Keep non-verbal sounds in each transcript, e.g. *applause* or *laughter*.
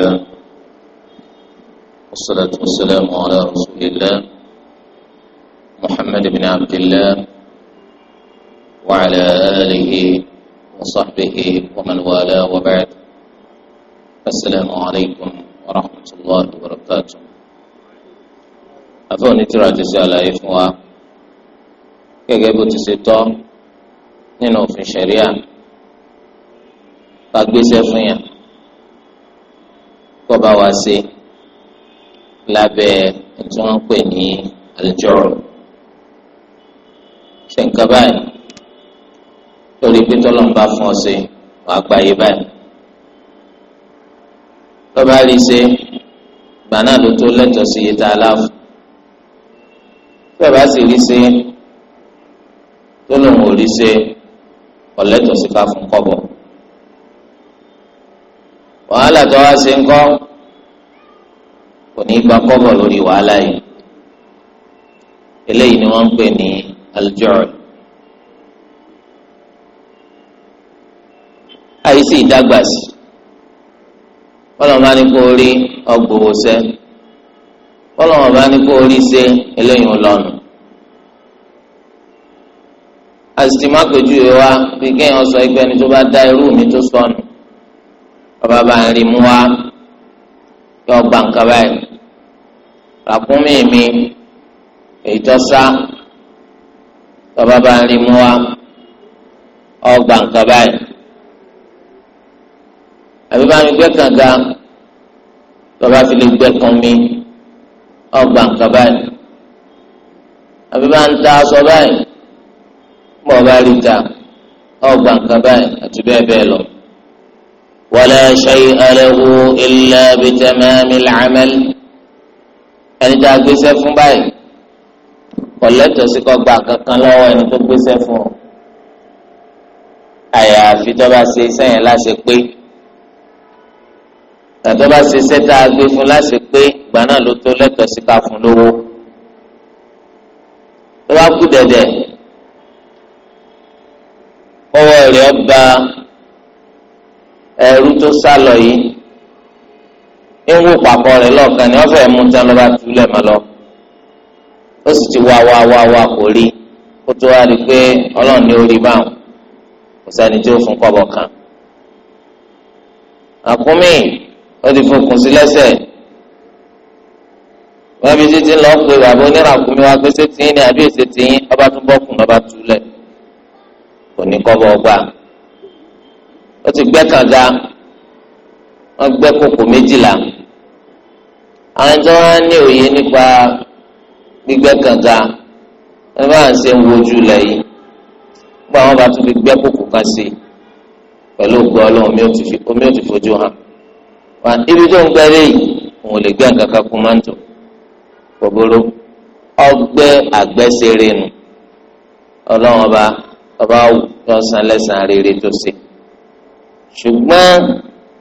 الله والصلاة والسلام على رسول الله محمد بن عبد الله وعلى آله وصحبه ومن والاه وبعد السلام عليكم ورحمة الله وبركاته أفوني نترى تسأل إخوة كيف تسيطان nínú òfin ṣẹ̀ríà ká gbéṣẹ́ fún bá wa ṣe lábẹ́ tí wọ́n ń pè ní àlùjọ́rò ṣe nǹkan báyìí lórí pé tọ́lọ́mù bá fún ọ ṣe wàá gbáyé báyìí tọ́ba rí ṣe gbà náà ló tó lẹ́tọ̀ọ́ sí iye tá a láàfù tọ́ba sì rí ṣe tó ò rí ṣe ọ̀lẹ́tọ̀ọ́ sí ká fún kọ́bọ̀ wàhálà tó wá ṣe ń kọ́ kò ní gba kọ́bọ̀ lórí wàhálà yìí eléyìí ni wọ́n ń pè ní aljọ́ọ̀ àìsí ìdágbàsí ọlọ́mọba ní kó rí ọgbòho sẹ́ ọlọ́mọba ní kó rí sẹ́ eléyìí lọ́nu asìtìmá pèjúwe wa bí kéèyàn sọ ẹgbẹ́ ni tó bá dá irú mi tó sọnù ọba bá ń rí mu wá yọ gba nǹkan báyìí ràkúnmí mi ètò sá tọba bá ń rí mú wa ọ gba nǹkan báyìí àbí bá mi gbé kànga tọba fi lè gbé kan mi ọ gba nǹkan báyìí àbí bá ń ta aṣọ báyìí bọ́ọ̀ bá rí ta ọ gba nǹkan báyìí àti bẹ́ẹ̀ bẹ́ẹ̀ lọ. ولا شيء له إلا بتمام العمل ẹni tá a gbéṣẹ́ fún báyìí kọ̀lẹ́tọ̀ sí kọ́ gba kankan lọ́wọ́ ẹni tó gbéṣẹ́ fún ọ àyàfi tó bá ṣe iṣẹ́ yẹn láṣẹ pé tàtọ́ bá ṣe iṣẹ́ tá a gbé fún láṣẹ pé ìgbà náà ló tó lẹ́tọ̀ sí ká fún lówó tó kú dẹ̀dẹ̀ ọwọ́ rẹ̀ ọba ẹrú tó sá lọ yìí ń wò pàkọ rẹ̀ lọ́ọ̀kan ni wọ́n fẹ́ mú tán lọ́ba túlẹ̀ mọ́ lọ ó sì ti wá wá wá wá kò rí kó tó wá rí i pé ọlọ́run ní orí báwọn kò sẹ́ni tí ó fún kọ́bọ̀ kan. àkúmí ó ti fokùn sí lẹ́sẹ̀ wọ́n fi títí lọ pé bàbá onírà àkúmí wá pé sétí ní àbí èsètí ọba tún bọ́kùn lọ́ba túlẹ̀ kò ní kọ́bọ̀ ọgbà ó ti gbẹ́ kànga wọ́n gbẹ́ kókò méjìlá àwọn tó wá ní òye nípa gbígbẹ́ kànga ẹ bá ń ṣe ń wojú lẹ̀ yìí gbọ́ àwọn bá tún fi gbẹ́ kókò kan sí i pẹ̀lú ògbọ́ ọlọ́run omi ò ti fojú hàn wà ibi tó ń gbẹ́ léyìí òun lè gbẹ́ nǹkan kan máa ń tò kòbóró ọgbẹ́ àgbẹ́sẹ̀rẹ̀ nù ọlọ́run ọba ọba wù tó san lẹ́sàn-án rere tó ṣe ṣùgbọ́n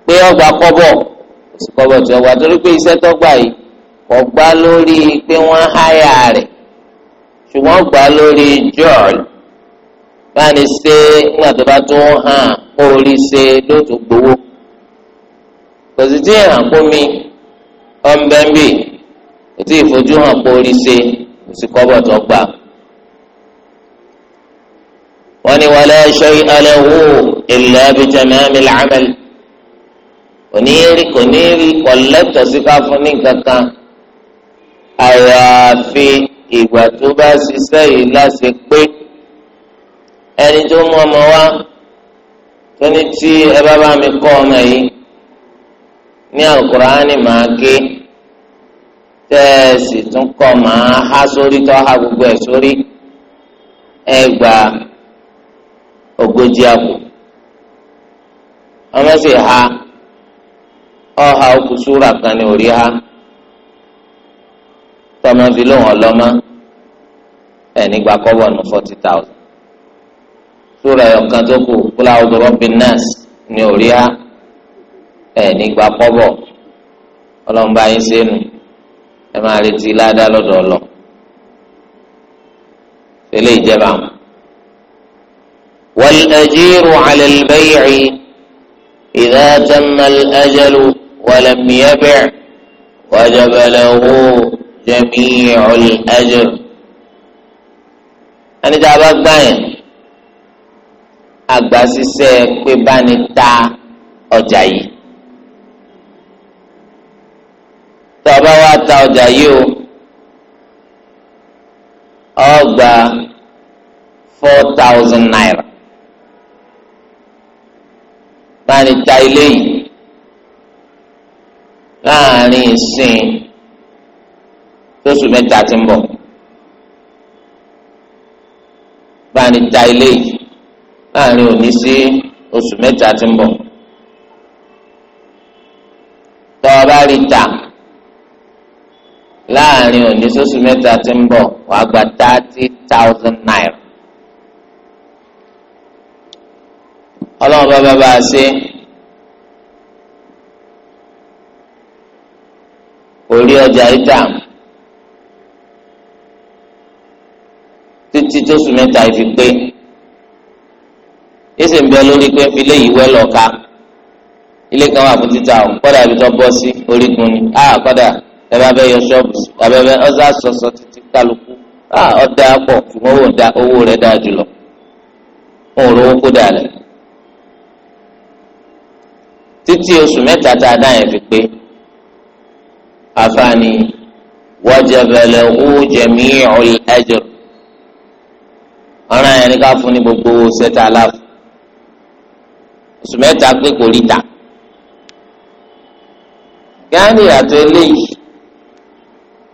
pé ọgbà kọ́bọ̀ oṣù kọ́bọ̀ tí ọgbà torí pé iṣẹ́ tọ́gbà yìí kò gbá lórí pé wọ́n háyà rẹ̀ ṣùgbọ́n gbà lórí jọ́ọ̀l báyìí ṣe nígbà tó bá tún hàn kó orí ṣe lóòótọ́ gbowó kò sì tí hàn kó mi ọ̀nbẹ́ńbì kò tí ì fojú hàn kó orí ṣe oṣù kọ́bọ̀ tó gbà wọ́n ní wala shay'a lahu illa bi tamamil amal oníyẹrí kò ní rí kọ̀lẹ́tọ̀ sí ká fún ní kankan àyàfi ìgbà tó bá ṣiṣẹ́ yìí láṣẹ pé ẹni tó mú ọmọ wá tóní tí ẹ bá bá mi kọ́ ọmọ yìí ní àlùkùránì màá gé tẹ́ ẹ sì tún kọ́ màá há sórí tó há gbogbo ẹ̀ sórí ẹ gbà ogójì àpò ọmọ sì ha ọha okùn súra kan ní orí ha tọmọ fi lóhùn ọlọmọ ẹ nígbà kọ́bọ̀ ní forty thousand súra ọ̀kan tó kù kúláwó dọ̀rọ̀ bí nọ́ọ̀sì ní orí ha ẹ nígbà kọ́bọ̀ ọlọ́mọba yín sẹ́nu ẹ máa retí ládàá lọ́dọ̀ ọlọ́ ìjẹba àwọn. والأجير على البيع إذا تم الأجل ولم يبع وجب له جميع الأجر أنا tá a bá gbà yẹn àgbà ṣiṣẹ́ pé bá ní ta ọjà yìí tó o bá wá ta ọjà yìí o ọ four thousand naira láàrin ta ilé yìí láàrin ìsìn tóṣù mẹ́ta ti ń bọ̀ láàrin ta ilé yìí láàrin òní sí oṣù mẹ́ta ti ń bọ̀ tọ́ ọ bá rí ta láàrin òní sóṣù mẹ́ta ti ń bọ̀ wàá gba thirty thousand naira. ọlọ́run bá bá bá a ṣe orí ọjà ìta títí tó sùn mẹ́ta ìfi pé èsì ń bẹ lórí pé fi léyìí wẹ́ lọ́ka ilé kan wà fún títà ọ̀ kọ́dà ibi tó bọ́ sí orígun ni a ah, kọ́dà ẹ yọ ṣọ́ọ̀bù abẹ́bẹ́ ọ̀sà sọ̀sọ̀ títí kálukú ah, a ọ̀dà pọ̀ ṣùgbọ́n owó rẹ̀ dáa jùlọ wọn ò rówó kó dà lẹ́nu títí oṣù mẹ́ta tá a dá yẹn fi pé afaani wọ́jẹ̀bẹ̀lẹ̀ owó jẹ̀mí ọ̀lẹ́ ẹ̀jọ̀ ọ̀ràn yẹn ni ká fún ní gbogbo owó sẹ́ta aláfọ̀ oṣù mẹ́ta pé kò rí ta gánì àtọ̀ eléyìí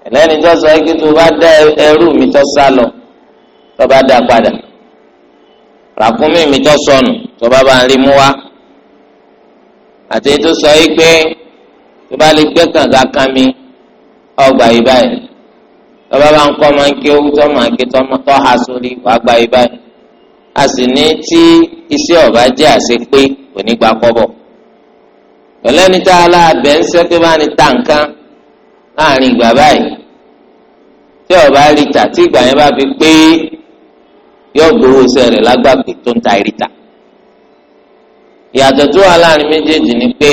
ẹlẹ́ni tó sọ ẹ́kí tó bá dá ẹrú mi tó sá lọ tó bá dá padà ràkúnmí mi tó sọnù tó bá bá ń rí mú wá àti tó sọ yìí pé tó bá lè gbẹ́ kànga kan mi ọgbà yìí báyìí tọ́ba bá ń kọ́ máa ń ké owó tó máa ń ké tọ́ ha sórí wàá gba yìí báyìí a sì ní tí iṣẹ́ ọ̀bá jẹ́ àṣepé kò ní gba kọ́bọ̀ pẹ̀lú ẹni tá a láàbẹ̀ ń sẹ́ pé bá ní ta nǹkan láàrin ìgbà báyìí tí ọ̀bá rí ta tí ìgbà yẹn bá fi pé yóò gbowó iṣẹ́ lágbàgbé tó ń ta ìrìta ìyàtọ̀ tó wà láàrin méjèèjì ni pé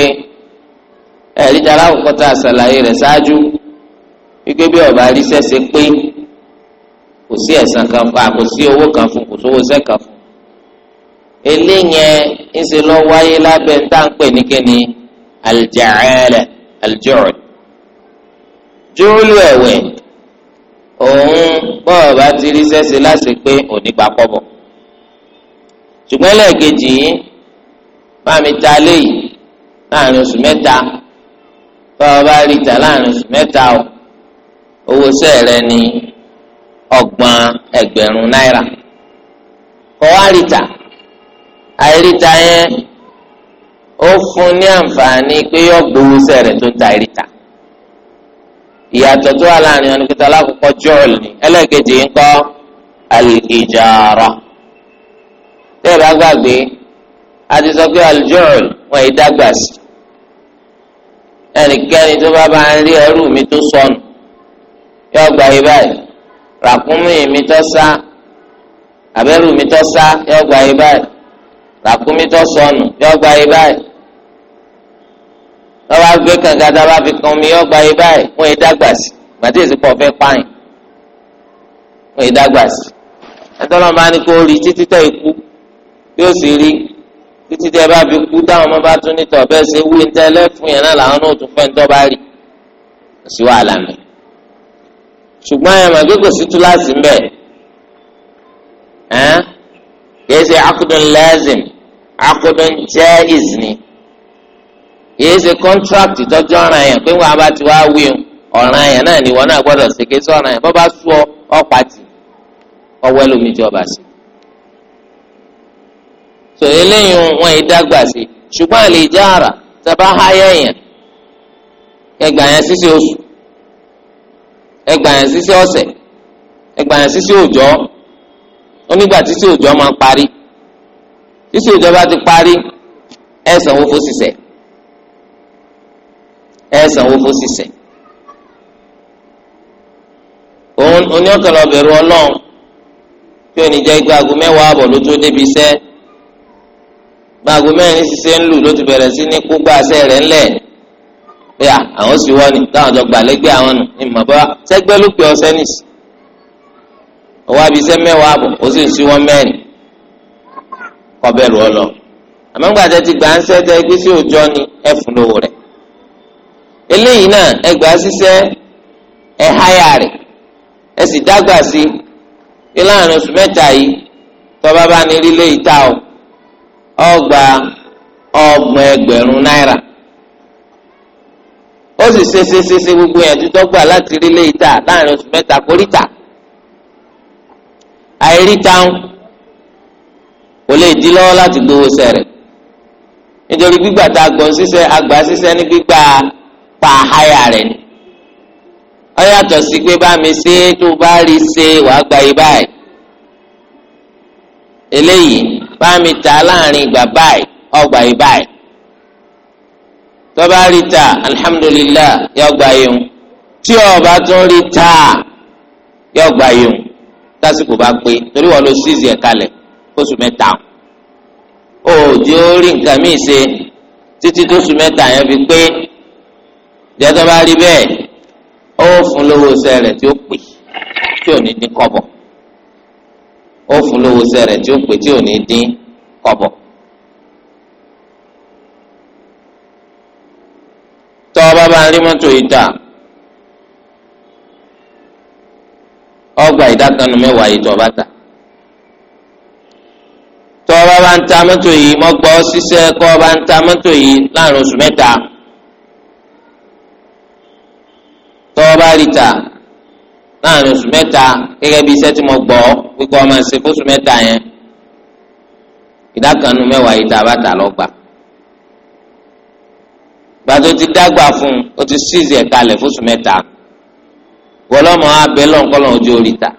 ẹ̀rí dára àkọ́kọ́ tá a ṣàlàyé rẹ̀ ṣáájú wípé bí ọba àríṣẹ́ ṣe pé kò sí ẹ̀san kan fún kò sí owó kan fún kò sówó ṣẹ́ kan fún eléyẹn ńṣe lọ wáyé lábẹ́ ń tàǹpẹ̀ nìkẹ́ni alìjàrẹ́lẹ̀ alìjọ́rẹ̀ júlù ẹ̀wẹ̀ òun bọ́ọ̀bá ti ríṣẹ́ ṣe láṣẹ pé òní gbà kọ́bọ̀ ṣùgbọ́n lẹ́ẹ̀kejì yìí bá ta léyìí láàrin oṣù mẹ́ta tó bá rí ta láàrin oṣù mẹ́ta o owó ẹgbẹ̀rún náírà àìríta yẹn ó fún ní àǹfààní pé yọ gbowó sẹ́ẹ̀ tó ta àìríta ìyàtọ̀ tó wà àti sọ pé aljọ́ọ̀n wọn yìí dàgbà sí ẹnikẹ́ni tó bá bá ń rí ẹrú mi tó sọnù yóò gba yìí báyìí ràkúnmí mi tó sá abẹ́rù mi tó sá yóò gba yìí báyìí ràkúnmí tó sọnù yóò gba yìí báyìí lọ́wọ́ agbé kankan tá bá fi kan mi yóò gba yìí báyìí wọn yìí dàgbà sí gbàdé ìsìnkú ọ̀fẹ́ pààyàn wọn yìí dàgbà sí ẹtọ́lọ́mọba ni kò rí títí tẹ̀ ikú yóò sì rí títí tí ẹ bá fi kú táwọn ọmọ bá tún nítọ̀ bẹ́ẹ̀ ṣe wí níta ẹlẹ́fun yẹn náà làwọn náà tún fẹ́ ńtọ́ bá rí sí wàhálà mi. ṣùgbọ́n ẹ̀ màgbé kò sí túláàsì ń bẹ̀ ẹ́n kìí ṣe akudun lẹ́zìn akudun jẹ́ ìzìní kìí ṣe contract ìtọ́jú ọ̀ràn yẹn pé wọn abá ti wá wí ọ̀ràn yẹn náà ni wọn náà gbọ́dọ̀ ṣe kí sọ̀ràn yẹn bọ́ bá sú ọ ọ̀ ọwọ́ ẹlòmíjọba sí i tó eléyìí wọn yìí dàgbà sí ṣùgbọ́n àlè ìjáàrà tàbá háyà yẹn ẹgbà yẹn sísè oṣù ẹgbà yẹn sísè ọ̀sẹ̀ ẹgbà yẹn sísè òjò onígbà sísè òjò máa parí sísè òjò bá ti parí ẹ sanwó fún sísẹ ẹ sanwó fún sísẹ òun oníọ̀kẹ́ lọ bẹ̀rù ọlọ́run tí ò ní jẹ́ igba aago mẹ́wàá àbọ̀ lójú débi iṣẹ́ gbàgbó mẹ́rin ṣiṣẹ́ ń lù ló ti bẹ̀rẹ̀ sí ní kó gbá aṣẹ́ rẹ̀ ńlẹ̀ pé à àwọn sì wọ́n ni táwọn jọ gbà lẹ́gbẹ́ àwọn nù ní màbá sẹ́gbẹ́ ló pè ọṣẹ́ nìsí ọwọ́ abiṣẹ́ mẹ́wàá àbọ̀ ó sì ń sí wọ́n mẹ́rin kọ́ ọ lọ àmọ́ ti gbà ń ṣẹ́jẹ́ pé sí òòjọ́ ni ẹ fún lówó rẹ̀ eléyìí náà ẹ gbà ṣiṣẹ́ ẹ háyà rẹ̀ ẹ sì dágbà sí i láàrin oṣù mẹ́ta yìí tọ́ bá bá ní rí léyìí tá o Ọgba ọgbọ̀n egberun náírà ó sì ṣe ṣe ṣe ṣe gbogbo yẹn tó dọ́gba láti rí lé ìta láàrin oṣù mẹ́ta kó ríta àìríta kò lè dí lọ́wọ́ láti gbowó sẹ̀rẹ̀ nítorí gbígbà tá a gbọ̀n àgbà ní gbígbà pa àháyà rẹ̀ ni ó yàtọ̀ sí pé bá mi ṣe tó bá rí ṣe wàá gba ibà ẹ̀ eléyìí bá mi ta láàrin ìgbà báyìí ọgbà yìí báyìí tọ́ba rí ta alihamudulilayi yọgbà yìí ń tí ọba tún rí ta yọgbà yìí ń tásìkò bá pé torí wọn ló ṣíìsì ẹ̀ kalẹ̀ fóṣù mẹ́ta ó di ó rí nǹkan míì ṣe títí tóṣù mẹ́ta yẹn fi pé jẹ́ tọ́ba rí bẹ́ẹ̀ ó fún lówó sẹ́rẹ̀ tí ó pè tí ò ní ní kọ́bọ̀ ó fún lówó sẹ́rẹ̀ tí ó pè tí ò ní dín kọ́bọ̀. tọ́ ọba bá ń rí mọ́tò yìí tà ọgbà ìdákanu mẹ́wàá yìí tọ́ ọba tà tọ́ ọba bá ń ta mọ́tò yìí mọ́gbọ́ ṣiṣẹ́ kọ́ ọba ń ta mọ́tò yìí láàrin oṣù mẹ́ta tọ́ ọba rí tà láàrin oṣù mẹ́ta gẹ́gẹ́ bí iṣẹ́ tí mo gbọ́ pípọ́ ọmọ ẹ̀sìn fóṣù mẹ́ta yẹn ìdákanu mẹ́wàá yìí tá a bá tà lọ́gbà. gbàtó ti dágbà fún un ó ti ṣíìsì ẹ̀ka lẹ̀ fóṣù mẹ́ta wọlọ́mọ abẹ́ lọ́nkọ́lọ́ ojú orí ta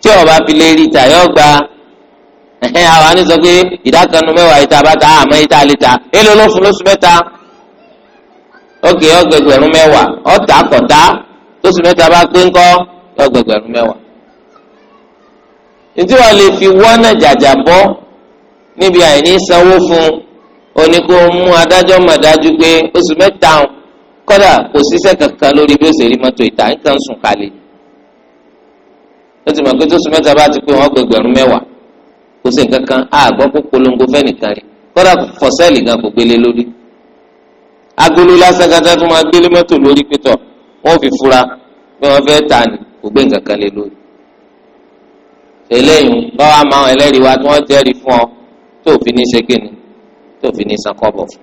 tí ọba fi rí ta yọ gba ẹ̀hẹ́n àwa ní sọ pé ìdákanu mẹ́wàá yìí tá a bá tà àmọ́ yìí tá a lè ta èlò ló fún lóṣù mẹ́ta ó kè é ọgbẹgbẹ̀rún mẹ́wàá ọ̀tá tóṣù mẹ́ta bá pé ńkọ́ lọ́gbẹ̀gbẹ̀rún mẹ́wàá. ntí wàá lè fi wọ́nà jàjà bọ́ níbi àìní sanwó fún oní kó mú adájọ́ mọ̀ dájú pé oṣù mẹ́ta kọ́dà kò síṣẹ́ kankan lórí bí ó mọ́tò ìta nǹkan sùn kalẹ̀ mọ̀ pé tóṣù mẹ́ta bá ti pé wọ́n mẹ́wàá polongo fẹ́nìkan kọ́dà gan kò gbélé lórí agolo lásán kan máa gbélé wọ́n fi fura bí wọ́n fẹ́ ta ni kò gbé nǹkan kan lé lórí. eléyìí báwa máa ń ẹlẹ́rìí wa tí wọ́n jẹ́rìí fún ọ tó fi ní ṣe kíni tó fi ní san kọ́bọ̀ fún.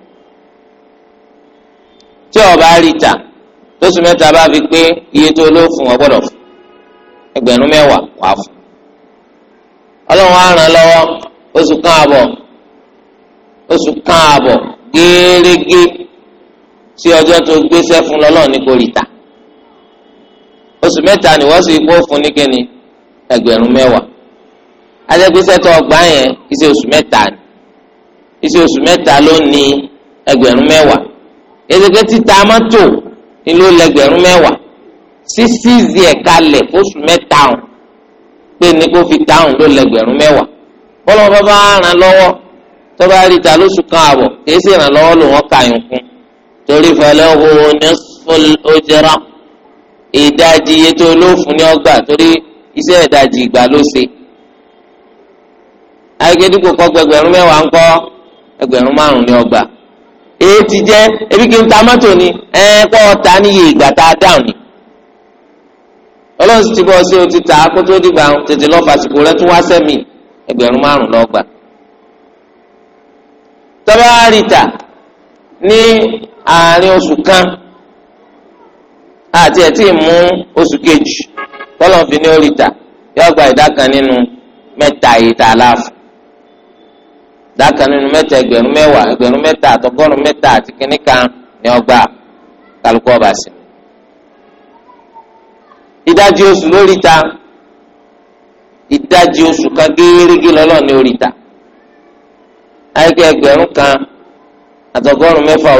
tí ọba rí ta tóṣù mẹ́ta bá fi pé iye tó ló fún ọ gbọ́dọ̀ fún ẹgbẹ̀rún mẹ́wàá wàá fún. ọlọ́run á ràn lọ́wọ́ oṣù kan àbọ̀ oṣù kan àbọ̀ gẹ́gẹ́ tí ọjọ́ tó gbéṣẹ́ fún lọ́lọ́ọ̀ ní kò rí ta oṣù mẹ́ta ni wọ́n sì kó fún ní kíni ẹgbẹ̀rún mẹ́wàá adẹ́gbẹ́sẹ̀ tó ọgbà yẹn iṣẹ́ oṣù mẹ́ta ni iṣẹ́ oṣù mẹ́ta ló ní ẹgbẹ̀rún mẹ́wàá ezeke títa mọ́tò ni ló lẹ́gbẹ̀rún mẹ́wàá sísíìzì ẹ̀ka lẹ̀ fóṣù mẹ́ta ọ̀hún pé ní kó fi táwọn ló lẹ́gbẹ̀rún mẹ́wàá bọ́lá wọn bá ràn lọ́wọ́ tó bá lóṣù kan àbọ̀ kìí sì ràn lọ́wọ́ ló wọ́n ìdajì iye tó lófun ní ọgbà torí isé ìdajì ìgbà ló ṣe. ayíkédúkò kọ́ gbẹgbẹ̀rún mẹ́wàá ń kọ́ ẹgbẹ̀rún márùn ní ọgbà. èyí ti jẹ́ ebi kí n ta mọ́tò ni ẹ kọ́ ọ̀tá níye ìgbà tá a ni. ọlọ́run ti o ti ta kó tó dìgbà tètè lọ́ọ́ fàṣìkò rẹ tún wá sẹ́mi ẹgbẹ̀rún márùn tọ́lá rìtà kan àti ẹ̀ tí ì mú oṣù kejì tọ́lọ̀ fi ní oríta yóò gba ìdá nínú mẹ́ta ìta aláàfọ̀ ìdá nínú mẹ́ta ẹgbẹ̀rún mẹ́wàá ẹgbẹ̀rún mẹ́ta àtọ́gọ́rùn mẹ́ta àti kínní kan ni ọgbà kálukú ọba sí. ìdajì oṣù lóríta ìdajì oṣù kan lọ́lọ́ ní oríta ẹgbẹ̀rún kan àtọ́gọ́rùn mẹ́fà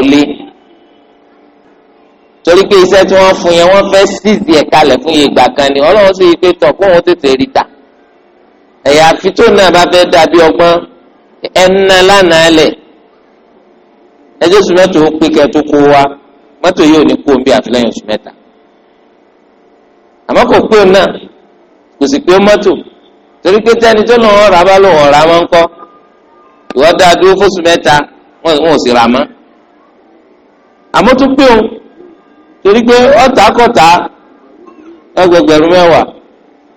torí pé iṣẹ́ tí wọ́n fún yẹn wọ́n fẹ́ ṣíìsì ẹ̀ kalẹ̀ fún ìgbà kan ni ọlọ́run sì pé tọ̀ fún òun tètè rí ta ẹ̀yà àfitó náà bá fẹ́ dàbí ọgbọ́n ẹ̀ńnà lánàá lẹ̀ ẹjọ́ oṣù mẹ́ta ó pé kẹ́ẹ̀ tó kó wa mọ́tò yìí ò ní kó bí àfilẹ́yìn oṣù mẹ́ta àmọ́ kò pé náà kò sì pé mọ́tò torí pé tẹ́ni tó lọ́wọ́ rà bá lọ́wọ́ rà wọ́n kọ́ ìwọ́dà dúró fóṣù mẹ́ta wọn ò sì rà mọ́ àmọ́ tó pé òun torí pé ọ̀tàkọ̀tà ẹgbẹgbẹ̀rún mẹ́wàá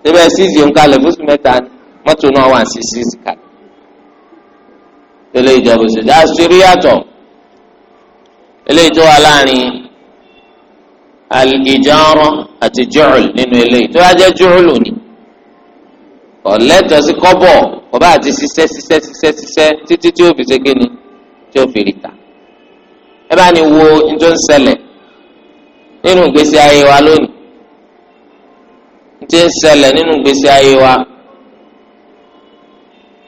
síbẹ̀ síìsì òǹkalẹ̀ fúnṣù mẹ́ta mọ́tò náà wà sí síìsì kalẹ̀ tẹ́lẹ̀ ìjọba òṣèlú àṣírí yàtọ̀ eléyìí tó wà láàrin al-ijara àti ju'ul nínú eléyìí tó wá jẹ́ ju'ul ni ọ̀lẹ́tọ̀ sí kọ́bọ̀ kọ́bá àti ṣiṣẹ́ ṣiṣẹ́ ṣiṣẹ́ ṣiṣẹ́ títí tí ó fi ṣe kíni tí ó fi rìta ẹ bá ní wo ní tó ń ṣẹlẹ̀ nínú ìgbésí ayé wa lónìí tí ń ṣẹlẹ̀ nínú ìgbésí ayé wa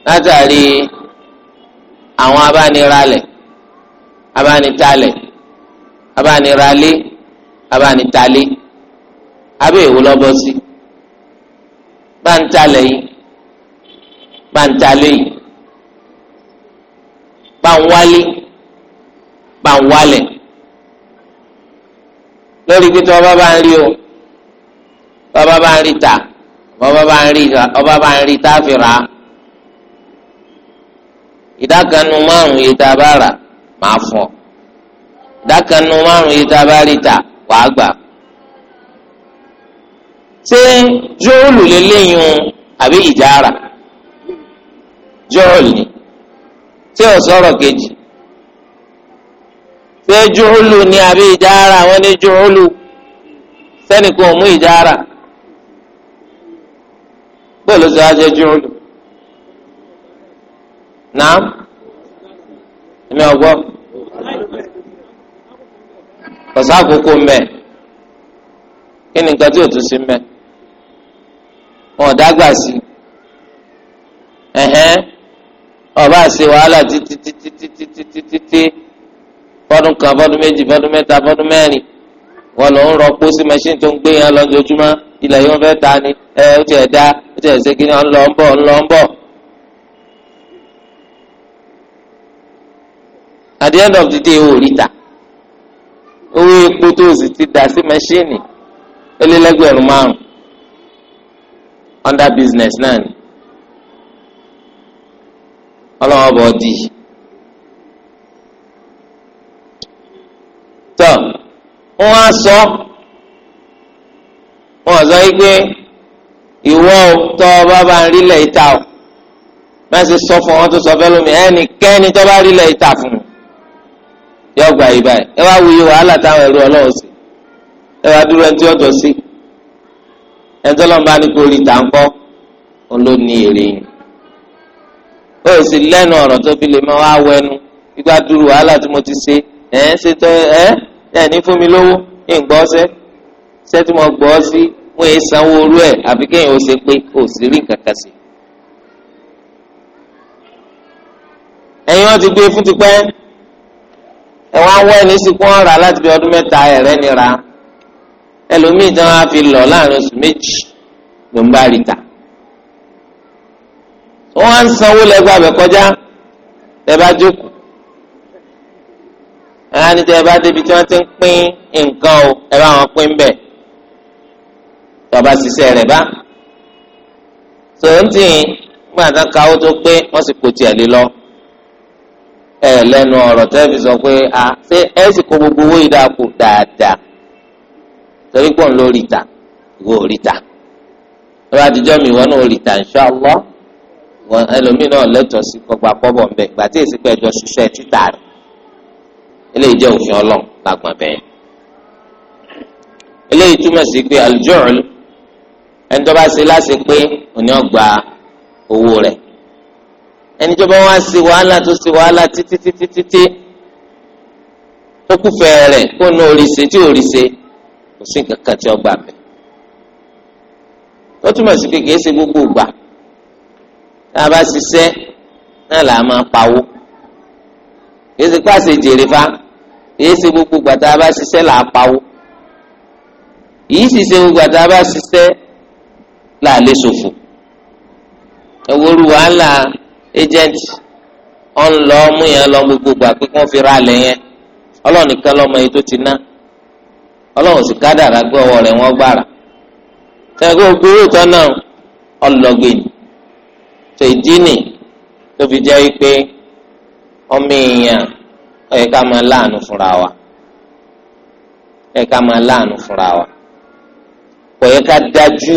látàrí àwọn abániralẹ̀ abánitalẹ̀ abániralé abánitalé abẹ́ èwo lọ́bọ́ sí báńtalẹ̀ yìí báńtalẹ̀ yìí báńwálé báńwálẹ̀ lórí pé tí ọba bá ń rí o ọba bá ń rí ta ọba bá ń rí ọba bá ń rí tá a fi rà á ìdákanu márùn yìí tá a bá rà máa fún ọ ìdákanu márùn yìí tá bá rí ta wàá gbà ṣé jóòlù lélẹ́yìn àbí ìjà rà jóòlù ni tí ò kejì ṣé juhulu ni àbí ìjára àwọn ní juhulu sani ko mú ìjára bẹ́ẹ̀ ló ti juhulu náà ẹ̀mí ọgbọ́n kọ̀sá àkókò mẹ́ kí si nǹkan tí ò tún sí wọn ò dágbà fọdún kan fọdún méjì fọdún mẹ́ta fọdún mẹ́rin wọn lọ ń rọpò sí machine tó ń gbé yẹn lọ́jọ́júmọ́ ilẹ̀ yóò fẹ́ ta ni ẹ ó tiẹ̀ dá ó tiẹ̀ ṣe kí ni ọ̀n lọ ń bọ̀ ń lọ ń bọ̀. at the end of the day ò rí ta owó epo tó sì ti dà sí machine ó márùn under business náà ni ọlọ́wọ́ bọ̀ dì í. tọ wọn á sọ wọn sọ yìí ìwọ tọ bàbá ń rílẹ̀ ìta o má ṣe sọ fún wọn tó sọ fẹ́ lómi ẹnikẹ́ni tó bá rílẹ̀ ìta fún mi yọ gba yìí báyìí ẹ wá wuyi wàhálà táwọn ẹrú ọlọ́run sí ẹ wá dúró ẹni tí ọ̀dọ̀ sí ẹni tó lọ́nba ní kó rí tàǹkọ́ òun ló ní èrè yìí ó sì lẹ́nu ọ̀rọ̀ tó fi lè máa wá wẹnu gbígbá dúró wàhálà tí mo ti ṣe ẹ̀ ṣe tọ́ ẹ́ ẹ̀ ní fún mi lówó ní gbọ́sẹ́ sẹ́tí mo gbọ́ sí wọ́n yé sanwó orú ẹ̀ àfi kéèyàn ó ṣe pé kò sí rí nǹkan kan sí. ẹ̀yin wọn ti gbé fún tipẹ́ ẹ̀wọ̀n awọ́ ẹni sì kún ọ̀rà láti bí ọdún mẹ́ta ẹ̀rẹ́ ni ra ẹlòmíì tí wọ́n á fi lọ láàrin oṣù méjì ló ń bá rí ta. wọ́n á sanwó lẹ́gbàá bẹ̀ kọjá lẹ́bàá jókòó ẹ̀rọ ni tẹ́ ẹ bá débi tí wọ́n ti ń pín nǹkan o ẹ bá wọn pín bẹ̀ tọba ṣiṣẹ́ rẹ̀ bá tòǹtì nígbà tán káwó tó pé wọ́n sì kò tiẹ̀ lé lọ ẹ lẹ́nu ọ̀rọ̀ tẹ́ fi sọ pé a ṣé ẹ sì kó gbogbo owó ìdá kù dáadáa torí pọ̀ ń lórí ìta ìwọ ò rí ìta lọ́wọ́ àtijọ́ mi ìwọ náà ò rí ìta inshallah ẹlòmíràn lẹ́tọ̀ọ́ sí kọgbà pọ́bọ̀ ń bẹ̀ gbà èsì pẹ̀jọ ṣiṣẹ́ títà rẹ̀ eléyìí jẹ́ òfin ọlọ́run lágbọ̀n bẹ́ẹ̀. eléyìí túmọ̀ sí pé aljọ́ọ̀lù ẹni tó bá ṣe láṣẹ pé òní ọgbà owó rẹ̀ ẹni tó bá wá ṣe wàhálà tó ṣe wàhálà títí títí títí tó kúfẹ́ rẹ̀ kó ná oríṣe tí oríṣe kò sí nǹkan tí ọgbà bẹ̀. ó túmọ̀ sí pé kìí ṣe gbogbo ìgbà tá a bá ṣiṣẹ́ náà là á máa pawó kìí ṣe pàṣẹ jèrè fa èyí ṣe gbogbo gbàtà bá ṣiṣẹ́ là á pawó èyí sì ṣe gbogbo gbàtà bá ṣiṣẹ́ là á lé ṣòfò ẹwọ́rú wàhálà agent ọ̀nlọ́ mú yẹn lọ gbogbo gbà pé kí wọ́n fi ra lẹ̀ yẹn ọlọ́run nìkan lọ́mọ yìí tó ti ná ọlọ́run sì kádàrá gbé ọwọ́ rẹ̀ wọ́n gbàrà tẹ́gbẹ́ ògbéró tán náà ọlọ́gbìn tó ìdí nì tó fi jẹ́ wípé ọmọ èèyàn ó yẹ ká máa láàánú fúnra wa ó yẹ ká máa láàánú fúnra wa kò yẹ ká dájú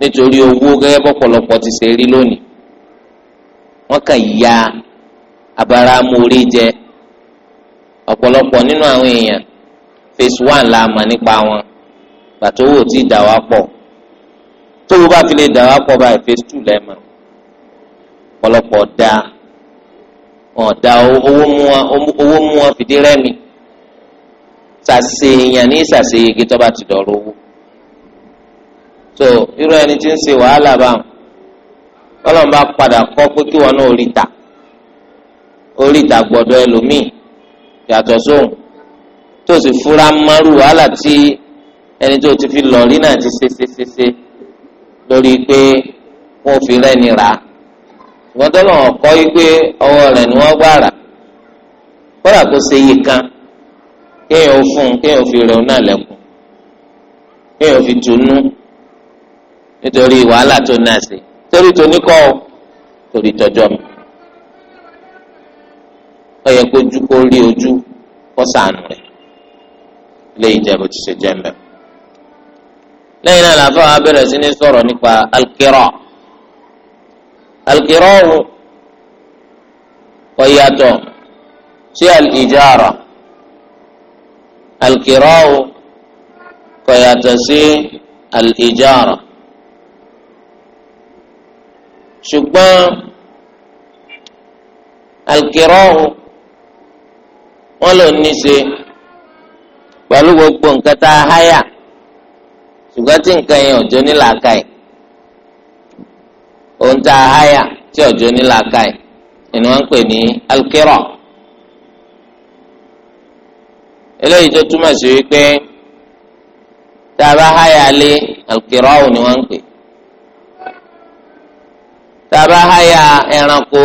nítorí owó gẹ́gẹ́ bọ́pọ̀lọpọ̀ ti ṣe rí lónìí wọ́n kàn ya abara amórí jẹ ọ̀pọ̀lọpọ̀ nínú àwọn èèyàn phase one la mọ̀ nípa wọn gbàtó wò tí dà wá pọ̀ tó o bá fi lè dà pọ̀ báyìí phase two lẹ́ẹ̀mọ̀ ọ̀pọ̀lọpọ̀ dáa ọ̀dà owó mú wọn owó mú wọn fìdí rẹ́mi sàṣeyàn ní sàṣeyege tó bá ti dọ̀rọ̀ owó so irú ẹni tí ń ṣe wàhálà báwọn ọlọ́run bá padà kọ́ pé kí wọn náà rí ta orí ìta gbọ́dọ̀ ẹlòmíì yàtọ̀ sóhun tó sì fura márù wàhálà tí ẹni tó ti fi lọ rí náà ti ṣe ṣe ṣe ṣe lórí pé wọn ò fi rẹ́ni rà gbọ́dọ̀ wọn kọ yí pé ọwọ́ rẹ̀ ni wọ́n gbà rà kódà ṣe yí kan kéèyàn ó fún un kéèyàn ó fi rẹun náà lẹ́kùn kéèyàn ó fi tùnú nítorí wàhálà tó náà ṣe torí tóní kọ́ ọ torí tọjọ́ mi ó yẹ kó ojú kó rí ojú kó sànù rẹ̀ jẹ́ bó ti alqira'u kò yàtọ̀ sí alìjára alqira'u kò yàtọ̀ sí alìjára ṣùgbọ́n alqira'u wọ́n lò ní ṣe pẹ̀lú gbogbo nǹkan tá a háyà ṣùgbọ́n yẹn ò jó ní làákàyè ohun tá a háyà tí ọjọ́ nílá káì ni wọ́n ń pè ní alukérò eléyìí tó túmọ̀ sí wípé tá a bá háyà lé alukérò ni wọ́n ń pè tá a bá háyà ẹranko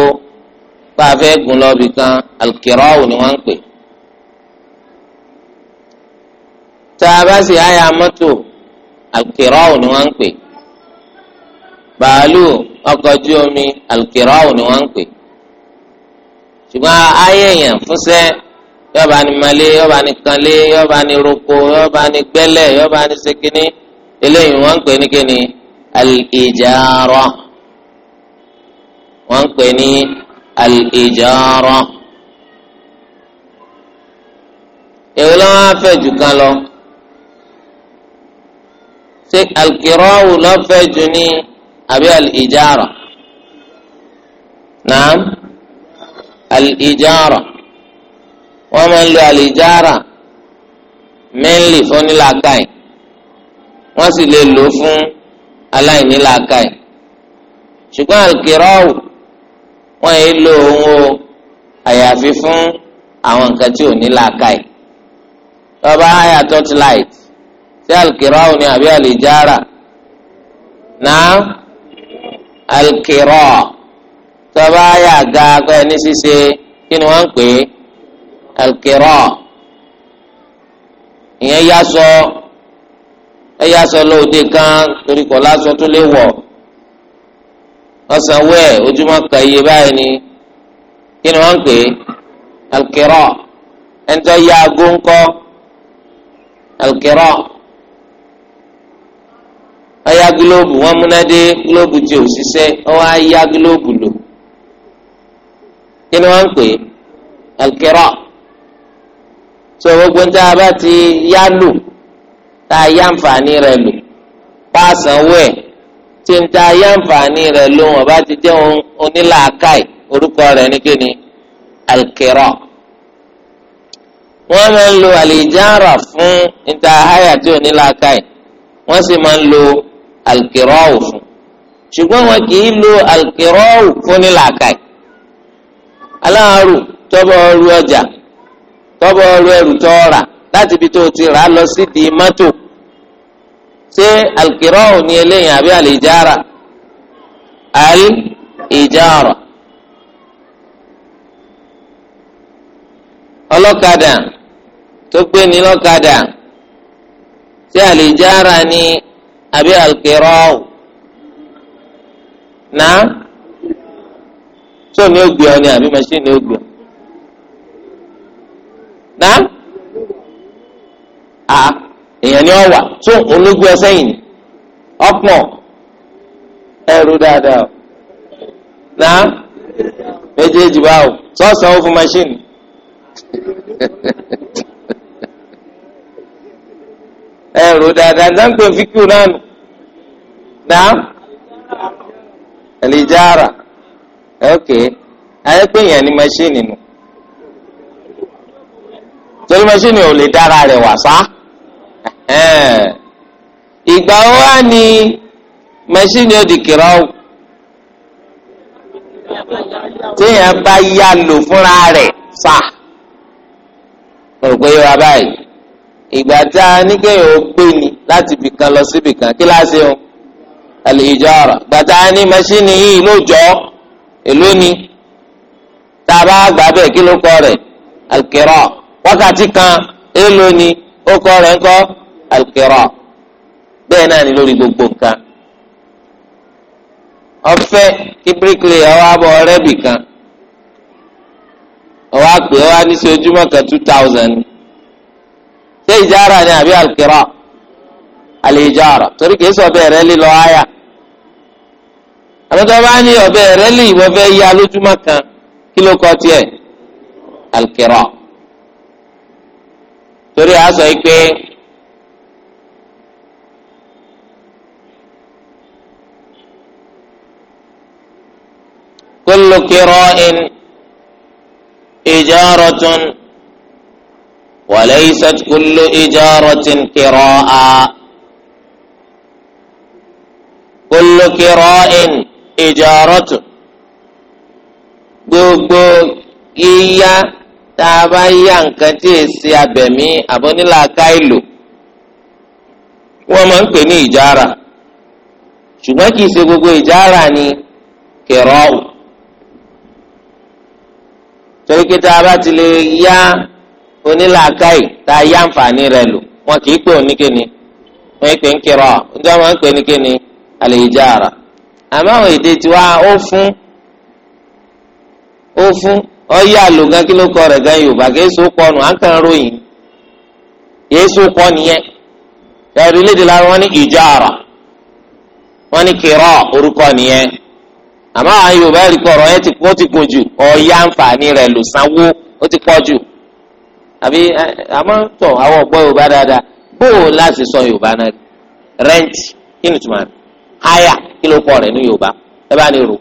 bá gùn lọ́ọ̀bì kan alukérò ni wọ́n ń pè tá a bá sì háyà mọ́tò alukérò ni wọ́n ń pè bàálù ọkọ̀ ojú omi alukirawo ni wọ́n ń pè ṣùgbọ́n ayé èèyàn fúnṣẹ́ yọba ni malé yọba ni kanlé yọba ni roko yọba ni gbẹ́lẹ̀ yọba ni sekini eléyìí wọ́n ń pè ní kíni alìjáàrọ̀ wọ́n ń pè ní alìjáàrọ̀ èwo ló wá fẹ́ jù kan lọ ṣé alukirawo ló fẹ́ jù ní àbí al-ijara naam al-ijara wọ́n máa ń lo al-ijara mẹ́ńlì fún nílàákàyè wọ́n sì lè lò fún aláìnílàákàyè ṣùgbọ́n al-kira'u wọ́n yìí lo òun àyàfi fún àwọn nǹkan tí ò nílàákàyè tọ́ba àyà torchlight sí al ni àbí al-ijara alkirọ tọ́ba ayà ga pé ní ṣíṣe kí ni pè é alkirọ ìyẹn yá sọ ẹ yá sọ lóde kan torí kọ́ lásọ tó lè wọ̀ ọ̀sán wẹ̀ ojúmọ́ kan iye báyìí ni kí ni wọ́n pè é alkirọ ẹni tó yá aago ńkọ́ alkirọ aya gílóòbù wọn múnádé gílóòbù tí ò ṣiṣẹ́ ọwọ́ aya gílóòbù lò kí ni wọ́n ń pè é alkira tí o gbogbo níta bá ti yá lò tá a yá nfààní rẹ̀ lò pàṣẹwò ẹ tí níta yá nfààní rẹ̀ lò wọn bá ti jẹ́ onílàákàì orúkọ rẹ̀ ní kíni alkira wọ́n máa ń lo àlìjára fún níta háyà tí onílàákàì wọ́n sì máa ń lo alikirọ́ọ̀ fún ṣùgbọ́n wọn kì í lo alikirọ́ọ̀ fún ní aláàrù tọ́bọ̀ ọrú ọjà tọ́bọ̀ ọrú ẹrù láti ibi tó o ti rà á lọ sí di mọ́tò ṣé alikirọ́ọ̀ ni eléyìí àbí ọlọ́kadà tó gbé ní lọ́kadà ṣé àlìjára ni. àbí alukẹ́rọ́ọ̀ náà tó ní ògbé ọ ni àbí machine ní ògbé náà a èèyàn ni ọ wà tó ológun ẹsẹ̀ yìí ni ọpọn ẹrú dáadáa náà méjèèjì báwo sọ́ọ̀sì àwọn fún machine. ẹrù dáadáa ní sáńpẹ̀ fíkìú náà nù náà ẹlẹ́jára ok ayé pé èèyàn ní mẹ́ṣíìnì nù torí mẹ́ṣíìnì ò lè dára rẹ̀ wà sá ìgbà wo wá ní mẹ́ṣíìnì ó di kìrọ́ o téèyàn bá yá lò fúnra rẹ̀ sá. Òrùkọ́ yóò báyìí ìgbà tá a ní kéèyàn ó gbé ni láti ibìkan lọ sí ibìkan kíláàsì o al-ijara ìgbà tá a ní mẹṣíìnì yìí lóòjọ́ èló ni tá a bá gbà bẹ́ẹ̀ kí ló kọ rẹ̀ al-kira wákàtí kan èló ni ó kọ rẹ̀ ńkọ́ al-kira bẹ́ẹ̀ náà ni lórí gbogbo nǹkan ọfẹ kí bíríkìlì ọwọ abọ rẹbì kan ọwọ àpè ọwọ àníṣe ojúmọ́ kan two thousand ṣé ìjára ni àbí alkira alìjára torí kìí sọ ọbẹ̀ rẹ lílọ àyà àbẹ̀tọ́ bá ní ọbẹ̀ rẹ lì ìwọ fẹ́ ya lójúmọ́ kan kí ló kọ tiẹ̀ alkira torí a sọ pé. كل قراء إجارة وليست كل إجارة كراء كل كراء إجارة gbogbo yíyá tá a bá yá nǹkan tí èsì abẹ̀mí àbọ̀nílàáká ìlò wọ́n máa ń pè ní ìjára ṣùgbọ́n kì í ṣe gbogbo ìjára ni kẹrọ́ọ̀ torí pé tá a bá ti lè yá onílàákàyè tá a yá àǹfààní rẹ̀ lò wọn kì í pè oníkéni wọn ń pè ń kírọ ǹjẹ́ wọn ń pè oníkéni àlèjára àmọ́ àwọn èdè tiwa ó fún ó fún ọyẹ àlògán kí ló kọ rẹ̀ gan yorùbá kì í pọnù à ń kàn ròyìn kì pọ nìyẹn ẹrù lédè lára wọn ní ìjára wọn ní kírọ orúkọ nìyẹn àmọ́ àwọn yorùbá ẹ̀rí kọ̀ọ̀rọ̀ ẹ ti pọ̀ ti gùn jù ọ̀ya àǹfààní rẹ̀ lò sanwó ó ti pọ̀ jù àbí àmọ́ tọ̀ àwọn ọ̀gbọ́ yorùbá dáadáa bó o láti sọ yorùbá náà rent kí ni tuma háyà kí ló kọ rẹ̀ ní yorùbá ẹ bá lè rò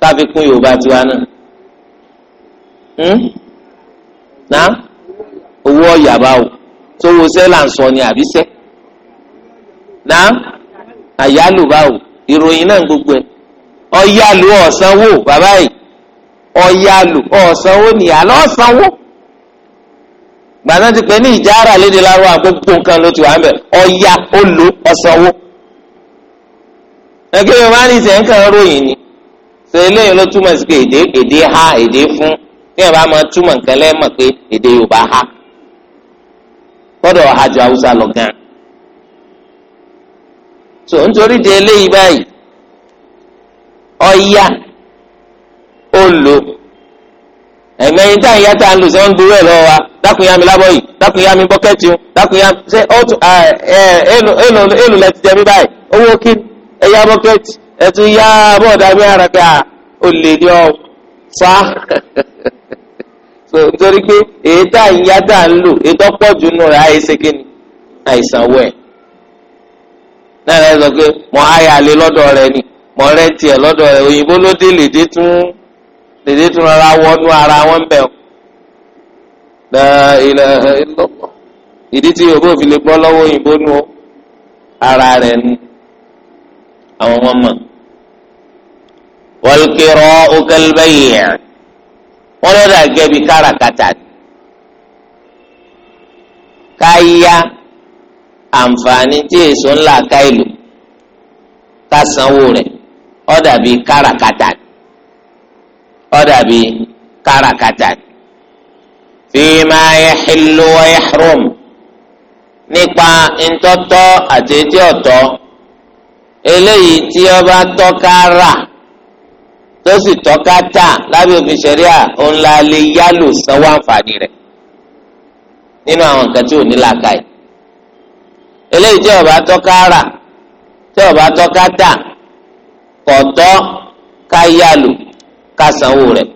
káfí kún yorùbá tiwa náà hmm? na owó ọ̀yà bá o sówó sẹ́ là ń sọ ni àbí sẹ́ na àyálò bá o ìròyìn náà gbogbo ẹ̀ ọ̀yálò ọ̀sánwó bàbá yìí ọ̀yálò ọ̀sánwó nìyà lọ́sánwó. gbàdán ti pè ní ìjára lédè lárúbá gbogbo nǹkan ló ti wà ń ọya olo ọsanwó ẹgbẹ́ mi máa ń ní ròyìn ni ṣe eléyìí ló túmọ̀ sí pé èdè èdè ha èdè fún kí ẹ bá máa túmọ̀ nǹkan lẹ́mọ̀ pé èdè Yorùbá ha gbọ́dọ̀ hajj Haúsá lọ gan. so nítorí di eléyìí báyìí ọya olo ẹ̀mẹ́yìn tá tá a lù sẹ́ ń dúró ẹ̀ lọ́wọ́ dákun yá mi lábọ́ yìí dákun yá mi bọ́kẹ́tì o dákun yá mi ṣe ó tún ẹ ẹ èlò èlò lẹ ti jẹ mí báyìí owó kí ẹ yá bọ́kẹ́tì ẹ tún yá bọ́ọ̀dà mi ara kí a lè ní ọ fa *laughs* so nítorí pé èyí tá à ń yá tá à ń lò èyí tó pọ̀ jù nù rẹ̀ àìsè kí ni àìsànwó ẹ̀ náà rẹ̀ sọ pé mọ̀ ayà lé lọ́dọ̀ rẹ̀ ni mọ̀ rẹ̀ tiẹ̀ lọ́dọ̀ rẹ̀ òyìnbó ló dé lèdè tún lèdè tún rárá wọnú ara wọn bẹ̀ la ilaha illallah ìdí tí yorùbá òfin lè gbọ́ lọ́wọ́ òyìnbó nu ara rẹ̀ nu àwọn ọmọ mọ̀ wal qira'u kal bay' wọ́n lọ́dà gẹ́bi káràkátà káyá àǹfààní tí èso ńlá káìlú ká rẹ̀ ó dà bí káràkátà fíìmà yẹ̀xìlú wẹ̀yẹ̀xrùm nípa ntọ́tọ́ àti etí ọ̀tọ́ eléyìí tí ó bá tọ́ka rà tó sì tọ́ka tà lábẹ́ òfin ṣẹ̀ríà ńlá lè yálò sanwó àǹfààní rẹ̀ nínú àwọn nǹkan tí ò ní làákàyè eléyìí tí ó bá tọ́ka rà tí ó bá tọ́ka tà kọ̀tọ́ ká yálò ká sanwó rẹ̀.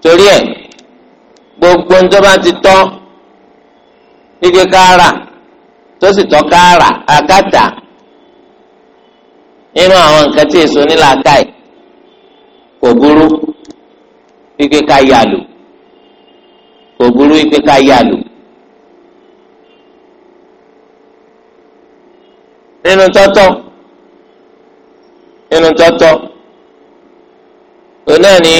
torí e! gbogbo ń tó ti tọ níbi kaara, tó sì tọ́ kára àkàtà nínú àwọn nǹkan tí èso nílà káì kò burú wípé ká yà kò burú wípé ká nínú tọ́tọ́ nínú tọ́tọ́ òun náà ní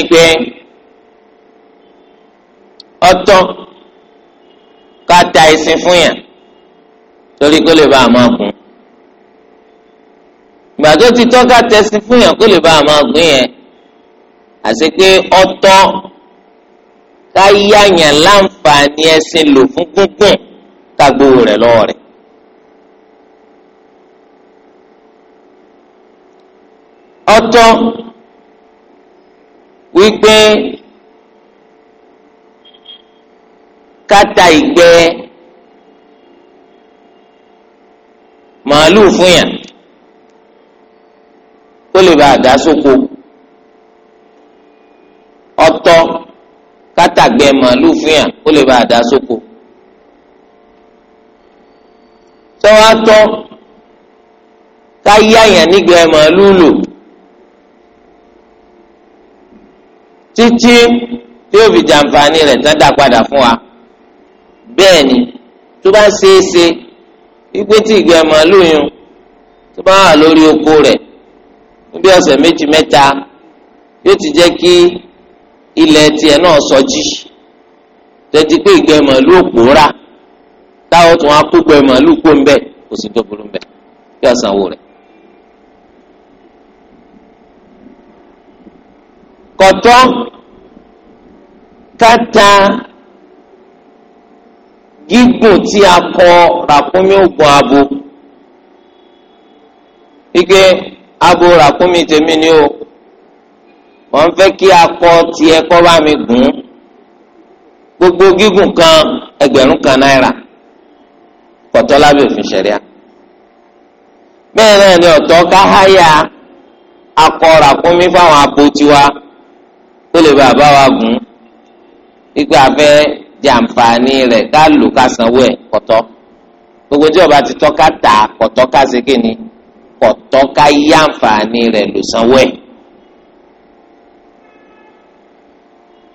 ọ̀tọ̀ ká ta ẹ̀sìn fún yàn torí kó lè bá a máa gùn ìgbà tó ti tọ́ ká tẹ̀sìn fún yàn kó lè bá a máa gùn yẹn àti pé ọ̀tọ̀ ká yáyàn láǹfààní ẹ̀sìn lò fún gúngùn ká gbowó rẹ̀ lọ́wọ́ rẹ̀. ọ̀tọ̀ wípé kátà ìgbẹ́ màálù fún yàn kó lè bá àdá sóko ọtọ kátàgbẹ màálù fún yàn kó lè bá àdá sóko sọwọ́ atọ́ ká yá yàn nígbẹ́ màálù lò títí tí ó fi jàǹfààní rẹ̀ tán dá padà fún wa bẹ́ẹ̀ ni tó bá ṣeé ṣe wípé tí ìgbẹ́ màálùú yun tó bá wà lórí oko rẹ̀ níbi ọ̀sẹ̀ méjì mẹ́ta yóò ti jẹ́ kí ilẹ̀ tiẹ̀ náà sọjí tẹ́tí pé ìgbẹ́ màálùú òpòórá táwọn tún á kúgbẹ́ màálùú kó ń bẹ̀ kò sí tó burú ń bẹ̀ kí ọ̀sán wò rẹ̀. kọ̀tọ́ kátà gígùn tí a kọ ràkúnmí ògùn abo wípé abo ràkúnmí tèmi ni o wọ́n fẹ́ kí akọ tiẹ̀ kọ́ bá mi gùn gbogbo gígùn kan ẹgbẹ̀rún kan náírà kọ̀tọ́ lábẹ́ òfin ṣẹ̀ríà bẹ́ẹ̀ náà ni ọ̀tọ̀ ká akọ ràkúnmí fáwọn abo tiwa kó lè bàbá wa gùn wípé a jẹ àǹfààní rẹ̀ ká lò ká sanwó ẹ̀ kọ̀tọ́ gbogbo tí ọba ti tọ́ ká tà kọ̀tọ́ ká ṣe kí ni kọ̀tọ́ ká yá àǹfààní rẹ̀ lò sanwó ẹ̀.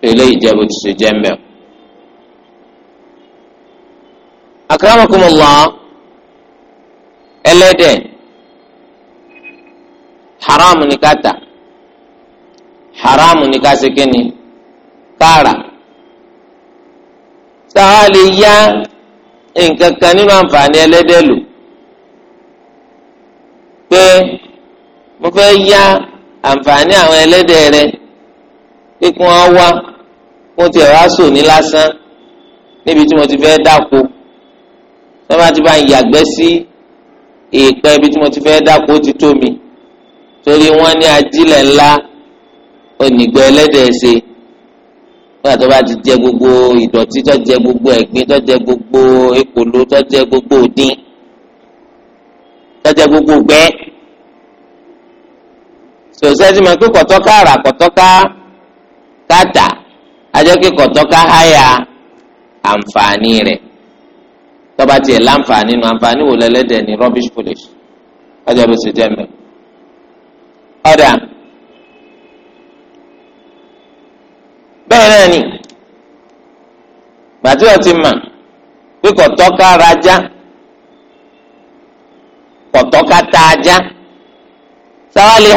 eléyìí jẹ́ bó ti ṣe jẹ́ mẹ́ọ̀. akramakumullah ẹlẹ́dẹ̀ haram ni ká tà haram ni ká ṣe kí ni kára táwa lè yá nǹkan kan nínú àǹfààní ẹlẹ́dẹ̀ lò pé mo fẹ́ yá àǹfààní àwọn ẹlẹ́dẹ̀ rẹ kíkún á wá kún tiẹ̀ wá sò ní lásán níbi tí mo ti fẹ́ dáko sábà tí bá ń yàgbẹ́ sí èèpẹ̀ ibi tí mo ti fẹ́ dáko ti tó mi torí wọ́n ní ajílẹ̀ ńlá onígbẹ́ ẹlẹ́dẹ̀ ṣe nígbà tó bá ti jẹ gbogbo ìdọ̀tí tó jẹ gbogbo ẹ̀gbin tó jẹ gbogbo èkòló tó jẹ gbogbo òdin tó jẹ gbogbo gbẹ́ sòsẹ́tì máa kó kọ̀tọ́ká rà kọ̀tọ́ká kàtà ajẹ́kẹ́ kọ̀tọ́ká háyà àǹfààní rẹ̀ tó bá tiẹ̀ láǹfààní nu àǹfààní wò lẹ́lẹ́dẹ̀ ní rubbish polish ọjọ́ bó ṣe jẹ́ mẹ́ ọ̀dà. bẹ́ẹ̀ ni gbàtí ọtí mà pé kọ̀tọ́ka rajá kọ̀tọ́ka ta ajá sáwá lè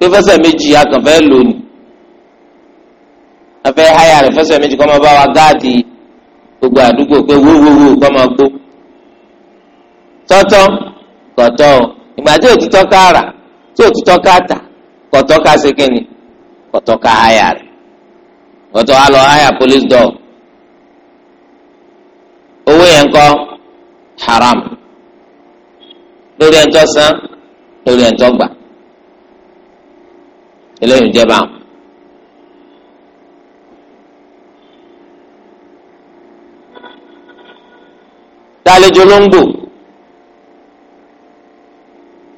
pé fẹsẹ̀ méjì akànfẹ́ lónìí afẹ́ háyà rẹ̀ fẹsẹ̀ méjì kọ́ máa bá wa gáàdì gbogbo àdúgbò pé wúwúwú kọ́ máa gbó tọ́tọ́ kọ̀tọ́ tí òtítọ́ ká tà kọ̀tọ́ ká ṣe kí ni kọ̀tọ́ ká háyà rẹ̀ kọ̀tọ́ á lọ háyà police dog owó yẹn kọ́ haram lórí ẹ̀ńtọ́ san lórí ẹ̀ńtọ́ gbà eléyìí ń jẹ́ báwọn.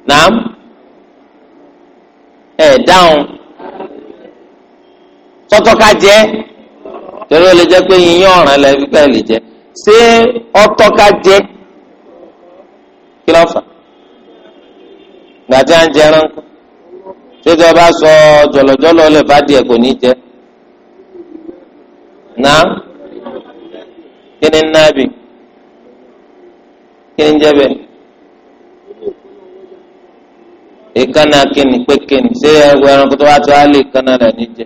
ló ń ẹ dáhùn tọ́tọ́ka jẹ́ torí lè jẹ́ pé yíyan ọ̀ràn jẹ́ ṣé jẹ́ kí ló fà jẹ bá sọ jọlọjọlọ lè bá díẹ̀ kò ní jẹ na kí ni kí èékánná kínní pé ṣé ẹranko tó wá tó á lè kánná rẹ̀ níjẹ.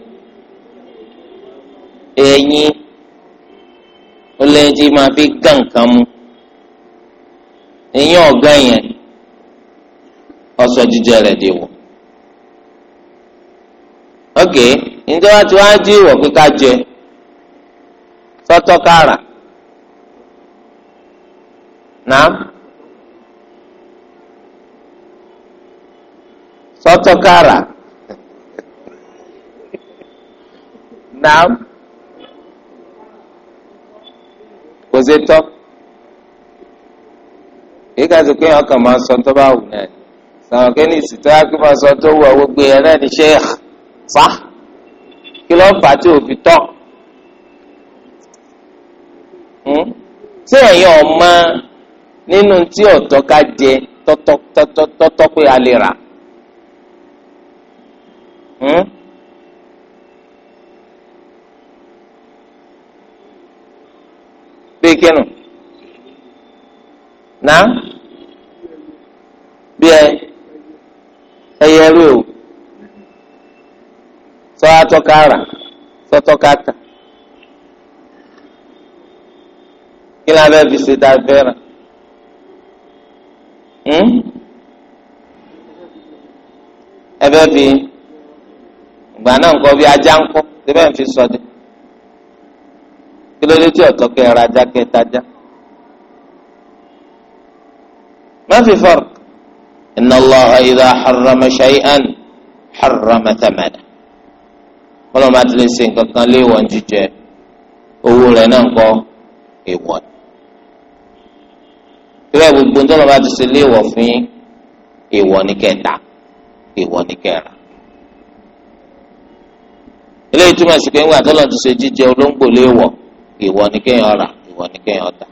ó tí máa fi gán nǹkan mu ẹ̀yin ọ̀gá yẹn ọ̀sọ̀ jíjẹ rẹ̀ dè wọ̀. ok ǹjẹ́ wá jẹ sọ́tọ́ kára sọ́tọ̀ kára nàám kò ṣe tọ́ èyíká sọ pé ọkàn máa sọ tó bá wù náà sọ̀rọ̀ kí ni ìsìtọ́ yá kí máa sọ tó wù ọ́ gbé ẹ náà ní sheikh fa kí ló ń fà tí òfin tọ́ tí ẹ̀yin ọ̀ma nínú tí ọ̀tọ́ ká jẹ tọ́tọ́ pé a lè rà. Hm? bí kínú náà bí ẹ ẹyẹ rí o sọ atọ́ka rà sọtọ́ka tà kí ni abẹ́ fi ṣe dá fẹ́ rà hm? ẹbẹ́ fi ìgbà náà nǹkan bí ajá ń kọ́ síbẹ̀ ń fi sọdẹ kí ló dé tí ọ̀tọ́ kẹ́ ẹ rajá kẹ́ ẹ tajá. má fi farq inna Allaha idha harrama shay'an harrama thamana wọ́n lọ́ọ́ máa ti lè ṣe nǹkan kan léèwọ̀ ń jíjẹ owó rẹ̀ náà kọ́ èèwọ̀ ìwé gbogbo ń tọ́lọ́ bá ti ṣe léèwọ̀ fún èèwọ̀ ní kẹta èèwọ̀ ní kẹrin eléyìí túmọ̀ sí pé ńgbà tọ́lọ̀ ti ṣe jíjẹ olóńgbò léèwọ̀ ìwọ ni kéèyàn rà ìwọ ni kéèyàn tà.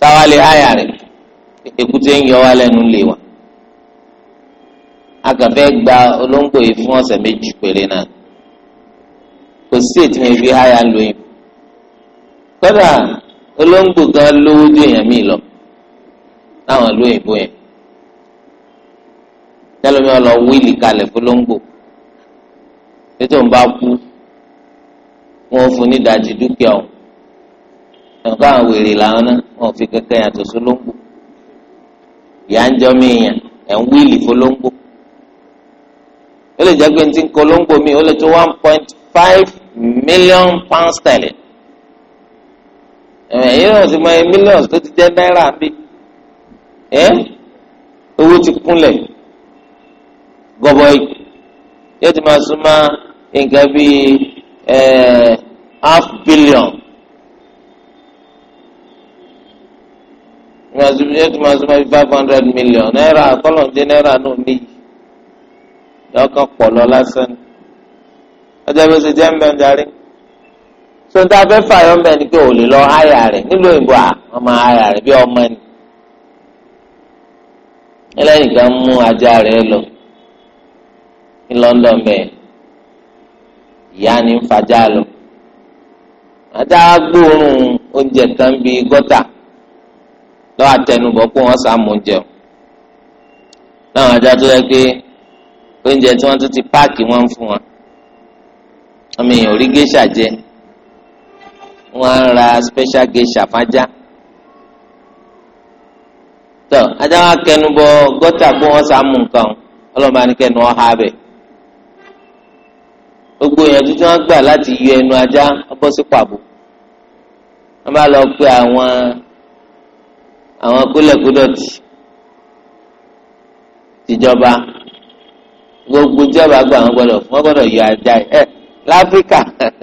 sáwálé háyà rẹ̀ èkúté ń yọ wá lẹ́nu lè wà. a kàn fẹ́ gba olóńgbò yìí fún ọ̀sẹ̀ méjì péré náà kò sí ètí mi fi háyà lóyún. kódà olóńgbò gan lówó ju èèyàn mi lọ láwọn lóyìnbó yẹn tẹlifíwọn lọ wíìlì kalẹ̀ fọlọ́ngbò tètè ń bá kú wọn fún nídajì dúkìá o nǹkan àwọn wèrè làwọn náà wọn fi kẹkẹ yàtọ̀ sólóńgbò ìyá ń jọ mí ẹ̀ ń wíìlì fólóńgbò ó lè jẹ́ pé ní ti ń kolóńgbò mi ó lè tó one point five million pound sterling ẹ̀mẹ̀ yìí náà ti mọ ẹ millions tó ti jẹ́ náírà bí ẹ owó ti kúnlẹ̀ gọbọi yóò ti máa súnmọ́. nǹkan bíi eh, half billion ìmọ̀sibíyẹ́ tó máa five hundred million náírà kọ́lọ̀dé náírà náà níyì lọ́kàn pọ̀ lọ lásán ọjọ́ bó ṣe jẹ́ darí so tá a fẹ́ fààyàn ni pé ò lè lọ háyà rẹ̀ nílò ìbò à ọmọ háyà rẹ̀ bí ọmọ ni London bẹ́ẹ̀. ìyá ni ń fajá lọ ajá gbóòórùn oúnjẹ kan bíi gọ́tà lọ́wọ́ àtẹnubọ̀ pé wọ́n sàmú jẹun láwọn ajá tó yẹ pé oúnjẹ tí wọ́n tún ti páàkì wọ́n ń fún wọn ọmọ èèyàn géṣà jẹ wọ́n á ra special géṣà fájá tó ajá wa kẹnubọ̀ gọ́tà pé wọ́n sàmú nǹkan ọlọ́mọba ní kẹnu ọ̀há bẹ́ẹ̀ gbogbo ìyànjú tí wọ́n gbà láti yọ ẹnu ajá bọ́ sí pàbó wọ́n bá lọ pe àwọn àwọn kólẹ̀kúdọ̀tì tìjọba gbogbo ìjọba gbà wọ́n gbọ́dọ̀ fún wọ́n gbọ́dọ̀ yọ ajá ẹ láfíríkà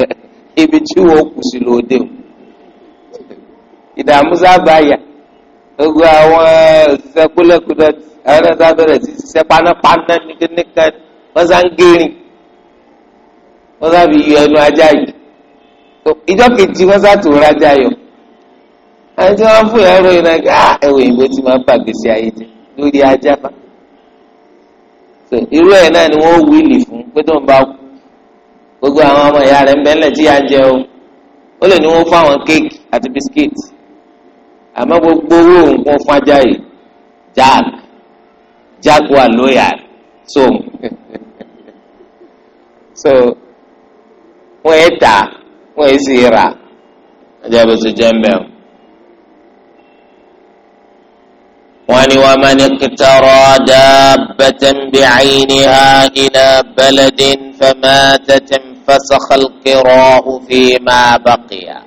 *laughs* ibi tí wọ́n kù sí lóde o ìdààmú sábà yà gbogbo àwọn òṣìṣẹ́ kólẹ̀kúdọ̀tì àwọn ẹ̀rọ sábẹ̀rẹ̀ sí ṣiṣẹ́ panápaná nìkan wọ́n sá ń gẹ́rìn wọ́n sábì yọ ẹnu ajá yìí ìjọ kejì wọ́n sàtò rájà yọ ẹni tí wọ́n fún ẹ̀rọ yìí náà ká ah, ẹ̀wọ̀ ìbò tí máa bà gbèsè ayé jẹ lórí ajá bá irú ẹ̀ náà ni wọ́n wíìlì fún pé tó ń bá kú gbogbo àwọn ọmọ ìyá rẹ̀ ń bẹ́lẹ̀ tí yà ń jẹ o ó lè ní wọ́n fún àwọn kéèkì àti bisikíìtì àmọ́ gbogbo owó òun kún fún ajá yìí jack jaguar lóyà so *laughs* wọ́n yé tà wọ́n yé sì rà ẹjẹ bó ṣe jẹ́ mbẹ́ o. wọ́n ní wọ́n máa ní kìtàrọ̀ dábẹ́tẹ̀m bí àyíní ha ilà bẹ́lẹ́dín fẹ́mẹ́tẹ̀tẹ̀m fẹ́sọ̀kàlkìrọ̀ òfin máa bàkìyà.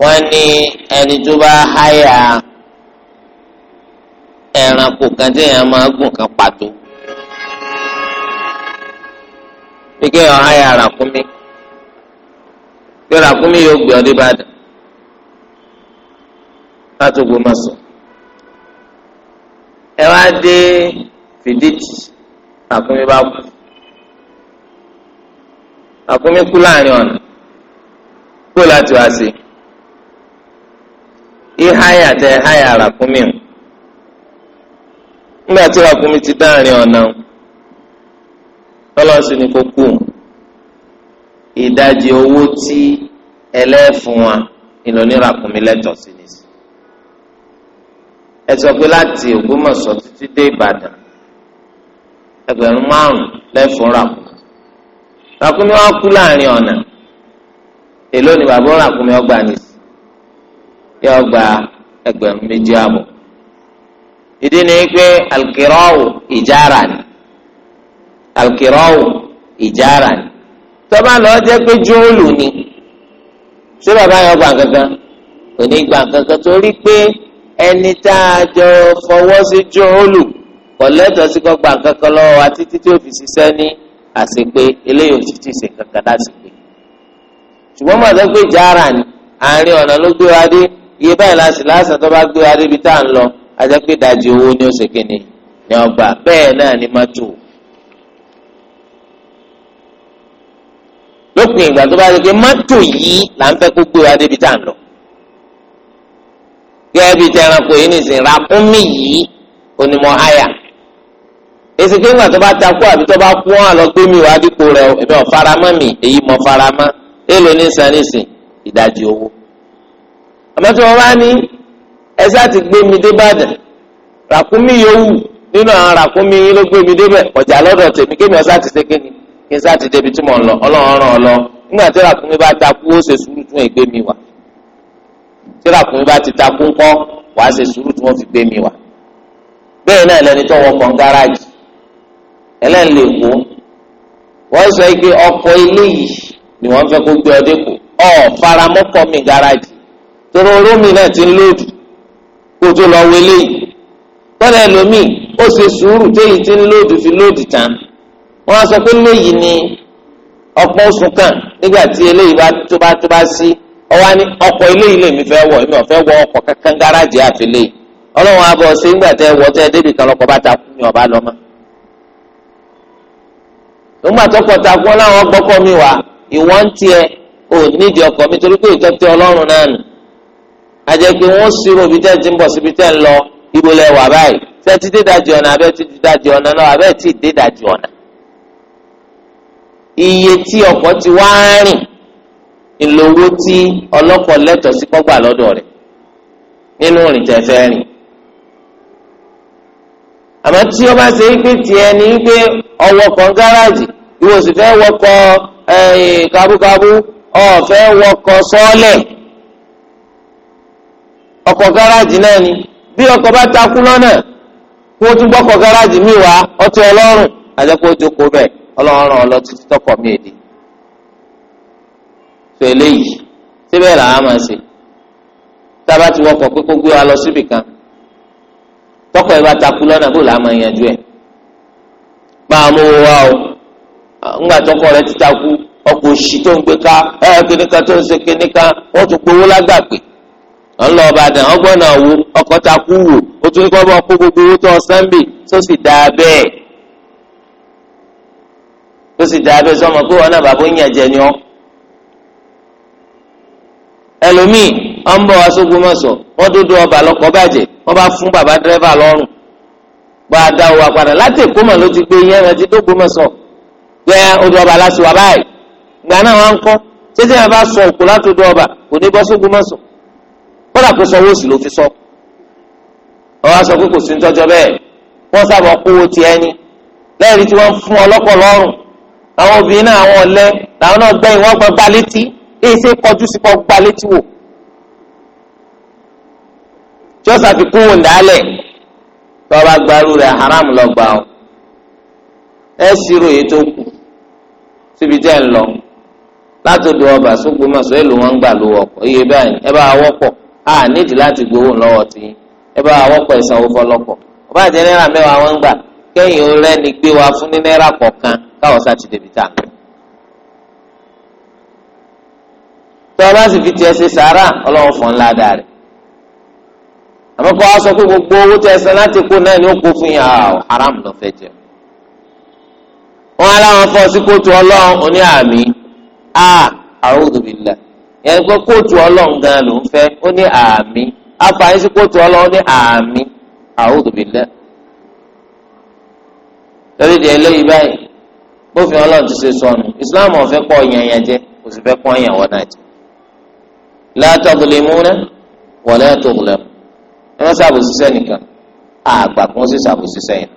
wọ́n ní ẹni tó bá háyà ẹranko kan tí máa gùn kan pàtó. ní kéèyàn háyà ràkúnmí pé ràkúnmí yóò gbé ọdún ìbàdàn láti Ògbómọ̀ṣọ́ ẹ wá dé fìdíìtì ràkúnmí bá kú ràkúnmí kú láàrin ọ̀nà kó láti wá sí i háyà tẹ háyà o ti tọ́lọ́ sí ni kò kú ìdajì owó tí ẹlẹ́fun wa ìlò nira kùn mí lẹ́tọ̀ọ́ sí ni. ẹ sọ pé láti Ògbómọ̀ṣọ́ títí dé Ìbàdàn ẹgbẹ̀rún márùn-ún lẹ́fun ràkùn. ràkùn mi wá kú láàrin ọ̀nà èló ni bàbá ràkùn mi ọgbà nìsí yọ ọgbà ẹgbẹ̀rún méjì ààbọ̀. ìdí ni pé alukirawo ìjára ni alkirawu ìjára ni tọ́ba lọ jẹ́ pé jóòlù ni ṣé bàbá yẹn gbà kankan kò ní gbà kankan torí pé ẹni tá a jọ fọwọ́ sí jóòlù kò lẹ́tọ̀ọ́ sí kọ́ gbà kankan lọ́wọ́ wa títí tí ó fi ṣiṣẹ́ ní àṣepé eléyìí ò sì ti ṣe kankan láṣepé ṣùgbọ́n mọ̀ lọ́gbẹ́ ìjára ni àárín ọ̀nà ló gbé wa dé iye báyìí láti lásán tó bá gbé wa débi tá à ń lọ a jẹ́ pé ìdajì owó ni ó ṣe kéne ni ọgbà bẹ́ẹ̀ náà ni mọ́tò lópin ìgbà tó bá yẹ pé mọ́tò yìí là ń fẹ́ kó gbé wa débi tá à ń lọ. gẹ́gẹ́ bíi ti ẹranko yìí nìsín ràkúnmí yìí onímọ̀ àyà. èsì pé ńgbà tó bá takú àbí tó bá kú wọn àlọ́ gbé mi wá dípò rẹ̀ ẹ̀mí ọ̀faramọ́ mi èyí mọ̀ faramọ́ èèlò ní san nìsín ìdajì owó. àmọ́ wọ́n bá ní ẹsẹ́ àti gbé mi dé Ìbàdàn ràkúnmí yòówù nínú àwọn ràkúnmí yìí ló gbé mi débẹ̀ ọ̀jà lọ́dọ̀ tèmi kémi ọ̀sá kí n sá ti débi tí mo ń lọ ọlọ́run ràn ọ lọ nígbà tí ràkúnmí bá takú ó ṣe sùúrù tún ègbé mi wá tí ràkúnmí bá ti takú ńkọ́ wàá ṣe sùúrù tí wọ́n fi gbé mi wá. bẹ́ẹ̀ náà lẹni tó wọkọ̀ ń gáràjì ẹlẹ́ni lè kó wọ́n sọ pé ọkọ̀ ilé yìí ni wọ́n fẹ́ kó gbé ọdẹ kù ọ̀ faramọ́kọ̀ mi gáràjì tóró rómi náà ti ń lòdù kó tó lọ wọlé yìí tọ́lẹ̀ lómi ó ṣe sùúrù téyì ti ń lòdù fi lòdì tán wọ́n sọ pé léyìí ni ọ̀pọ̀ oṣù kan nígbà tí eléyìí bá tó bá tó bá sí ọwọ́ ni ọkọ̀ eléyìí lèmi fẹ́ wọ̀ èmi ò fẹ́ wọ ọkọ̀ kankan gáràjì àfẹlẹ́ ọlọ́run abọ́ ṣe ńgbà tẹ wọ tẹ débi kan lọkọ̀ bá ta kú mi ọba lọ́mọ. nígbà tó kọ̀ ta kú ọ láwọn gbọ́kọ̀ mi wá ìwọ́n tiẹ̀ ò nídìí ọkọ̀ mi torí pé ìtọ́tẹ́ ọlọ́run náà nù. àjẹ́ pé wọ́n sírò ibi tẹ́ ń bọ̀ síbi tẹ́ ń lọ ìbò lẹ́wà báyìí tẹ́ dé dájú ọ̀nà. iye tí ọkọ ti wá rìn ìlówó tí ọlọ́kọ̀ lẹ́tọ̀ọ́ sí kọ́gbà lọ́dọ̀ rẹ̀ nínú rìn tẹ́ fẹ́ rìn. àmọ́ tí ó bá ṣe pé tiẹ̀ ní pé ọwọ́ kan gáràjì ìwọ sì fẹ́ wọkọ̀ kábúkábú ọ̀fẹ́ wọkọ̀ sọ́ọ̀lẹ̀ ọkọ̀ gáràjì náà ni bí ọkọ̀ bá takú lọ́nà kó tún ọlọ́run ọlọ́ títí tọkọ̀ mi èdè tó eléyìí síbẹ̀ làá máa ṣe tába ti wọkọ̀ pé kó gbé wa lọ síbì kan tọkọ̀ ìwà takú lọ́nà bó làá máa yanjú ẹ̀ a mú wa o ńgbà tọkọ̀ rẹ ti takú ọkọ̀ òṣì tó ń gbé ká ẹ̀ tó ń ṣe wọ́n tún gbowó ọ tó sì dáa bẹ́ẹ̀ sọ́mọ pé wọn náà bàbá ń yànjẹ ni ọ́ ẹlòmíì wọn bọ aṣọgbọmọṣọ wọn dúdú ọba lọkọ bàjẹ́ wọn bá fún bàbá dírẹ́fà lọ́rùn bá a dá wa padà láti èkó mà ló ti gbé yẹn rẹ ti dógbọmọṣọ gbẹ odò ọba láti wà báyìí gbà náà wọn kọ títí yẹn bá sọ òkú láti odò ọba kò ní bọ́ sọgbọmọṣọ kódà kó sọ wọ́ọ̀sì ló fi sọ ọwọ́ aṣọ pé kò sí ní tọ́jọ́ bẹ́ẹ̀ wọ́n sábà kówó ti ẹni lẹ́yìn tí wọ́n fún ọlọ́kọ̀ lọ́rùn àwọn obìnrin náà àwọn ọ̀lẹ làwọn náà gbẹ̀yìn wọ́n gbọ́ gba létí èyí ṣe kọjú sí kọ́ gba létí wò. jọ́sà fi kún wò ndálẹ̀ tó bá gbarú rẹ̀ haram lọ gbà ọ́ ẹ ṣírò èyí tó kù síbi jẹ́ ń lọ láti odò ọba sógbó mọ̀sọ́ èlò wọn ń gbà lówó ọkọ̀ iye báyìí ẹ bá wọ́pọ̀ a nídìí láti gbowó lọ́wọ́ tí ẹ bá wọ́pọ̀ ìsanwó fọlọ́pọ̀ ọba àti náírà mẹ́wàá wọn ń gbà kẹ́yìn ó rẹ́ni gbé wa fún ní náírà kọ̀ọ̀kan káwọn sá ti débi tá. tọ́ sì fi tiẹ̀ ṣe sàárà ọlọ́run fún ńlá dáa rẹ̀ àmọ́ kọ́ wa sọ pé gbogbo owó tẹ̀ san láti kó náà ni ó kó fún yàrá haram ló fẹ́ jẹ wọn aláwọn fọ sí kóòtù ọlọ́run oní àmì a a'udhu yẹn gbọ́ kóòtù ọlọ́run gan ló ń fẹ́ ó ní àmì àfààní sí kóòtù ọlọ́run ní àmì báyìí bófin ọlọ́run ti ṣe sọnù islam ọ̀fẹ́ pọ̀ yanyan jẹ kò sì fẹ́ pọ̀ yàn wọ́n náà jẹ. la tadlimuna wa la tuzlamu ẹ má ṣàbòsíṣẹ́ nìkan àgbà kan sì ṣàbòsíṣẹ́ yẹn.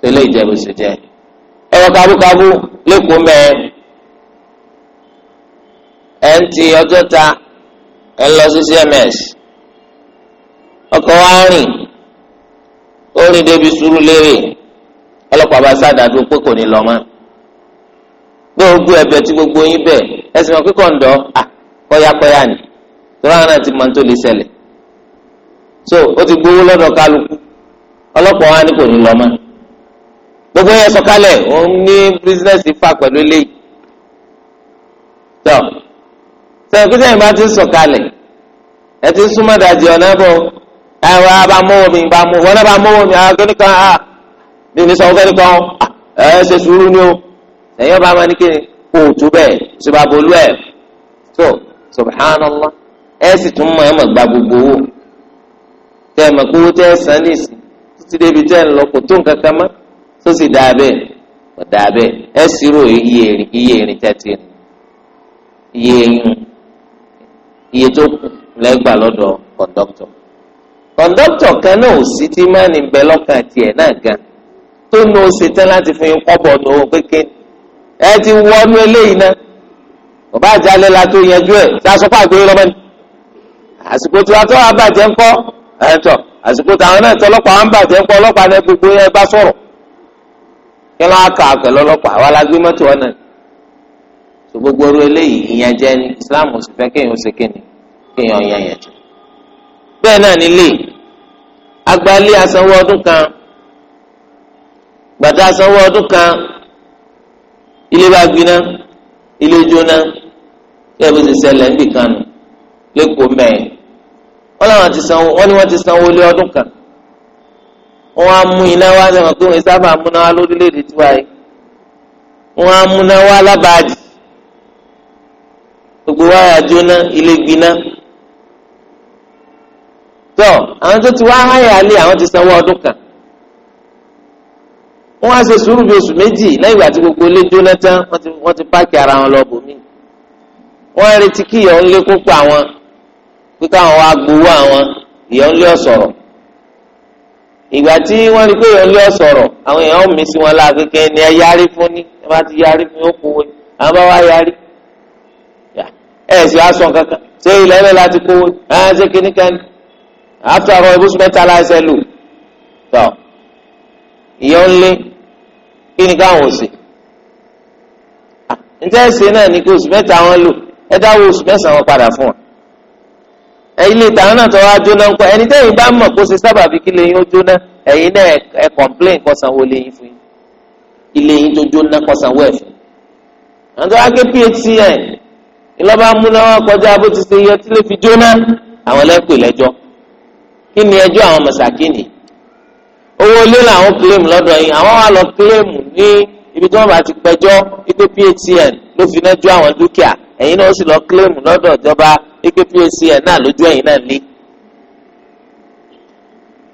tẹ́lẹ̀ ìjẹ́bù sì jẹ́ ẹ̀rọ kábúkábú lẹ́kọ̀ọ́ mẹ́ẹ̀ ẹ̀ ń ti ọjọ́ ta ẹ̀ ń lọ sí cms ọkọ̀ wa rìn ó rìn débi sùúrù lérè ọlọ́pàá bá sádàdúró pé kò ní lọ mọ́ gbogbo ẹ̀bẹ̀ tí gbogbo yín bẹ̀ ẹsìn wọn kíkọ ńdọ à kọyakọya ni tọ́lá náà ti mọ tó lè ṣẹlẹ̀ so ó ti gbowó lọ́dọ̀ kálukú ọlọ́pàá wa ni kò ní lọ mọ́ gbogbo yẹn sọ̀kalẹ̀ òun ní bísínẹ́sì fà pẹ̀lú eléyìí tọ́ sẹ́yìn kí sẹ́yìn bá ti sọ̀kalẹ̀ ẹ ti súnmọ́ dàjẹ́ ọ̀nà bọ̀ ẹ wọ́n á bá mọ́wọ́ mi bá mọ́wọ́ náà bá mọ́wọ́ mi àwọn akẹ́kọ̀ọ́ bí ní sọ́wọ́ fẹ́ni kan ah, ẹ ṣe sùúrù ni o ẹ̀yin ọba máa ní kí ni kò tó bẹ́ẹ̀ ṣùgbọ́n abolú ẹ̀ tó subhanallah ẹ sì tún mọ̀ ẹ́ mọ̀ gba gbogbo owó tẹ́ ẹ mọ̀ pé owó tẹ́ ẹ san ní ìsìn títí débi tẹ́ ẹ ń lọ kò tó nǹkan kan mọ́ tó sì dáa bẹ́ẹ̀ kò dáa bẹ́ẹ̀ ẹ sì rò iye èrìn iye èrìn tẹ́tí iye èrìn iye tó kù lẹ́gbàá lọ́dọ̀ kọ̀ńdọ́kítọ̀ kọ̀ńdọ́kítọ̀ kan náà ò sí tí máa ní bẹ́ẹ̀ lọ́kàn tiẹ̀ náà gan-an tó nu oṣù tán láti fi kọ́bọ̀ nù ó kéke ẹ ti wọnú eléyìí náà bàbá àjálẹ̀ la tó yanjú ẹ̀ ṣe aṣọ pàgbé lọ́mọ ni àsìkò tí wàá tó wàá bàjẹ́ ńkọ́ ẹ̀ tọ̀ àsìkò táwọn náà tọ́lọ́pàá wọn bàjẹ́ ńkọ́ ọlọ́pàá náà gbogbo yẹn bá sọ̀rọ̀ kí wọn á kà á pẹ̀lú ọlọ́pàá wa la gbé mọ́tò wọn náà tó gbogbo oru eléyìí ìyẹn jẹ ní Islam ò sì fẹ́ kéèyàn ṣe kéèyàn kéèyàn yẹn yẹn jẹ bẹ́ẹ̀ náà nílé àgbà ilé asanwó ọdún kan gbàtà sanwó ọdún kan ilé bá gbiná ilé jóná kí ẹ bó ṣe ṣẹlẹ̀ ń bì kan nù lẹ́kọ̀ọ́ mẹ́ẹ̀ wọ́n làwọn ti sanwó wọ́n ní wọ́n ti sanwó lé ọdún kan wọ́n á mú iná wá sẹ́wọ̀n pé wọ́n sábà múná wá lórílẹ̀‐èdè tiwa yìí wọ́n á múná wá lábàádì gbogbo wáyà jóná ilé gbiná tọ́ àwọn tó ti wá háyà lé àwọn ti sanwó ọdún kan wọ́n á ṣe sùúrù bí oṣù méjì lẹ́yìn ìgbà tí gbogbo ilé jóná tán wọ́n ti páàkì ara wọn lọ bòmí. wọ́n á retí kí ìyọ̀ ń lé kópa àwọn pé káwọn wá gbowó àwọn ìyọ̀ ń lé ọ̀sọ̀rọ̀. ìgbà tí wọ́n rí pé ìyọ̀ ń lé ọ̀sọ̀rọ̀ àwọn èèyàn mí sí wọn láàfin kẹ́ ni ẹ yarí fún ni ẹ bá ti yarí fún yóò kówó àwọn bá wá yarí. ẹ ẹ sì á sọ kankan ṣé ilẹ̀ ẹ̀rẹ́ láti kówó ẹ ṣe kíníkan after all ibùsùn mẹ́ta láìsẹ̀ lò ìyá ń kí ni káwọn ò sè ǹjẹ́ ẹ̀sìn náà ni kí oṣù mẹ́ta wọn lò ẹ dáwọ́ oṣù mẹ́sàn-án wọn padà fún wa ilé ìtàn náà tó wá jóná ńkọ́ ẹni tẹ́yìn bá mọ̀ kó ṣe sábà bí kí lẹ́yìn ó jóná ẹ̀yin náà ẹ kọ̀ǹplẹ̀n kó sanwó lẹ́yìn fún yín ilé yín tó jóná kó sanwó ẹ̀ fún yín. àwọn tó wá gé PHCN ìlọ́ba múnáwá kọjá bó ti ṣe yẹ tí lè fi jóná àwọn lẹ́pẹ̀ lẹ́jọ́ kí ni ẹjọ́ àwọn mọ̀sákìnì yìí owó ilé làwọn kílèmù lọ́dọ̀ yìí àwọn wà lọ kílèmù ní ibi tí wọ́n bá ti pẹjọ́ ipe PHCN ló fi náà ju àwọn dúkìá ẹ̀yin náà ó sì lọ kílèmù lọ́dọ̀ ìjọba ipe PHCN náà lójú ẹ̀yin náà lé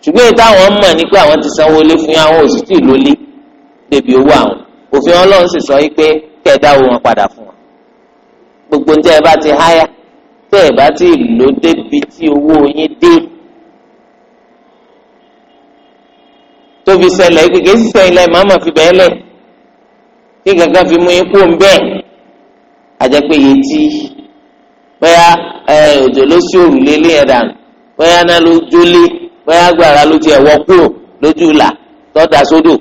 ṣùgbọ́n èyí táwọn mọ̀ ní pé àwọn ti sanwó ilé fún yín àwọn ò sì tì lólé débi owó àwọn òfin ọlọ́run sì sọ yí pé kẹ̀ẹ́dá owó wọn padà fún wọn gbogbo ń tẹ́ ẹ bá ti háyà tẹ́ ẹ bá ti lò débi tí owó yín dé tóbi ṣẹlẹ̀ kékeré sísẹ́ ilẹ̀ màmá fi bẹ́ẹ̀ lẹ̀ kí fi mú ikú bẹ́ẹ̀ àjẹpẹ́ yìí tí bóyá òjò ló sí dànù náà ló jólé gbàrà ló tiẹ̀ kúrò lójú là sódò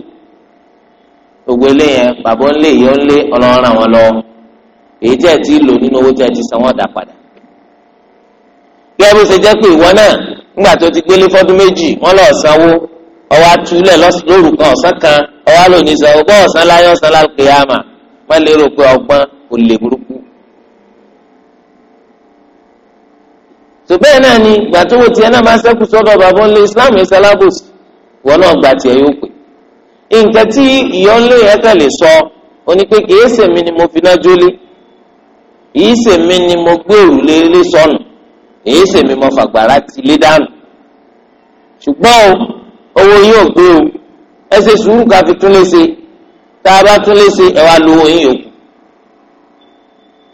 gbogbo yẹn bàbá yìí àwọn lọ tí ti lò nínú owó tí a ti san dà padà. kí ẹ bó ṣe ọwọ́ atúlẹ̀ lóru kan ọ̀sán kan ọwọ́ àlòní sọ ọgbọ́n ọ̀sán láyé ọ̀sán lápẹ́ àmà má lérò pé ọgbọ́n kò lè burúkú. tòbẹ́ẹ̀ náà ni ìgbà tó wò tiẹ̀ náà máa ṣẹ́kù sọ́dọ̀ bàbá ńlẹ̀ Islam ìsalábòsì wọn náà gba tiẹ̀ yóò pè. nǹkan tí ìyọ́nlé yẹn tẹ̀lé sọ oní pé kìí sèmi ni mo fi náà jólé kìí sèmi ni mo gbé òrùlé lé sọnù kìí sèmi mo fàgbàrá ti lé dànù ṣùgbọ́n o owó yín ò pé o ẹ ṣe sùúrù ká fi tún lé ṣe tá a bá tún lé ṣe ẹ wá lo owó yín yòókù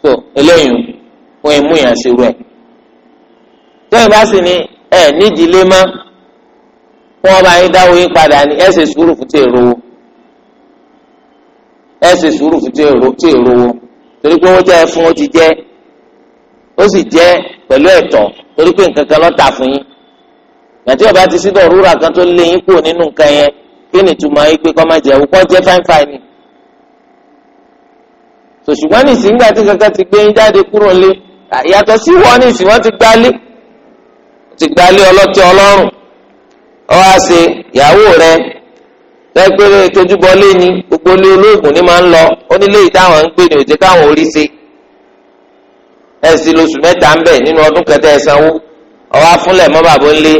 tó eléyìí wọn èmú yàn ṣe rẹ tó ẹ bá sì ní ẹ nídìí lé mọ wọn bá yín dáwọ́ yín padà ní ẹ ṣe sùúrù fún tí èrò ẹ ṣe sùúrù fún tí èrò torí pé owó tẹ ẹ fún ó ti jẹ ó sì jẹ pẹ̀lú ẹ̀tọ́ torí pé nǹkan kan ló tà fún yín nàtí ọba ti sídọ̀ rúra kan tó lé yín kúrò nínú nǹkan yẹn kí ni ìtumọ̀ yín pé kọ́ máa jẹ̀wò kọ́ jẹ́ fáìfáì ni. sò ṣùgbọ́n nìsín gbà tí kankan ti gbé yín jáde kúrò lé yàtọ̀ sí wọ́n nìsín wọ́n ti gbá lé ti gbá lé ọlọ́tí ọlọ́run ọwọ́ àṣẹ ìyàwó rẹ tẹ́gbẹ́rẹ́ tójúbọ lé ní gbogbo lé olóògùn ní máa ń lọ ó nílé ìtàwọn ń gbé ní òjé káwọn orí ṣe ẹ̀ sì lóṣù mẹ́ta ń bẹ̀ nínú ọdún kẹta ẹ̀ sanwó ọwọ́ afúnlẹ̀ mọ́ bàbá ń lé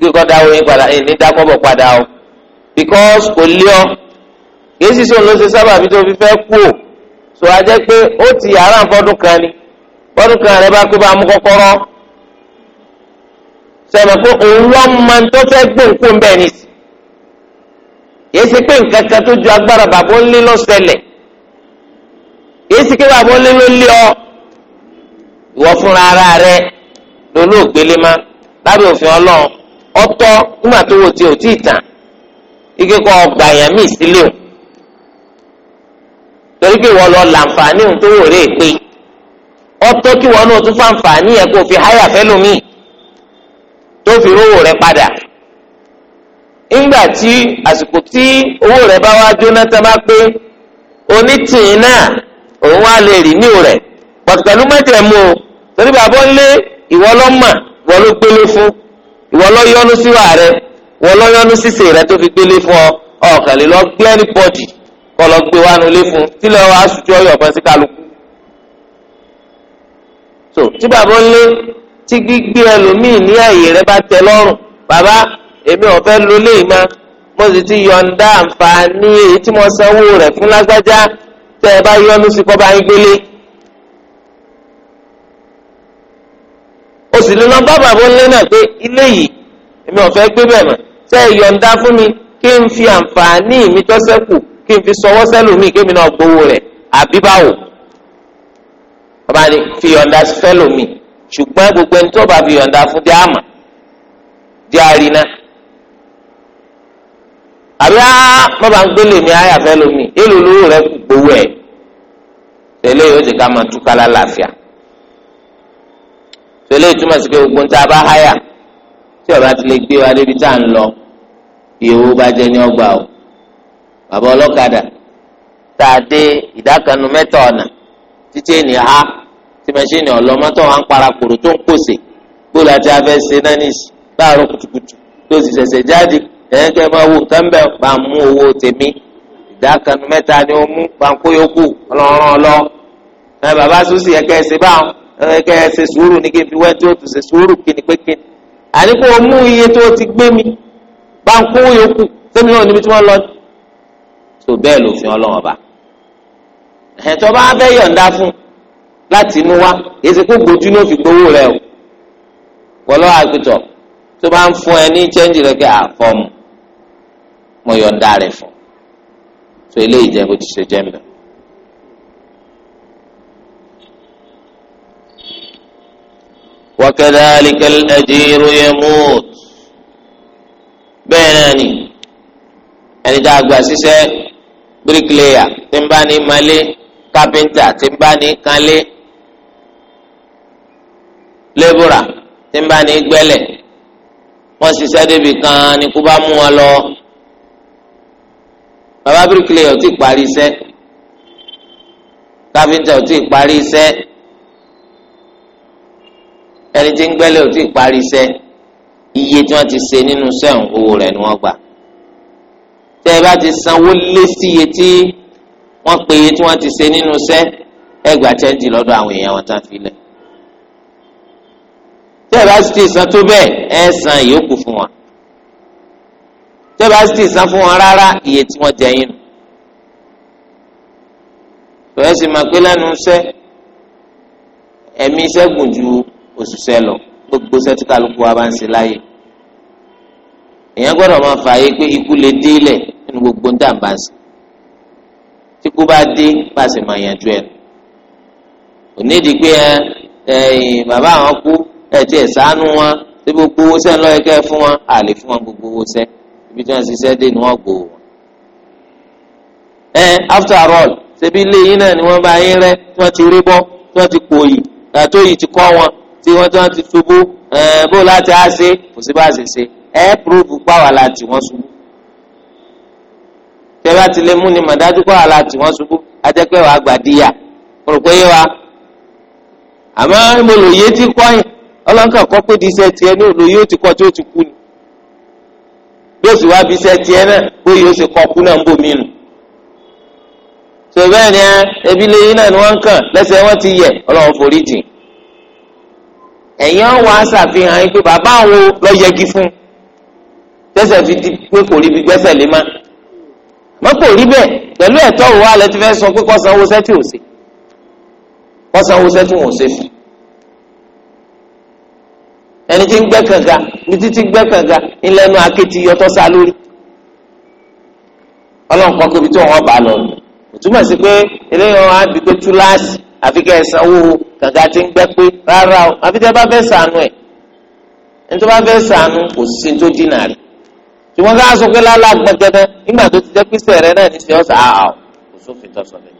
kíkí kọ́ dáwọ́ yín padà ẹ̀ ní dákọ́bọ̀ padà o because kò lé ọ kìí sì sọ ló ṣe sábà bí tó fi fẹ́ kú o sọ ajẹ́ pé ó ti yàrá fọdún kan ni fọdún kan rẹ bá pé bá mú kọ́kọ́rọ́ sẹ́mi pé òun wọ́n máa ń tó fẹ́ gbòǹkó ń bẹ́ẹ̀ nìsí kìí ṣe pé nǹkan kan tó ju agbára bàbá ńlé lọ ṣẹlẹ̀ kìí ṣe pé bàbá ńlé ló lé ọ ìwọ fúnra ara rẹ lolóògbélé má lábẹ́ òfin ọlọ́run ọ̀tọ̀ nígbà tó wò tí o tí tàn ike kọ ọgbà èèyàn míì sílé o torí pé ìwọ lọ làǹfààní ohun tó wò rè pé ọ̀tọ̀ kí wọn náà tún fàǹfààní yẹn kó fi háyà fẹlòmíì tó fi rówó rẹ̀ padà ńgbà tí àsìkò tí owó rẹ̀ bá wá jóná tá bá pé onítìyín náà òun wá lè rí ní rẹ̀ pọtùpẹ̀lú mẹ́tẹ̀ẹ̀mú o torí bàbá ń lé ìwọ lọ́mà ló gbélé fún ìwọ lọ yọnu síwà rẹ ìwọ lọ yọnu sísè rẹ tó fi gbélé fún ọ ọkànlélọ gbé ẹni pọjì kọ lọ gbé wánu lé fún tílẹ̀ wa aṣojú ọyọ̀ ọ̀bọ̀n sí kálukú. so tí bàbá ń lé tí gbígbé ẹlòmíì ní àyè rẹ bá tẹ lọ́rùn bàbá èmi ò fẹ́ lo léyìí má mo sì ti yọ̀ǹda àǹfààní èyí tí mo sanwó rẹ̀ fún lágbájá tẹ́ ẹ bá yọnu sí kọ́ bá ń gbélé. o sì lè lọ bá bàbá onílé náà pé ilé yìí èmi ò fẹ́ gbé bẹ́ẹ̀ mọ̀ ṣé ẹ yọ̀ǹda fún mi kí n fi àǹfààní mi tọ́sẹ́kù kí n fi sọwọ́ sẹ́lòmíì kí èmi náà gbowó rẹ̀ àbí báwo bàbá ni fi yọ̀ǹda sẹ́lòmíì ṣùgbọ́n gbogbo ẹni tó bá fi yọ̀ǹda fún di àmà di àrínà àbí á má bàa ń gbélé mi àyàfẹ́ lomi èlò lówó rẹ̀ gbowó ẹ̀ tẹ́lẹ̀ yóò ti ká máa túká lálàáfíà tẹlẹ ìtumọ̀ sí pé gbogbo ń ta bá háyà tí ọba ti lè gbé wa débi tá à ń lọ ìyẹ̀wò bá jẹ ní ọgbà o bàbá ọlọ́kadà tá a dé ìdákanu mẹ́ta ọ̀nà títí ènìyàn ha tí mẹ́ṣíìnì ọlọ́mọ́tọ̀ wa ń parakòrò tó ń pòsè gbóòlù àti abẹ́ ṣe náà ní láàárọ̀ kùtùkùtù tó sì ṣẹ̀ṣẹ̀ jáde ẹ̀yìn kẹ́ máa wo nǹkan bẹ́ẹ̀ bá mú owó tèmi ìdákanu mẹ́ta ni ó mú pankóyókù ọlọ́run ọlọ́ ẹ̀kẹ́ ẹ̀ ṣe sùúrù ní kí n fi wẹ́ tí ó ti ṣe sùúrù kí ni pé kí ni. àníkó o mú iye tó ti gbé mi bá ń kó yòókù sẹ́mi náà níbi tí wọ́n lọ. tó bẹ́ẹ̀ lòfin ọlọ́wọ́n bá. ẹ̀tọ́ bá fẹ́ yọ̀ǹda fún láti inú wa èsì kó gbòjú ló fi gbowó rẹ o. wọ́lọ́ àgùtọ̀ tó bá ń fún ẹ ní chẹ́ńjì rẹ kí àfọ́mù mo yọ̀ǹda rẹ fún. tó eléyìí jẹ́ bó ti ṣe jẹ́ mbẹ́. وكذلك الأجير يموت بيناني ẹni tá a gbà síṣẹ́ bíríkìlẹ́yà tí ń bá ní malé kápẹ́ńtà tí ń bá ní kanlé lébùrà tí ń bá ní gbẹ́lẹ̀ wọ́n ṣiṣẹ́ débi kan ni kú bá mú wọn lọ bàbá bíríkìlẹ́yà ò tí ì parí iṣẹ́ kápẹ́ńtà ò tí ì parí iṣẹ́ ẹni tí ń gbẹ́lẹ̀ ò tí ì parí iṣẹ́ iye tí wọ́n ti ṣe nínú sẹ́hùn owó rẹ̀ ni wọ́n gbà tẹ́ ẹ bá ti sanwó lé sí iye tí wọ́n pe iye tí wọ́n ti ṣe nínú sẹ́ ẹ gbà chẹ́ǹjì lọ́dọ̀ àwọn èèyàn wọn tán fi lẹ̀ tẹ́ ẹ bá ti san tó bẹ́ẹ̀ ẹ san ìyókù fún wọn tẹ́ ẹ bá ti san fún wọn rárá iye tí wọ́n jẹ yín nù sì máa pé lẹ́nu iṣẹ́ ẹ̀mí iṣẹ́ gùn ju òṣìṣẹ́ lọ gbogbo sẹ́tí kálukú wa bá ń ṣe láàyè èèyàn gbọ́dọ̀ máa fààyè pé ikú lè dé ilẹ̀ nínú gbogbo ń dàbà sí tí kú bá dé bá a sì máa yànjú ẹ̀ onídìí pé ẹ̀yìn bàbá àwọn kú ẹ tiẹ̀ ṣàánú wọn tí gbogbo owó sẹ́ ń lọ́ọ́ ẹ̀kẹ́ fún wọn à lè fún wọn gbogbo owó sẹ́ ibi tí wọ́n ṣiṣẹ́ dé ni wọ́n gbòò wọn. ẹ after all ṣebí ilé yìí náà ni wọ́n bá yín rẹ́ tí wọ́n ti rí bọ́ tí wọ́n ti pòyì tàtó yìí ti kọ́ wọn tí wọ́n tí wọ́n ti ṣubú eh, bó láti á ṣe kò sí bá ṣe ṣe ẹ púrúfù pàwọ́ láti wọ́n ṣubú tẹ́lá ti lè mú ni màdájú pàwọ́ láti wọ́n ṣubú ajẹ́pẹ́ wàá gbàdíyà rò pé yé wa àmọ́ mo lò yé tí kọ́ yìí ọlọ́nkà kọ́ pé di iṣẹ́ tiẹ̀ ní olóyè ó ti kọ́ tí ó ti kú ni bí ó sì wá bí iṣẹ́ tiẹ̀ náà bóyá ó sì kọ́ kú náà ń bò mí nù tòbẹ́ẹ̀ ni ẹbí lẹ́yìn náà ni wọ́n ń kàn lẹ́sẹ̀ wọn ti yẹ ọlọ́run forí jìn ẹ̀yin ọ̀wọ́ aṣàfihàn yín pé bàbá àwọn lọ yẹgi fún tẹ́sẹ̀ fi di pé kò rí bí gbẹ́sẹ̀ lé má mọ́ kò rí bẹ́ẹ̀ pẹ̀lú ẹ̀tọ́ òwò alẹ́ ti fẹ́ sọ pé kọ́ sanwó sẹ́tì ò sí kọ́ sanwó sẹ́tì wọn ò sí fún ẹni tí ń gbẹ́ kànga ní títí gbẹ́ kànga ńlẹ́nu akéèti yọtọ́ sá lórí ọlọ́run kọ́ kébi tí wọ́n bá lọ òtúmọ̀ sí pé eléyìí wọn á di pé túláàsì àfi kẹ́ ẹ sanwó kànga tí ń gbẹ́ pé rárá o àfi tẹ́ bá fẹ́ sànú ẹ̀ nítorí bá fẹ́ sànú kò sí tó dínà rẹ̀ ṣùgbọ́n ká sọ pé lálá gbẹ̀gẹ́dẹ́ nígbà tó ti jẹ́ písẹ̀ rẹ náà ní sẹ́ ọ̀sà àá kò sófin tó sọ bẹ́ẹ̀.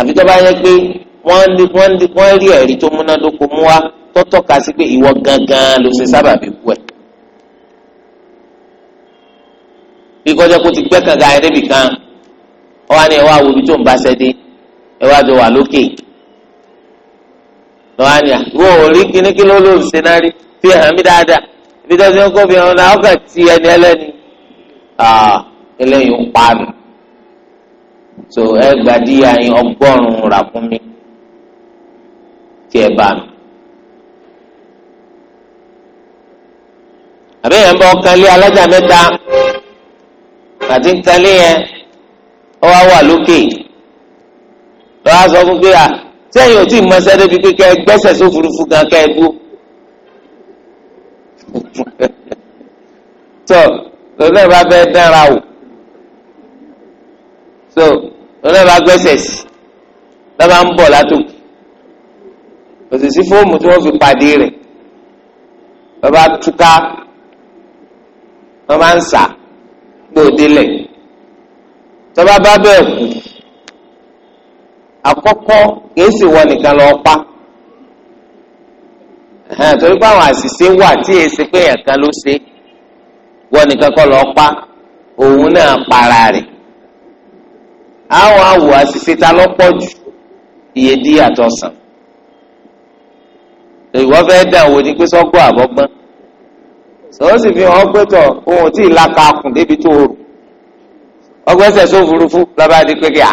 àfi tẹ́ bá yẹ pé wọ́n rí ẹ̀rí tó múnádóko mú wa tọ́tọ́ ka sí pé ìwọ gangan ló ṣe sábàbí kú ẹ̀. bí kọjá kó ti gbẹ́ kànga ẹ̀ débì wo ibi tó ń bá ṣẹ́ ẹ wá jọ wà lókè lọ́wọ́ àná wọ́n ò rí kíní kí ló ló ṣe náà rí fi hàn mí dáadáa ibi tó ti ń kó fi hàn náà ọkàn ti ẹni ẹlẹ́ni eléyìí ń pa mi so ẹ gbàdíyà yín ọgọ́rùn-ún rà fún mi tí ẹ bá mi. àbí yẹn bọ́ kálí alájà mẹ́ta àti kálí yẹn ó wá wà lókè yìí lọ́wọ́ sọ fún pé à sẹ́yìn ò tí ì mọṣẹ́ débi pé kẹ́ ẹ gbẹ́sẹ̀ sófurufú gan kẹ́ ẹ dúró. tó lọ́nà ìbá fẹ́ dára o so lọ́nà ìbá gbẹ́sẹ̀ sí lọ́ba ń bọ̀ látòkè òsìsí fóòmù tí wọ́n fi pàdé rẹ̀ lọ́ba túká lọ́ba ń sà gbòdélẹ̀ tọ́ba bá bẹ́ẹ̀ kú àkọ́kọ́ kìí sì wọ nìkan lọ pa torí pé àwọn àṣìṣe wà tí èsì pé èèyàn kan ló ṣe wọ nìkan kọ́ lọ pa òun náà para rẹ̀ àwọn àwò àṣìṣe ta lọ́pọ̀ jù iye dí àtọ̀sán ìwọ fẹ́ dàn wò ni pé sọ́gbọ́ àbọ̀gbọ́n sọ́wọ́n sì fi hàn pẹ́tọ̀ ohun tí ìlàkà débi tó rò ọgbẹ́sẹ̀ sófurufú lọ́ba di pé kí a.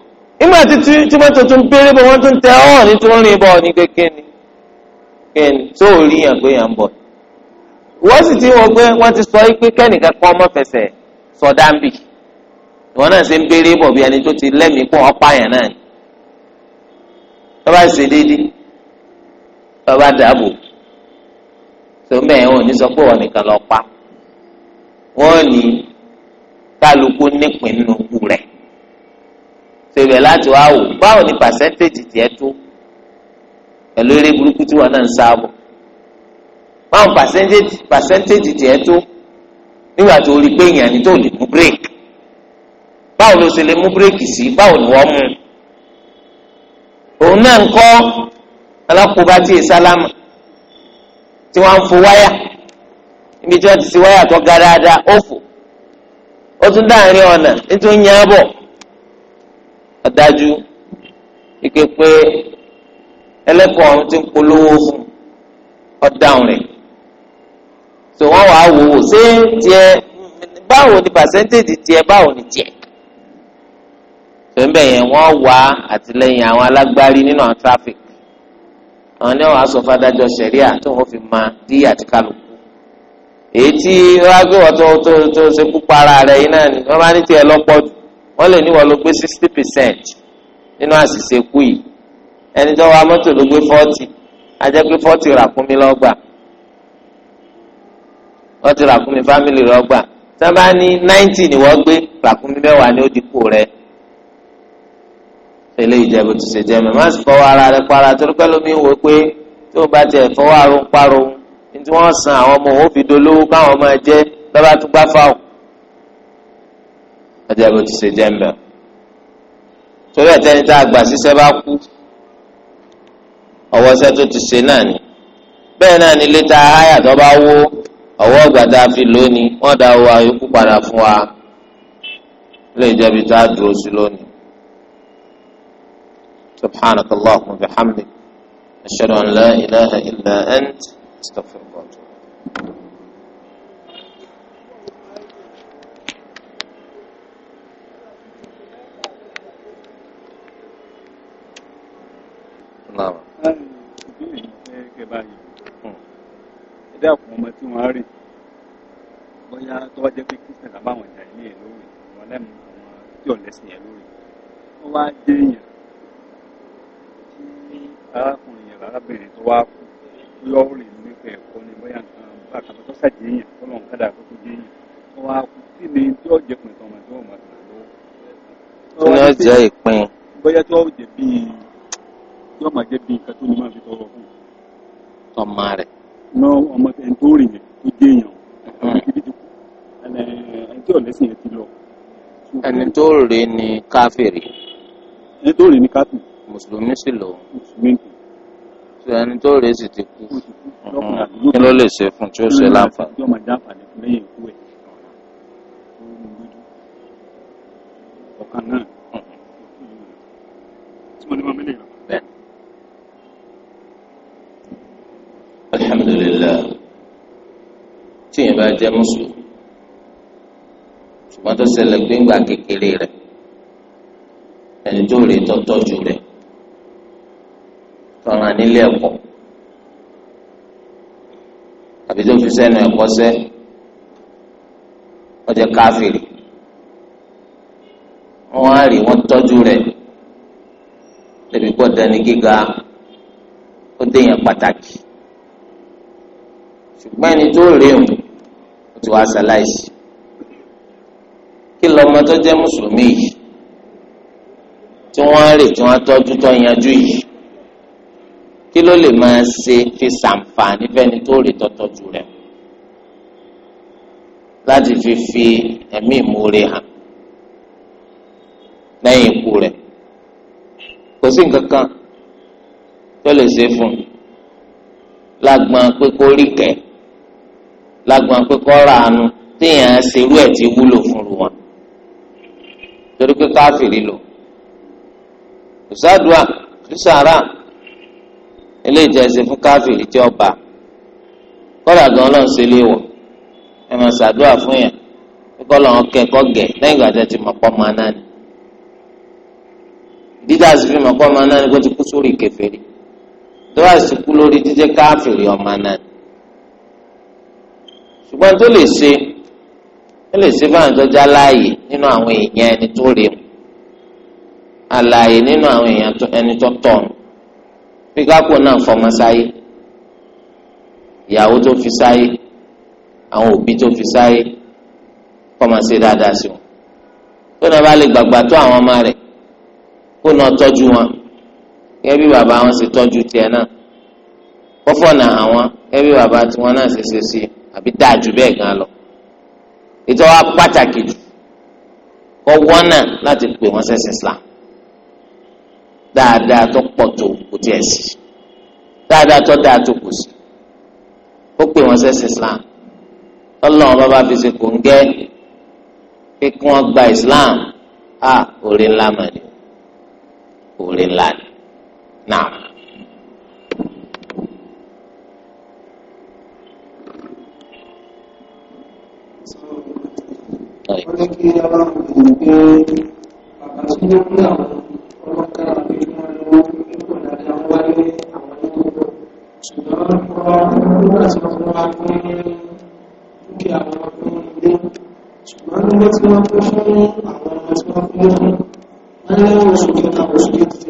nígbà títí tí wọ́n tuntun ń péré bọ́ wọ́n tún tẹ ọ́ ní tí wọ́n rìn bọ́ ní kékeré ni kékeré tó ò rí yàn pé yàn ń bọ̀. wọ́n sì ti wọ́n pé wọ́n ti sọ pé kẹ́nìkan kan ọmọ fẹsẹ̀ sọdá ń bì ìwọ náà ṣe ń péré bọ̀ bí ẹni tó ti lẹ́mìí pọ̀ ọ́pá yàn náà ni. bàbá ṣe déédéé bàbá dàbò tó mẹ́ẹ̀ wọn ò ní sọ pé wọn nìkan lọ pa wọ́n ní kálukú nípìn ṣèbẹ̀ láti wá wò báwo ni pàṣẹ́ntéèjì tiẹ̀ tó pẹ̀lú eré burúkú tí wọn náà ń sáàbọ̀ báwo pàṣẹ́ntéèjì tiẹ̀ tó nígbà tó rí pé èèyàn ni tó lè mú bírèkì báwo ló ṣe lè mú bírèkì sí báwo ni wọ́n mú òun náà ń kọ́ alákòóbá tí èè sálámà tí wọ́n ń fo wáyà níbi tí wọ́n ti ṣe wáyà tó ga dáadáa ó fò ó tún dáàrin ọ̀nà nítorí yẹn á bọ̀ ọ̀dájú ike pé ẹlẹ́kọ̀ọ́ ọ̀hún ti ń polówó fún ọ̀dáhùn rẹ̀ tó wọ́n wàá wò ó ṣé tiẹ̀ báwo ni pàṣẹ́ntéèjì tiẹ̀ báwo ni tiẹ̀ pẹ̀mbẹ̀ yẹn wọ́n wá àtìlẹ́yìn àwọn alágbárí nínú àwọn traffic àwọn ní wàá sọ fàdájọ sẹ̀ríà tó wọ́n fi máa dí àtìkálù èyí tí wọ́n á gbé wọ́n tó tó tó ṣe kú para rẹ̀ yìí náà ni wọ́n bá ní tiẹ̀ lọ́pọ̀ jù wọ́n lè ní wọ́n ló gbé sixty percent nínú àṣìṣe kú yìí ẹni tó wa mọ́tò ló gbé forty ajẹ́ pé forty ràkúnmí lọ́gbà forty ràkúnmí family lọ́gbà sábà ní ninety ni wọ́n gbé ràkúnmí mẹ́wàá ní ó dínkù rẹ̀ pẹ̀lú ìjẹ́bù tó ṣe jẹ́ mi má sì fọwọ́ ara rẹ̀ para torí pẹ́ lómi wò pé tí o bá tiẹ̀ fọwọ́ àrùn parun ní tí wọ́n san àwọn ọmọ òun dolówó káwọn máa jẹ́ lọ́ba tó gbá fáwọn. ọjà bó ti ṣe jẹ́ ń bẹ̀. torí ẹ̀tẹ́ni tá a gbà síṣẹ́ bá kú ọwọ́ tó ti ṣe náà ni bẹ́ẹ̀ náà ni létà háyà tó bá wó fi lónìí wọ́n dá owó ayókù padà fún wa a dúró sí lónìí. سبحانك اللهم وبحمدك لا náà. ìbéèrè yìí fẹ́ kẹ́ báyìí ẹ dákun ọmọ tí wọ́n rìn bóyá tó jẹ́ pé kristian àbáwọn ìjà ilé ẹ̀ lórí àwọn ẹlẹ́mu àwọn tí ò lẹ́sìn ẹ̀ lórí ó wá dé èèyàn tí arákùnrin yẹn arábìnrin tó wá kú yọ ó rè ni bóyá nǹkan bá kàtó tó ṣàjẹ́ èèyàn tó kádà tó dé èèyàn tó wá kú tí ni tí ó jẹ́ pin tọmọ tí ó mọ̀ tàn lọ́wọ́. tí tí ó jẹ́ bíi tí ọmọ jẹ́ bí nǹkan tó ní máa fi tọrọ fún ọmọ rẹ̀ ná ọmọ ẹni tó rìn yẹn tó jẹ́ èèyàn kiri ti kú ẹni tí yẹn ti lọ. ẹni tó rè ni káfíìrì. ẹni tó rè ni káfíìrì. mùsùlùmí sì lò. mùsùlùmí kì í. sọ ẹni tó rè sì ti kú. kí ló lè ṣe fún tí ó ṣe láǹfààní. ọmọ ìjà àǹfààní fún lẹ́yìn ikú ẹ̀. ọ̀kan náà. tí mo ní mọ́ mílíọ̀nù. alhamdulilayi tíyẹn bá jẹ́ mùsùlùmí ṣùgbọ́n tó ṣẹlẹ̀ gbẹ̀ngbà kékeré rẹ̀ ẹni tó rè tọ́tọ́jú rẹ̀ tọ́ra nílé ẹ̀kọ́ àbí tó fi sẹ́nu ẹ̀kọ́ sẹ́ wọ́n jẹ́ káfíìrì wọ́n á rí wọ́n tọ́jú rẹ̀ lẹ́bi gbọ́dọ̀ ní gíga ó déyàn pàtàkì ṣùgbọ́n ẹni tó rèéhùn ó ti wá ṣaláìsí kí lọmọ tó jẹ́ mùsùlùmí yìí tí wọ́n rè tí wọ́n tọ́jú tó yanjú yìí kí ló lè máa ṣe fi ṣàǹfààní fẹ́ni tó rè tọ́tọ́jú rẹ̀ láti fi fi ẹ̀mí ìmoore hàn lẹ́yìn ikú rẹ̀ kò sí nǹkan kan tó lè ṣe fún un lágbọn pé kó rí kẹ́ẹ̀ lágbọn pé kọ́ ra àánú téèyàn ṣerú ẹ̀ ti wúlò fún wọn torí pé káfíìrì lò ìsádùá ìsàrà ilé ìjẹsìn fún káfíìrì tí ọba kọ́dà gan ọlọ́run ṣe lé wọ̀ ẹ máa ṣàdúrà fún yẹn kíkọ́ lọ́wọ́ kẹ́kọ́ gẹ̀ lẹ́yìn ìgbà tẹ́ ti mọ̀ pọ́ máa náà ni dídá fi mọ̀ pọ́ máa náà ni kó ti kú sórí kèfèrí tó bá sì kú lórí jíjẹ́ káfíìrì ọmọ náà ni ṣùgbọ́n tó lè ṣe ó lè ṣe fáwọn tó já láàyè nínú àwọn èèyàn ẹni tó rè mu àlàyé nínú àwọn èèyàn ẹni tó tọ̀nù bí kápò náà fọmọ sáyé ìyàwó tó fi sáyé àwọn òbí tó fi sáyé fọmọ sí dáadáa sí wọn tó náà bá lè gbàgbà tó àwọn ọmọ rẹ̀ kó náà tọ́jú wọn gẹ́gẹ́ bí bàbá wọn ṣe tọ́jú tiẹ̀ náà kọ́fọ́nà àwọn gẹ́gẹ́ bí bàbá tiwọn náà ṣe ṣe sí i àbí dáa jù bẹ́ẹ̀ gan lọ ìtọ́wá pàtàkì jù kọ́ wọ́nà láti pè wọ́n sẹ́sìn Islam dáadáa tó pọ̀ tó kò tiẹ̀ sí dáadáa tó dáa tó kò sí ó pè wọ́n sẹ́sìn Islam ọlọ́run bá bá fi ṣe kò ń gẹ́ pé gba Islam a ah, orin ńlá mà ni orin ńlá ni náà. wọ́n ní kí a máa ń wò pé bàbá tí ó ní àwọn ọlọ́kà àbí wọn lọ́wọ́ nípò dáadáa ń wáyé àwọn tó bọ̀ ṣùgbọ́n wọ́n nígbà tí wọ́n wá pín dúkìá wọn fún ilé ṣùgbọ́n nígbà tí wọ́n pín fún àwọn ọmọ tí wọ́n pín fún wọ́n ní oṣù kẹta oṣù kẹta ti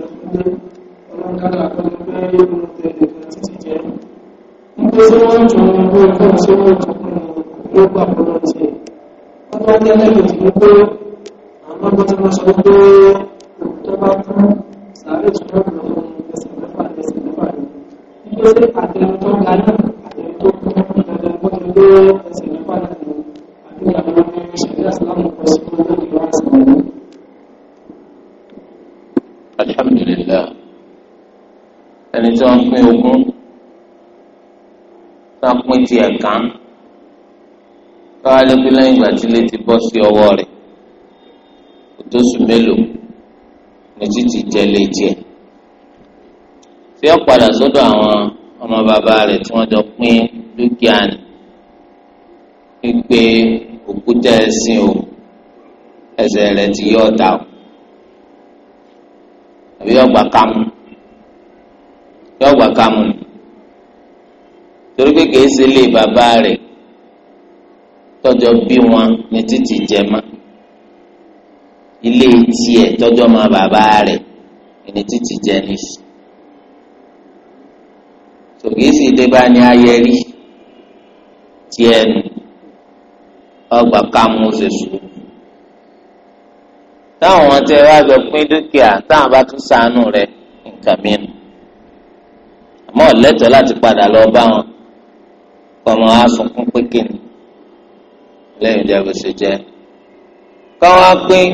wọ́n ní ẹlẹ́yìn tí ó pé àwọn ọmọ tí wọ́n sọ pé tó bá fún sàárè tí wọ́n lọ fún ẹsẹ̀ mẹ́fà ẹsẹ̀ mẹ́fà rẹ̀ nígbà tí àtẹnu tó ga náà àtẹnu tó kún ní dandan kó ti gbé ẹsẹ̀ mẹ́fà rẹ̀ àti àwọn ọmọ ìṣẹ̀lẹ̀ àsìlámù kọ sí owó ìlú àsìlámù. alhamdulillah ẹni tí wọ́n pín ogún tí wọ́n pín tiẹ̀ kàn káwá lé pé lẹ́yìn ìgbà tí ilé ti bọ́ sí ọwọ́ rẹ̀ kò tó sùn mélòó ní títí jẹ létí ẹ̀ tí ó padà sọ́dọ̀ àwọn ọmọ bàbá rẹ̀ tí wọ́n jọ pín dúkìá ni wípé òkúta ẹ̀sìn o ẹsẹ̀ rẹ̀ ti yọ ọ̀tá o àbí ọgbà kámú yọgbà kámú torí pé kìí ṣe lé bàbá rẹ̀ tọjọ bí wọn ní títì jẹma ilé tiẹ̀ tọjọ ma bàbá rẹ̀ ní títì jẹ ní tòkìsì débà ní ayẹri tiẹ̀ nù ọgbà kàmú ṣe sùúrù táwọn tẹ wá jọ pín dúkìá táwọn bá tún sànù rẹ̀ nǹkan mìíràn àmọ́ lẹ́tọ̀ọ́ láti padà lọ bá wọn kọmọ asùnkún pékè ni lẹ́yìn ìjà bó ṣe jẹ́ káwọn á pín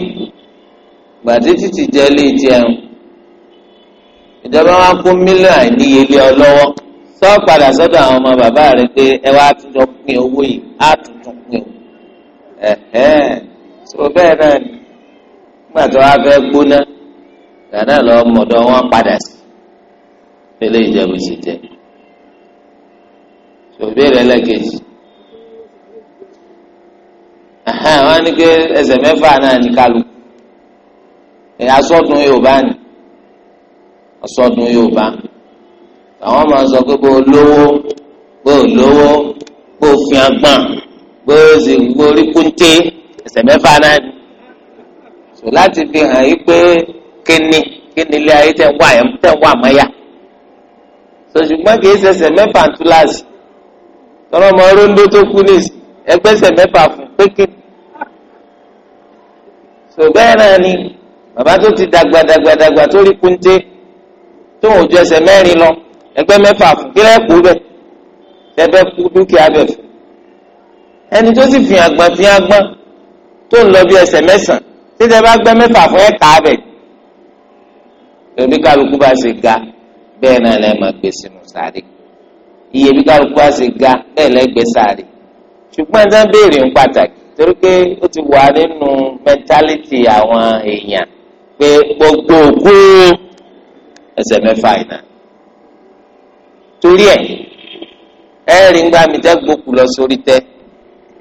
gbàdé títì jẹ́ ilé ìjẹun ìjọba wa kó mílíọ̀nù àìníyelé ọ lọ́wọ́ sọ padà sọ́dọ̀ àwọn ọmọ bàbá rẹ pé ẹ wá àtúntò pín owó yìí àtúntò pín o ẹ̀hẹ́n so bẹ́ẹ̀ náà ni nígbà tó wá fẹ́ gbóná gàdá lọ mọ̀dọ̀ wọn padà sí ilé ìjẹun sì jẹ sọ ìbéèrè ẹlẹ́kejì wọ́n ní pé ẹsẹ̀ mẹ́fà náà ní kálukú asọ́dún yorùbá ni asọ́dún yorùbá àwọn máa sọ pé bó lówó bó lówó bó fi agbọ́n bó sì gbórí kúńté ẹsẹ̀ mẹ́fà náà ni so láti fi hàn yí pé kíni kíni ilé ayé tẹ̀ ń wà ẹ̀ tẹ̀ ń wà mọ́yà so ṣùgbọ́n kì í ṣẹ̀ṣẹ̀ mẹ́fà ń tú láàsì tọ́lọ́mọ róńdó tó kú ní ẹgbẹ́sẹ̀ mẹ́fà fún pékin tó bẹ́ẹ̀ náà ni bàbá tó ti dàgbà dàgbà dàgbà tó rí kúńté tó ò ju ẹsẹ̀ mẹ́rin lọ ẹgbẹ́ mẹ́fà fún kílẹ̀ kú bẹ̀ tẹ́fẹ́ kú dúkìá bẹ̀ fún ẹni tó sì fìyàn gbọ́n fìyàn gbọ́n tó ń lọ bí ẹsẹ̀ mẹ́sàn-án títẹ̀ bá gbẹ́ mẹ́fà fún ẹ̀ka bẹ̀ lórí kálukú bá ṣe ga bẹ́ẹ̀ náà lẹ́ẹ̀ máa gbé sáré iye bí kálukú bá ṣe ga bẹ́ẹ̀ lẹ́ẹ̀ sáré ṣùgbọ́n ẹ̀dá béèrè ń pàtàkì torí pé ó ti wà nínú mẹtálítì àwọn èèyàn pé gbogbo òkú ẹsẹ̀ mẹ́fà ìnà torí ẹ̀ ẹ̀ rí ń gbà mí tẹ́ gbókù lọ sórí tẹ́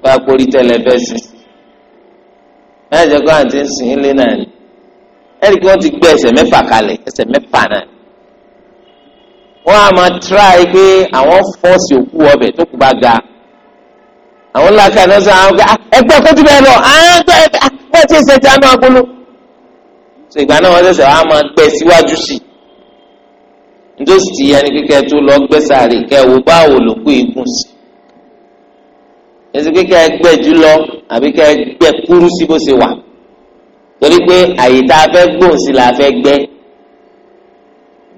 bá a kórí tẹ́ lẹ́fẹ́ sí ẹ̀ jẹ́ kó àǹtí ń sìn ilé náà ni ẹ̀ rí kí wọ́n ti gbé ẹsẹ̀ mẹ́fà kalẹ̀ ẹsẹ̀ mẹ́fà náà wọ́n á máa tíráì pé àwọn fọ́ọ̀sì òkú ọbẹ̀ tó kù bá ga àwọn ńlá kan náà sọ àwọn ọgbà ẹgbẹ́ kó tún bẹ́ẹ̀ lọ àgbẹ̀ ah, ah, ẹgbẹ́ tí ìṣe ti àánú agolo. sọ ìgbà náà wọ́n ṣẹ̀ṣẹ̀ wá máa gbẹ síwájú sí i nítòsí ti yẹn ni kíkẹ́ tó lọ gbẹ́ sàárè kẹ́ wo báwo ló kó igun sí i èsì kíkẹ́ gbẹ́ jù lọ àbí kẹ́ gbẹ́ kúrú sí bó ṣe wà torí pé àyè tá a fẹ́ gbòǹ sí la fẹ́ gbẹ́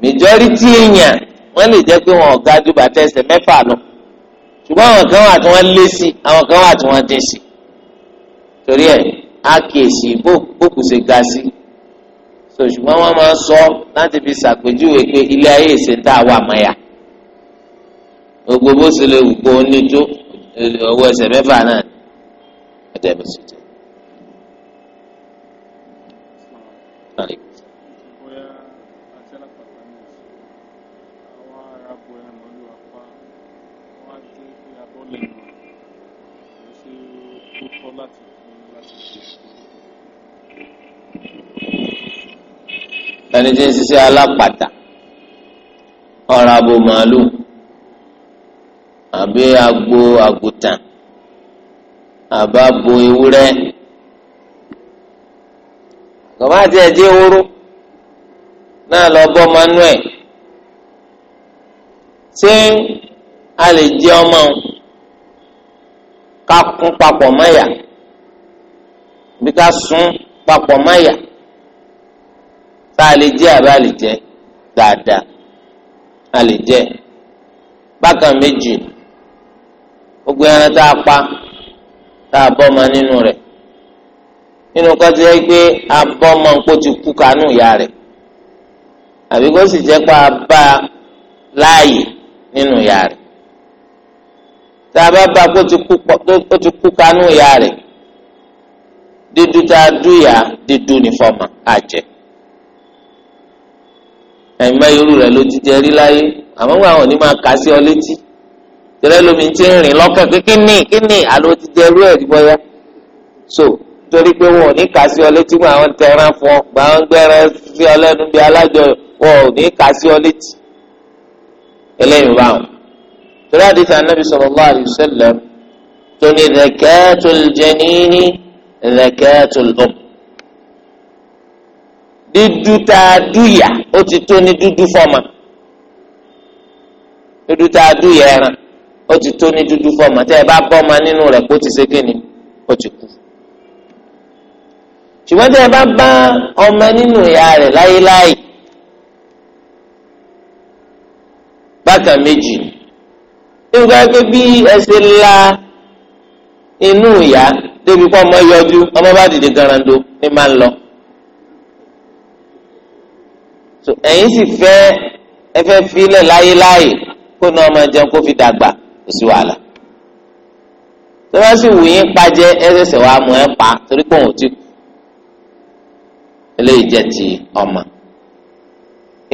majority èèyàn wọ́n lè jẹ́ pé wọn ọ̀gá ju bàtẹ́sẹ̀ mẹ́fà lọ ṣùgbọ́n àwọn kan wà tí wọ́n lé sí àwọn kan wà tí wọ́n dín sí torí ẹ̀ á kèsì bókù ṣe ga sí so ṣùgbọ́n wọ́n máa ń sọ láti fi ṣàpèjúwe pé ilé ayé ìṣẹ̀dá wà mọ́yà gbogbo bó ṣe lè wù kó owó ẹsẹ̀ mẹ́fà náà ẹ̀dẹ̀ bó ṣe jẹ́. ẹni tí ń ṣiṣẹ́ alápàtà ọ̀rọ̀ abo màálù àbí agbo àgùtàn àbábo ewúrẹ́ kọ̀má àti ẹ̀jẹ̀ ehoro náà lọ bọ́ manuel ṣé a lè jẹ ọmọ ká kún papọ̀ mọ́yà bí ká sún papọ̀ mọ́yà tá a lè jẹ́ àbá lè jẹ́ dáadáa a lè jẹ́ bákan méjì gbogbo ẹran tá a pa tá a bọ́ ọmọ nínú rẹ̀ nínú kan ti yẹ pé a bọ́ nǹkó ti kú kanú ìyá rẹ̀ àbí kó sì jẹ́ pé a bá a láàyè nínú ìyá rẹ̀ tá a bá bá a kó ti kú kanú ìyá rẹ̀ dídú tá a dú dídú ní fọmọ àjẹ́ ẹ̀yìn máa irú rẹ̀ ló ti jẹ rí láyé àmọ́ wọn àwọn ò ní máa kà sí ọ létí tẹ́lẹ̀ lómi ti ń rìn lọ́kàn pé kíni kíni àló ti jẹ irú ẹ̀ bọ́yá so torí pé wọn ò ní kà sí ọ létí wọn àwọn tẹran fún ọ gbà wọn gbẹrẹ sí ọ lẹ́nu bíi alájọ wọn ò ní kà sí ọ létí eléyìí bá wọn. torí àdìsí anábì sallallahu alaihi wasallam tó ní zakatul janini zakatul um dúdú tá a dúyà ó ti tó ní dúdú fọmọ dúdú tá a dúyà ẹran ó ti tó ní dúdú fọmọ tẹ ẹ bá bọmọ nínú rẹ̀ kó ti ṣégé ni ó ti kú ṣùgbọ́n tẹ ẹ bá bá ọmọ nínú ìyá rẹ̀ láyéláyé bákan méjì nígbà pé bí ẹsẹ̀ la inú ìyá débi kọ́ ọmọ yọjú ọmọ bá dìde garando ní máa ń lọ. so ẹ̀yin sì fẹ́ ẹ fẹ́ filẹ̀ láyéláyé kó ní ọmọ jẹun kó fi dàgbà kò sí wàhálà tó bá sì wù yín pàjẹ ẹsẹsẹ wàá mú ẹ pa torí pé òun ti kú eléyìí jẹ́ ti ọmọ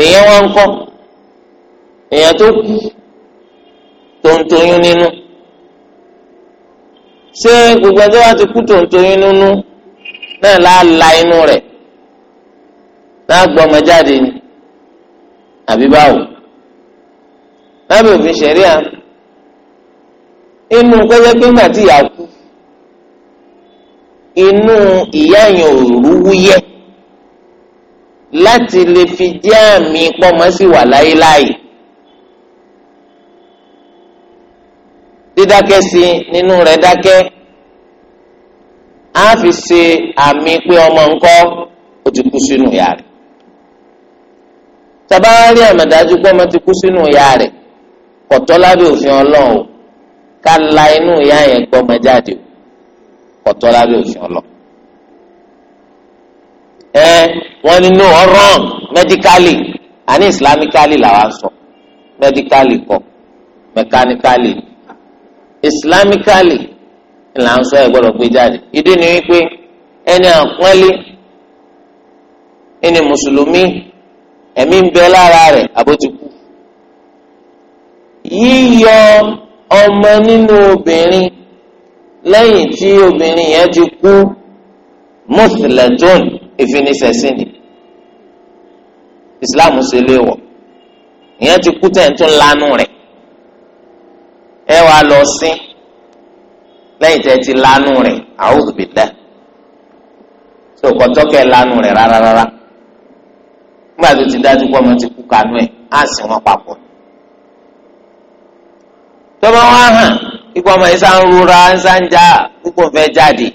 èèyàn wọn ń kọ́ èèyàn tó kú tó ń toyún nínú ṣé gbogbo ẹjọ́ wa ti kú tó ń toyún nínú náà láà la inú rẹ̀ náà gbọ́ ọmọ jáde ni àbí báwo lábẹ́ òfin ṣẹ̀ríà inú kọ́jọ́ pé ńgbà tí ìyá kú inú ìyá yẹn ò rúwúyẹ́ láti lè fi jẹ́ àmì pọ́nmọ́ sí wà láéláé. dídákẹ́ sí nínú rẹ̀ dákẹ́ á fi ṣe àmì pé ọmọ ńkọ́ ó ti kú sínú ìyá tabaari àmàdájú pé ọmọ ti kú sínú ìyá rẹ̀ kọ̀tọ́ lábẹ́ òfin ọlọ́run o ká la inú ìyá yẹn gbọ́ ọmọ jáde o kọ̀tọ́ lábẹ́ òfin ọlọ́run. ẹ wọ́n ní no ọ̀ràn mẹ́díkálì àní ìsìlámíkálì làwa sọ mẹ́díkálì kọ́ mẹkáníkálì ìsìlámíkálì là ń sọ ẹ gbọ́dọ̀ gbé jáde ìdí ni wípé ẹni àpọ́nlé ẹni mùsùlùmí ẹ̀mí ń bẹ lára rẹ̀ àbótikú. yíyọ ọmọ nínú obìnrin lẹ́yìn tí obìnrin yẹn ti kú mùsùlùmí ìfinisẹ̀sìn ni islam ṣe léèwọ̀ ìyẹn ti kú tẹ̀ǹtún lánú rẹ̀ ẹ wàá lọ sin lẹ́yìn tẹ́ ti lánú rẹ̀ a'udhu billah so kọ̀tọ́kẹ́ lánú rẹ̀ rárá rárá nígbà tó ti dájú pé ọmọ ti kú kanú ẹ̀ á sì wọ́n papọ̀. tọ́ba wá hàn ikú ọmọ yìí sáà ń rora ń sáà ń já púpọ̀ fẹ́ jáde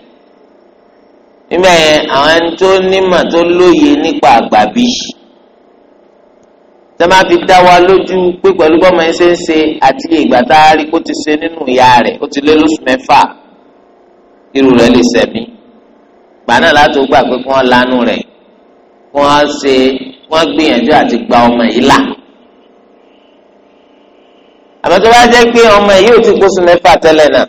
nígbà yẹn àwọn ẹni tó nímọ̀ tó lóye nípa àgbàbí tẹ máa fi dá wa lójú pé pẹ̀lú bọ́mọ ẹ ṣe ń ṣe àti ìgbà tá a rí kó ti ṣe nínú ìyá rẹ̀ ó ti lé lóṣù mẹ́fà irú rẹ̀ lè sẹ̀mí gbà náà láti gbà pé kí wọ́n lanú rẹ̀ wọ́n á ṣe wọ́n gbìyànjú àti gba ọmọ yìí là àmọ́ tó bá jẹ́ pé ọmọ yìí ò ti kóso mẹ́fà tẹ́lẹ̀ náà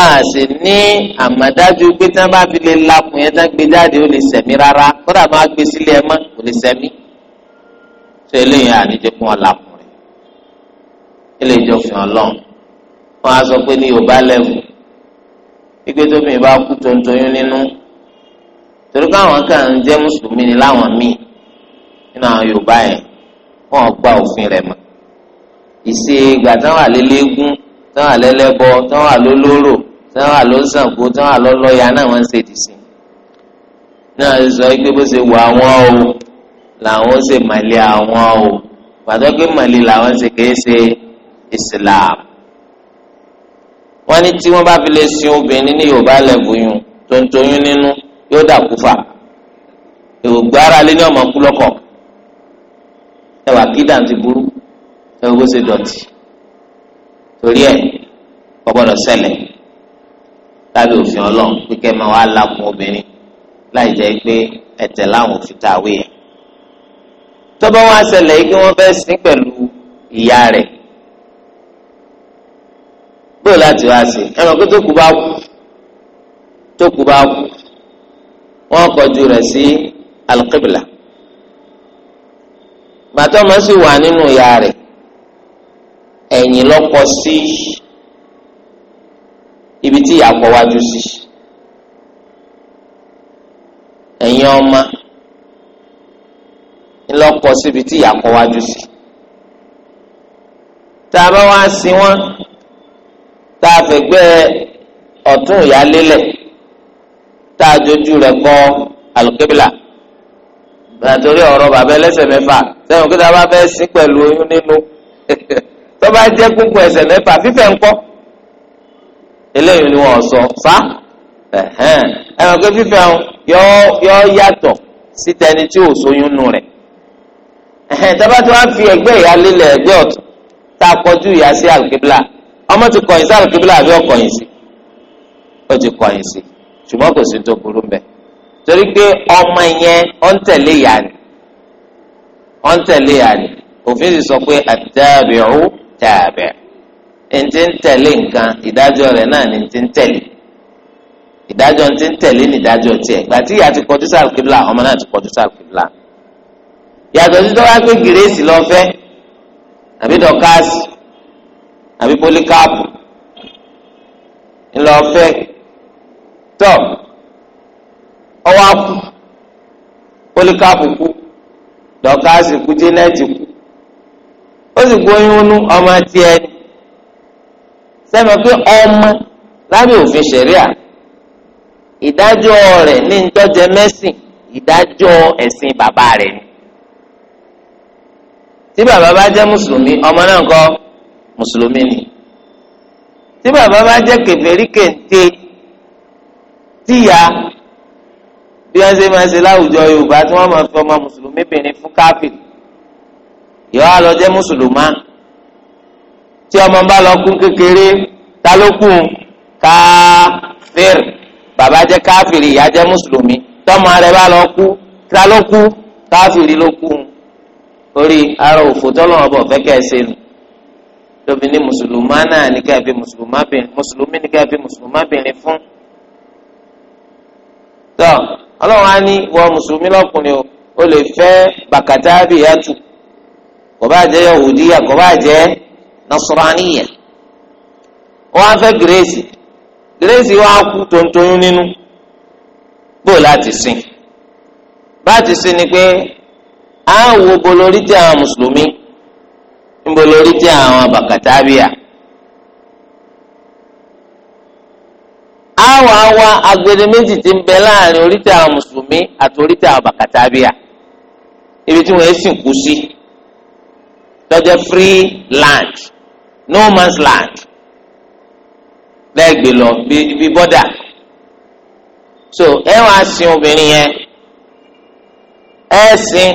a sì ní àmọ̀dájú pé tí wọ́n bá fi lè lakùn yẹn tí wọ́n gbé jáde ó lè sẹ̀mí rárá kódà máa gbé sílé ẹ mọ́ kò lè sẹ̀mí tó eléyìí àníjẹ́ fún ọ̀làkùn rẹ̀ eléyìí jọ fi hàn lọ́n wọ́n á sọ pé ní Yorùbá lẹ́wù gbígbé bá kú tontoyún nínú torí káwọn kan ń jẹ́ mùsùlùmí ni láwọn míì nínú àwọn yorùbá yẹn wọn gba òfin rẹ̀ mọ́ ìṣe ìgbà tán wà lélẹ́gún tán wà lẹ́lẹ́bọ tán wà lólóró tán wà lọ́sàngó tán wà lọ́lọ́yà náà wọ́n ń ṣe ìdìsí náà sọ pé bó ṣe wà wọ́n o làwọn ṣe màlẹ́ àwọn o pàtó pé màlẹ́ làwọn ṣe kìí ṣe Islam wọ́n ní tí wọ́n bá fi lè sin obìnrin ní yorùbá lẹ́bùn yùn tó nínú yóò dà kúfà èrògbà ara lé ní ọmọ kú lọ́kọ̀ ẹwà kídà ti burú ẹwà bó ṣe dọ̀tí torí ẹ ọgbọ́dọ̀ ṣẹlẹ̀ lábẹ́ òfin Ọlọ́run pípẹ máa wá lákun obìnrin láì jẹ́ pé ẹtẹ láwọn òfin tàwé yẹn tọ́bọ̀ wá ṣẹlẹ̀ yìí kí wọ́n fẹ́ sin pẹ̀lú ìyá rẹ̀ bóyá láti wá sí ẹnì kó tó kú bá kú tó kú bá kú wọ́n kọjú rẹ̀ sí alqibla bàtọ́ máa sì wà nínú ìyá rẹ̀ ẹ̀yìn lọ́kọ sí ibi tí ìyá kọ wájú sí ẹ̀yìn ọmọ ńlọ́kọ síbi tí ìyá kọ wájú sí tá a bá wá sí wọn tá a fẹ̀gbẹ́ ọ̀tún ìyá lélẹ̀ tá a dojú rẹ̀ kọ alùkébìlà nítorí ọ̀rọ̀ bàbá ẹlẹ́sẹ̀ mẹ́fà sẹ́yìn kí tá a bá fẹ́ sí pẹ̀lú oyún nínú *laughs* tó bá jẹ́ gbogbo ẹsẹ̀ mẹ́fà fífẹ̀ ńkọ́ eléyìí ni wọ́n sọ fa ẹ̀hàn pé fífẹ̀ yọ yàtọ̀ sí tẹni tí ò sóyún nù rẹ̀ dábàá tí wọ́n fi ẹgbẹ́ ìyá lílẹ̀ ẹgbẹ́ ọ̀tún tá a kọjú ìyá sí alùkébìlà ọmọ ti kọ̀yìn sí alùkébìlà àbí ọkọ̀yìn sí ó ṣùgbọ́n kò sí tó burú mbẹ torí pé ọmọ yẹn ọ̀ ń tẹ̀lé ìyá ni ọ̀ ń tẹ̀lé ìyá ni òfin sì sọ pé àtàbẹ̀rù tàbẹ̀ ntí ń tẹ̀lé nǹkan ìdájọ́ rẹ̀ náà ni ntí ń tẹ̀lé ìdájọ́ ntí ń tẹ̀lé ni ìdájọ́ tiẹ̀ gbàtí ìyá ti kọjú sáà kìbìlà ọmọ náà ti kọjú sáà kìbìlà yàtọ̀ títọ́ wá pé gírèsì lọ fẹ́ àbí dọ́kásì àbí pólíkáàpù ńlọ fẹ́ tọ́ ọwọ́ akú pólíkàpù kú dọ́kásì kú jẹ́nẹ́tì kú ó sì gbóyún nú ọmọ tiẹ̀ sẹ́mi pé ọmọ lábẹ́ òfin ṣẹ̀ríà ìdájọ́ rẹ̀ ní ntọ́jẹ mẹ́sìn ìdájọ́ ẹ̀sìn bàbá rẹ̀ ni tí bàbá bá jẹ́ mùsùlùmí ọmọ náà kọ́ mùsùlùmí ni tí bàbá bá jẹ́ kèfèrí kèǹté tíya bí wọ́n ṣe máa ṣe láwùjọ yorùbá tí wọ́n máa fi ọmọ mùsùlùmí bìnrin fún káfíìn ìwà lọ jẹ́ mùsùlùmá tí ọmọ bá lọ kún kékeré ta ló kún káfíìn bàbá jẹ́ káfíìn ìyá jẹ́ mùsùlùmí tọ́mọ rẹ̀ bá lọ kú ta ló kú káfíìn ló kú orí ara òfò tọ́lọ́wọ́ bọ̀ fẹ́ kẹ́ ẹ ṣe nù tóbi ní mùsùlùmá náà ní ká ẹ fi mùsùlùmá bìnrin fún tọ́ á ní wọ mùsùlùmí lọ́kùnrin o ó lè fẹ́ bàkàtàbí yàtù kò bá jẹ́ yahudiya kò bá jẹ nasraniya wọ́n á fẹ́ gírèsì gírèsì wọn á kú tontoyún nínú bó láti sìn láti ni pé á wo bolórí tí àwọn àwọn awa agbede méjì ti ń bẹ láàrin oríta àwọn mùsùlùmí àti oríta àwọn bàkàtàbíà ibi tí wọ́n sì kú sí lọ́jọ́ free land no man's land lẹ́gbẹ̀ẹ́ lọ bí bọ́dà so ẹ wàá sin obìnrin yẹn ẹ sin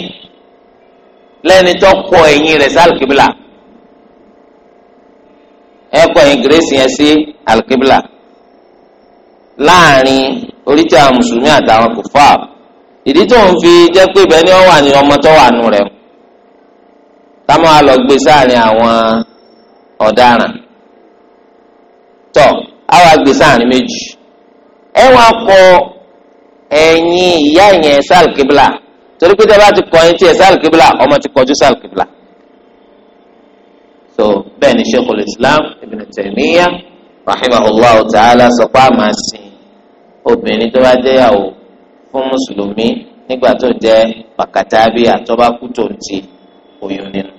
lẹ́ni tó kọ ẹ̀yìn rẹ̀ sí alùkìbìlà ẹ kọ ẹ̀yìn gírèsì yẹn sí alùkìbìlà láàrin oríta àwọn mùsùlùmí àtàwọn kùfà ìdí tó ń fi jẹ́ pé ibẹ̀ ni wọ́n wà ní ọmọ tó wà nù rẹ̀ táwọn alọ́gbé sáàrin àwọn ọ̀daràn tọ́ àwọn agbè sáàrin méjì ẹ wọn kọ ẹ̀yìn ìyá yẹn sálkìbìlà torí pé tẹ́lá ti kọ ẹ̀yìn tiẹ̀ sálkìbìlà ọmọ ti kọjú sálkìbìlà so bẹ́ẹ̀ ni Sheikhul Islam Ibn Taymiyyah rahimahullah ta'ala sọ pé a máa sin obìnrin tó bá jẹ́yàwó fún mùsùlùmí nígbà tó jẹ́ bàkàtà bí àtọ́bá kú tó ń ti oyún nínú.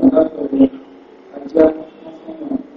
Thank you.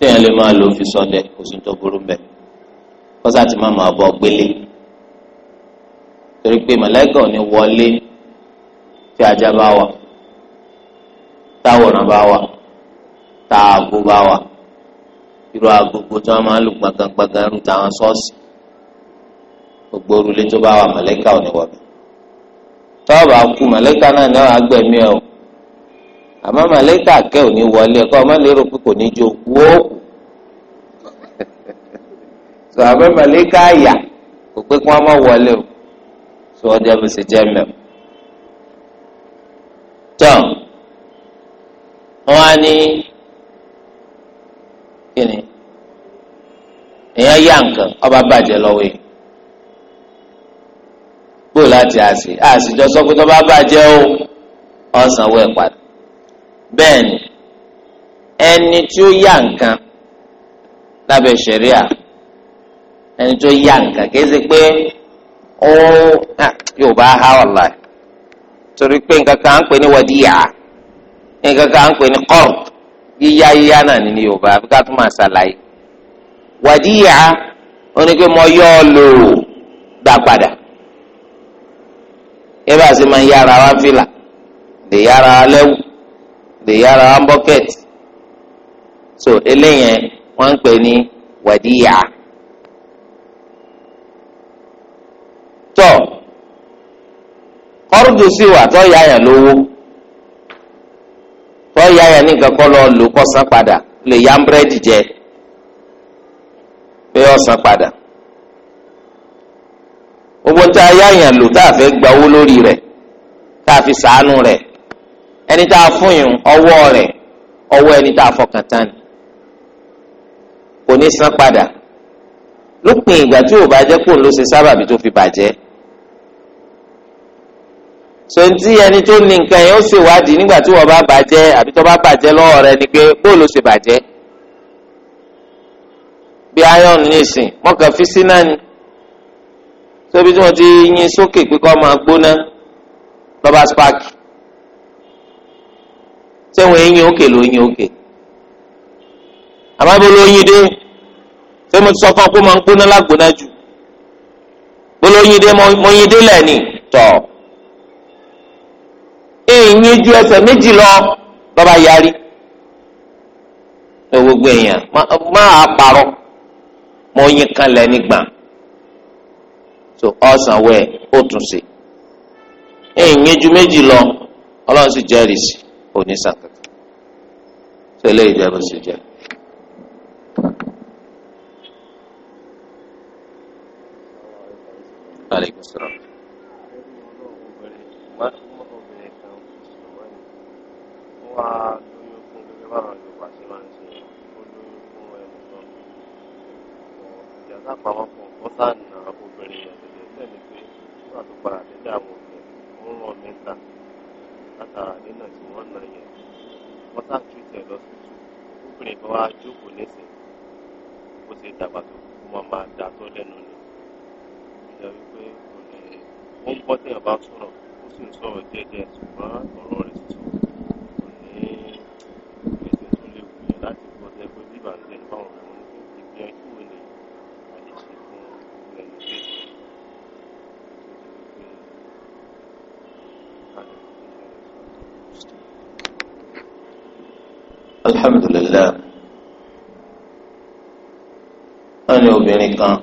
téèyàn lè máa lò ó fi sọdẹ oṣù tó burú bẹ kọsá ti máa máa bọ gbélé torí pé màláíkà ò ní wọlé tí ajá bá wà táwòrán bá wà táàgó bá wà irú agogo tí wọn máa ń lù gbàgàgbàgà ń ta àwọn ṣọ́ọ̀ṣì gbogbo orúlé tó bá wà màláíkà ò wọlé tọ́ọ̀bù àkú màláíkà náà náà àgbẹ̀mí ẹ̀ o àmọ́ màlẹ́kà kẹ́ ò ní wọlé ẹ̀kọ́ ọmọ lérò pé kò ní jó wó kù tó àmọ́ màlẹ́kà àyà kò pé kí wọ́n mọ̀ wọlé o tó ọjà bó ṣe jẹ́ mẹ́m. tán wọ́n á ní kíni èèyàn yá nǹkan ọba bàjẹ́ lọ́wọ́ yìí gbó láti àṣì àṣìjọ sọ pé tó bàjẹ́ o ọ̀sán wẹ̀ padà. ben ẹni tí ó yá nǹkan lábẹ́ ṣẹ̀ríà ẹni tó yá nǹkan pé ó ah, yóò bá há ọ̀la torí pé nǹkan kan pè ní wọ́díyà nǹkan kan pè ní kọ́ọ̀b yíyá yíyá náà ní Yorùbá bí máa bá a ṣe máa ń yára wá fìlà lè yára lẹ́wù tètè yára wọn bucket so eléyẹn wọn ń pè ní wàdíyà tọ kọrùdù sí wà tọ́ ya lówó tọ́ ya yàn ní nǹkan lọ lò kọ́ san padà lè yá búrẹ́dì jẹ pé ọ san padà owó tá a yá lò tá a fẹ́ gba lórí rẹ̀ tá a fi sàánú rẹ̀ ẹni tá a fún yìí ọwọ́ rẹ̀ ọwọ́ ẹni tá a fọkàn tán ni kò ní san padà lópin ìgbà tí ò bá jẹ́ kó ló ṣe sábàbí tó fi bàjẹ́ sontí ẹni tó ní nǹkan yẹn ó ṣe wádìí nígbà tí wọ́n bá bàjẹ́ àbí tó bá bàjẹ́ lọ́wọ́ rẹ̀ ni pé kó ló ṣe bàjẹ́ bí iron nísìn mọ́kàn fi sí náà ni tóbi tí wọ́n ti yín sókè pé kó máa gbóná lọ́ba spark sẹ́wọ̀n eyín òkè lóyún òkè àmọ́ bó lóyún dé ṣé mo sọ fún ọ pé mo ń gbóná lágbóná jù bó lóyún dé mo yín dé lẹ́ni tọ̀ ju ẹsẹ̀ méjì lọ lọ́ba yarí gbogbo èèyàn máa parọ́ mo yín kan lẹ́ni gbà so ọ̀sán wẹ̀ ó tún ṣe eyín ju méjì lọ ọlọ́run tẹ́lẹ̀ ìjẹun sì jẹ. Aleykum salaam. lápapọ̀ wọ́n sá na obìnrin ẹ̀dẹ̀dẹ̀ tẹ̀lé pé nígbà tó padà délé àwọn obìnrin wọ́n rán mẹ́ta látara nínà tí wọ́n nà yẹn wọ́n sá kí arákùnrin kan wá jókòó nísìn bó ṣe dàgbà tó kú wọn máa dà tó lẹ́nu ni ìyá wípé kò lè ó ń bọ́ téèyàn bá sọ̀rọ̀ ó sì ń sọ̀rọ̀ jẹ́jẹ́ ṣùgbọ́n ọ̀rọ̀ rẹ̀ sọ kò ní dáadáa wọn ní obìnrin kan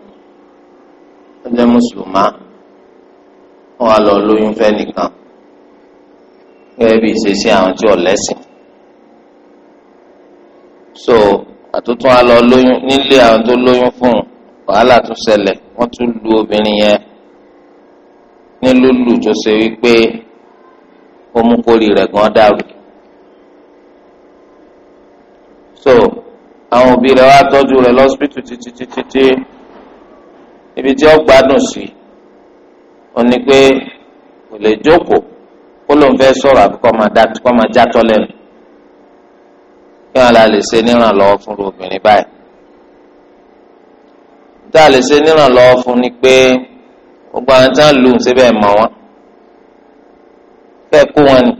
ó jẹ́ mùsùlùmá wọn á lọ lóyún fẹ́ nìkan gẹ́gẹ́ bí ìṣesí àwọn tí ò lẹ́sìn so àtúntún á lọ lóyún nílé àwọn tó lóyún fún un wàhálà tún ṣẹlẹ̀ wọ́n tún lu obìnrin yẹn ní lùlù tó ṣe wípé ó mú kórìí rẹ̀ gan dàrú so àwọn òbí rẹ̀ wá tọ́jú rẹ̀ lọ́sibítù títí títí tí ibi tí ó gbádùn sí ó ní pé kò lè jókòó kó ló ń fẹ́ sọ̀rọ̀ àbí kó máa játọ́ lẹ́nu kí wọn lè ṣe nírànlọ́wọ́ fún obìnrin báyìí tá a lè ṣe nírànlọ́wọ́ fún ni pé gbogbo àwọn tí wọn lù ú síbẹ̀ mọ̀ wọn kẹ́ kó wọn ni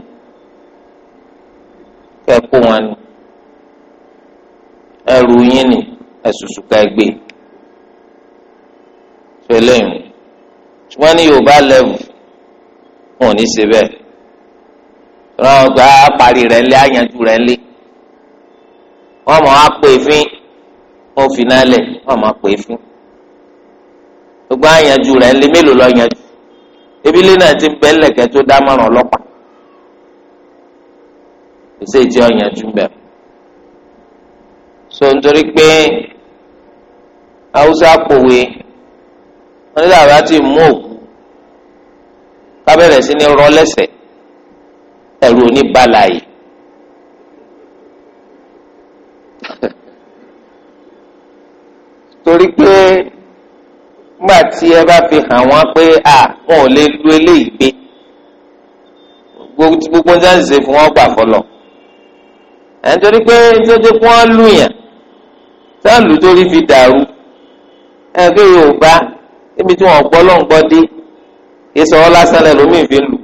kẹ́ wọn ni ẹrù yín ni ẹ̀sùsù ká ẹ gbé fẹlẹ́yìn ṣùgbọ́n ní yorùbá lẹ́wù wọn ò ní ṣe bẹ́ẹ̀ wọn gba apari rẹ̀ lé àyànjú rẹ̀ lé wọn mọ̀ á pè fín wọn fi náà lẹ̀ wọn mọ̀ á pè fín gbogbo àyànjú rẹ̀ lé mélòó lọ yànjú ebi lé náà ti bẹ́ẹ̀ lẹ̀kẹ́ tó dá ọlọ́pàá kò sí èjì ọ̀yànjú bẹ́ẹ̀ so nítorí pé haúsá pòwe wọn ní làwọn ti mú òkú kábẹ̀rẹ̀ sí ní rọ lẹ́sẹ̀ ẹ̀rù oníbàlà yìí. torí pé nígbà tí ẹ bá fi hàn wọ́n pé à wọn ò lè lu eléyìí gbé gbogbo ń sáà ń ṣe fún wọn gbà fọlọ. ẹ̀ ń pé tí ó dé lù yàn sáàlù tó rí fi dàrú ẹgbẹ́ yorùbá níbi tí wọ́n gbọ́ lọ́ngbọ́ dé èso ọlá sálẹ̀ lómi ìfi lù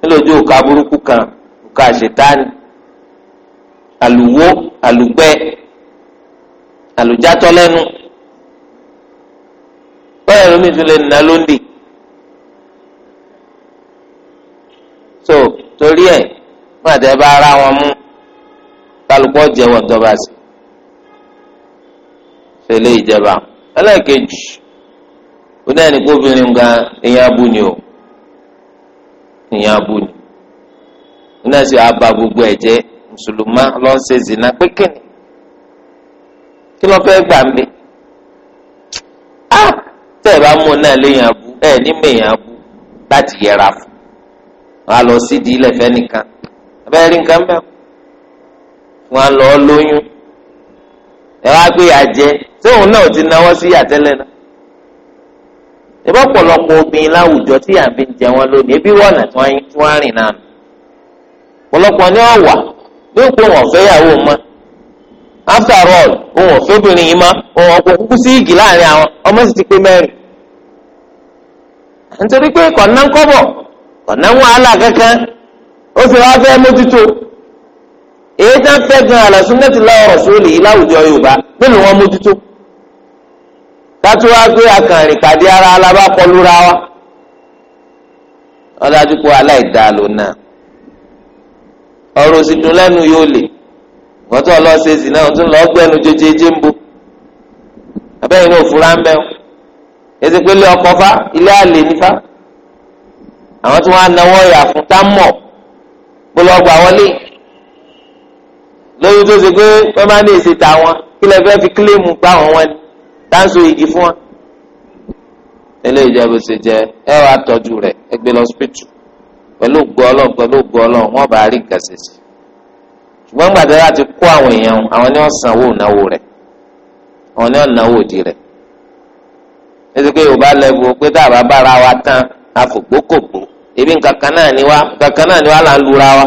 nílòjú òkà burúkú kan òkà àṣetáni àlùwó àlùgbẹ àlùjátọ́ lẹ́nu bẹ́ẹ̀ lómi ìfi lè nà lóńdì. so torí ẹ̀ fún àtẹ̀bá ara wọn mú kálukọ́ jẹ́wọ́ dọ́bà sí tẹ̀lé ìjẹba ẹlẹ́ẹ̀kejì ó dẹ́ ní kóbìnrin gan ìyẹn abú ni o ìyẹn abú ni ó náà sì aba gbogbo ẹ̀jẹ̀ mùsùlùmá ló zina pé kíni kí ló fẹ́ gbà mí á tẹ̀ bá mú un náà léyìn abú ẹ̀ ní mẹ̀yìn abú láti yẹra fún wọn lọ sídìí ilẹ̀ nìkan abẹ́rẹ́ nǹkan mẹ́wàá wọn lọ lóyún. ẹ wá pé àjẹ tí òun náà ti náwó sí àtẹ́lẹ̀ náà ẹbí ọ̀pọ̀lọpọ̀ obìnrin láwùjọ tí yàrá fi jẹ wọn lónìí ẹbí na tí wọ́n rìn náà ọ̀pọ̀lọpọ̀ ní ọ̀wà ní wọn yàwó after all ọ̀fẹ́ obìnrin yìí igi láàrin àwọn ọmọ sì ti pé nítorí pé kọ̀ọ̀nà ń kọ̀ọ̀nà ń èyí tá ń fẹ́ gan àlàsúndẹ́tì láwọ̀rọ̀ sóòlì yìí láwùjọ yorùbá nínú wọn mójútó tátúwá gbé akànrìn kàdé ara alábàkọlù ra wa ọlájú pé aláìdáa ló náà ọ̀rọ̀ òsì dùn lẹ́nu yóò lè gbọtọ ọlọsẹsì náà tún lọ gbẹnu jẹjẹjẹ ń bo abẹ́yìn náà òfurá ń bẹ́ẹ̀ èsì pé ilé ọkọ fa ilé àlè nífa àwọn tí wọ́n á náwó ọ̀yà fún tá mọ̀ wọlé. lórí tó ṣe pé wọ́n bá ní èsì fi kílèmù pa àwọn wọn ni táǹsù igi fún wọn. eléyìí jẹ́ bó ṣe jẹ́ ẹ wàá tọ́jú rẹ̀ ẹ gbé lọ sípìtù pẹ̀lú ògùn ọlọ́run pẹ̀lú ògùn bá rí sí. ṣùgbọ́n láti kó àwọn èèyàn àwọn ni wọ́n ìnáwó rẹ̀ àwọn ni wọ́n náwó òdì rẹ̀. pé yorùbá pé wa tán ebi nǹkan kan náà ni wá nǹkan kan lura wa.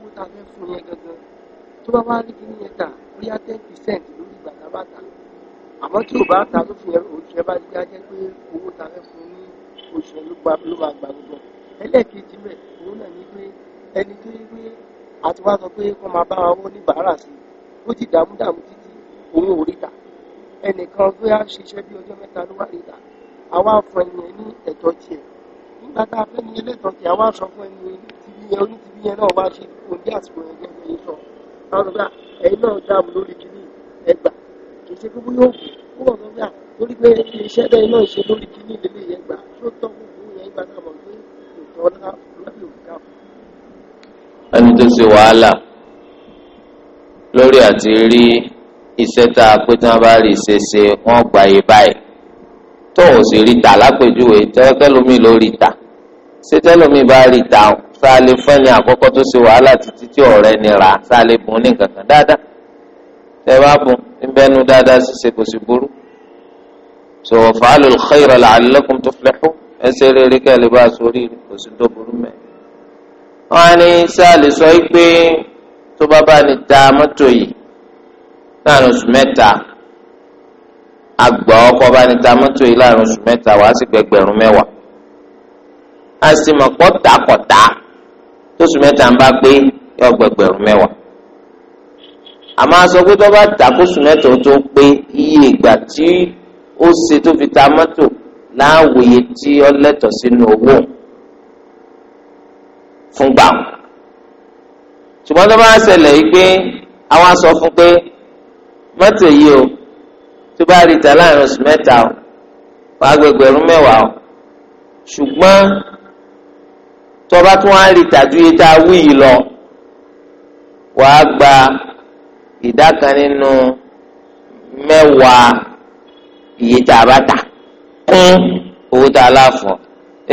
tá a fẹ́ fún yẹn gangan tó bá wá rí kíní yẹn tà bóyá ten percent lórí ìgbà tá a bá tà àmọ́ tí ò bá ta tó fi oṣù ẹ bá ti já jẹ́ pé owó ta fẹ́ fún ní oṣù ẹ ló gba ló máa gba gbogbo ẹlẹ́ẹ̀kejì mẹ́ òun náà ní pé ẹni tó yẹ pé àti wá sọ pé kó máa bá owó níbàárà sí ó ti dààmú dààmú títí òun ò rí ta ẹnìkan tó yá ṣiṣẹ́ bí ọjọ́ mẹ́ta ló wà rí ta àwa fún ẹni ẹ ní ẹ̀tọ́ tiẹ̀ nígbà tá a fẹ́ ní yẹn náà wá ṣe kò ní àsìkò yẹn gẹ́gẹ́ yìí sọ àwọn ọ̀gá ẹ̀yin náà dáàbò lórí kìíní ẹgbà kì í ṣe gbogbo yóò kú ó wọ̀ lọ́gbà torí pé iṣẹ́ bẹ́ẹ̀ náà ṣe lórí kìíní ìdílé yẹn gbà tó tọ́ gbogbo yẹn gbà náà mọ̀ pé ìtọ́ lábẹ́ òkúta. ẹni tó ṣe wàhálà lórí àti rí iṣẹ́ tá a pé tí bá rí ṣe ṣe wọ́n gbà yé báyìí tó ò sì rí ta lápèjúwe tẹ́lẹ́kẹ́lómi lórí ta ṣé tẹ́lómi bá rí ta sáálé fẹ́ni àkọ́kọ́ tó ṣe wàhálà títí tí ọ̀rẹ́ ni rà sáálé bùn ní kankan dáadáa tẹ bá bùn níbẹ̀nu dáadáa ṣíṣe kò sì burú so fa'alul khayra la'allakum tuflihu ẹsẹ̀ rere kẹ́lẹ́ bá aṣọ oríire kò sì tó burú mẹ́. wọ́n á ní sáálé sọ pé tó bá bá ní ta mọ́tò yìí láàrin oṣù mẹ́ta àgbà ọkọ̀ bá ní ta mọ́tò yìí láàrin oṣù mẹ́ta wàá sì gbẹgbẹ̀rún mẹ́wàá a sì mọ̀ pọ́ ta tóṣù mẹ́ta ń bá pé yọ gbẹgbẹrún mẹ́wàá àmọ́ aṣọ pé tó bá tà kóṣù mẹ́ta tó pé iye ìgbà tí ó ṣe tó fi ta mọ́tò láwòye tí ó lẹ́tọ̀ọ́ sínú owó fún gbà wọn ṣùgbọ́n tó bá ṣẹlẹ̀ yìí pé àwọn aṣọ fún pé mọ́tò yìí o tó bá rí ta láàrin oṣù mẹ́ta o wàá gbẹgbẹrún mẹ́wàá o ṣùgbọ́n tọba tún á rí tàjú yìí tá a wí yìí lọ wàá gba ìdá kan nínú mẹ́wàá iye tá a bá tà kún owó tá a láfọ̀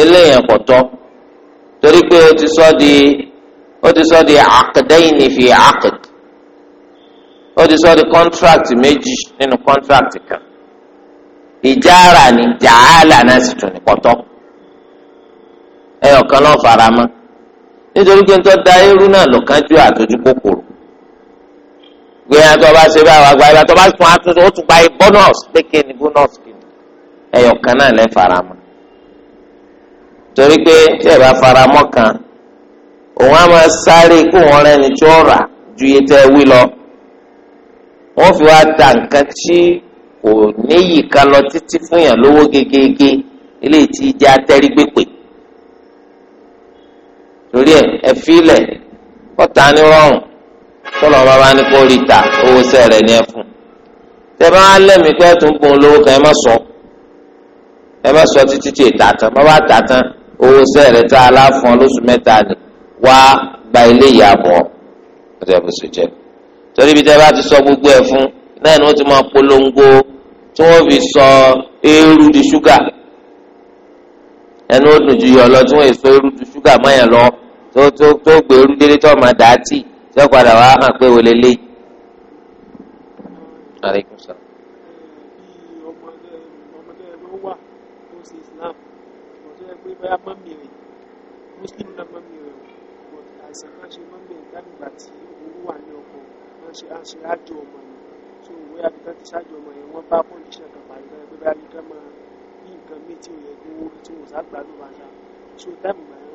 eléyàn kò tọ́ torí pé o ti sọ di o ti sọ di àkàdéyìn fi àkàd o ti sọ di kọ́ńtrákìtì méjì nínú kọ́ńtrákìtì kan ìjára ni jàálà náà sì tún ní kò tọ́ ẹyọ kan lọ fara mọ́ nítorí pé nítorí da irú náà lọ́kàn ju àtọ́jú kòkòrò gbé yàtọ̀ ọba ṣe bá wa gba ibà tó bá fún àtúntò ó tún gba yìí bọ́nọ̀sì pékè ní bọ́nọ̀sì kìíní ẹyọ kan náà lẹ́ fara mọ́ torí pé tí ẹ bá fara mọ́ kan òun á máa sáré kó wọn rẹni tí ó ju iye tẹ́ wí lọ wọ́n fi wá da nǹkan tí kò níyì ká lọ títí fún yàn lówó gegege eléyìí tí jẹ́ atẹ́rí gbépè torí ẹ ẹ fílẹ̀ ọ̀tá ní rọrùn tọ́lọ̀ bàbá ní kó rí ta owó sẹ́rẹ̀ ní ẹ fún tẹ́bá lẹ́mìí pé ẹ̀tún bùn lówó kan ẹ má sọ ẹ má sọ títí tí ètà tán bàbá tà tán owó sẹ́rẹ̀ tá a láfọn lóṣù mẹ́ta ni wá gba ilé ìyàbọ̀ ọ̀tẹ̀ bó ṣe jẹ́ torí ibi tẹ́bá ti sọ gbogbo ẹ̀ fún náà ni wọ́n ti máa polongo tí wọ́n fi sọ eérú di ṣúgà ẹnu ó dùn ju yọ lọ tí wọ́n èso eérú di ṣúgà mọ́yàn lọ tó tó tó gbèrú délé tó máa dà á tì tí wọ́n padà wàá hàn pé wọlé lé. muslim náà bá kọ́ndíṣàn bá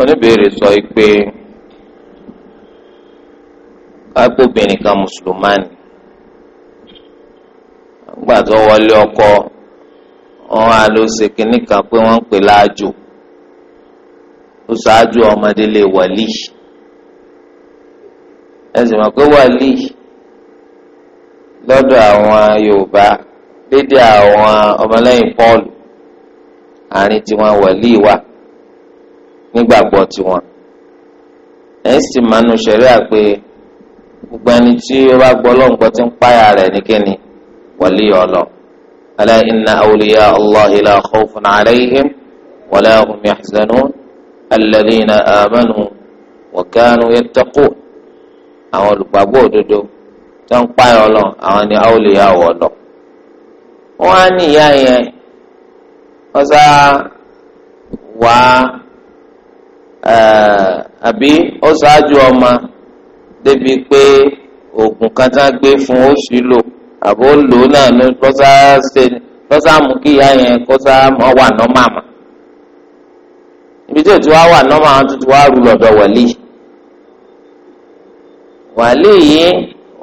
oníbèrè sọ pé agbóbìnrin kan mùsùlùmáàni gbà tó wọlé ọkọ wọn á lọ ṣe kínní kan pé wọn ń pè láàjò ó ṣáájú ọmọdé lè wàlí ẹ sì mọ̀ pé wàlí lọ́dọ̀ àwọn Yorùbá dédé àwọn ọmọlẹ́yìn Pọ́ọ̀lù àárín tiwọn wàlí wà nígbàgbọ́ tiwọn ẹ̀yìn sì máa nu ṣẹ̀rí àpé gbogbo ẹni tí ó bá gbọ́ lọ́nkọ́ ti ń páyà rẹ̀ nìkẹ́ni wọlé ọlọ ala inna awliya allahi la khawfun alayhim wala hum yahzanun alladhina amanu wa kanu yattaqun àwọn olùgbàgbọ́ òdodo tó ń páyà ọlọ ni awliya ọlọ wọn á ní ìyá yẹn Eh, àbí ó ṣáájú ọmọ débi pé oògùn kan tá a gbé fún ó sì lò àbó lò ó náà ní lọ́sà mú kí ìyá yẹn kó sá mọ́ wà nọ́mà mà ibi tí òtún wá wà nọ́mà wọn tuntun wá rú lọ́dọ̀ wàlí wàlí yìí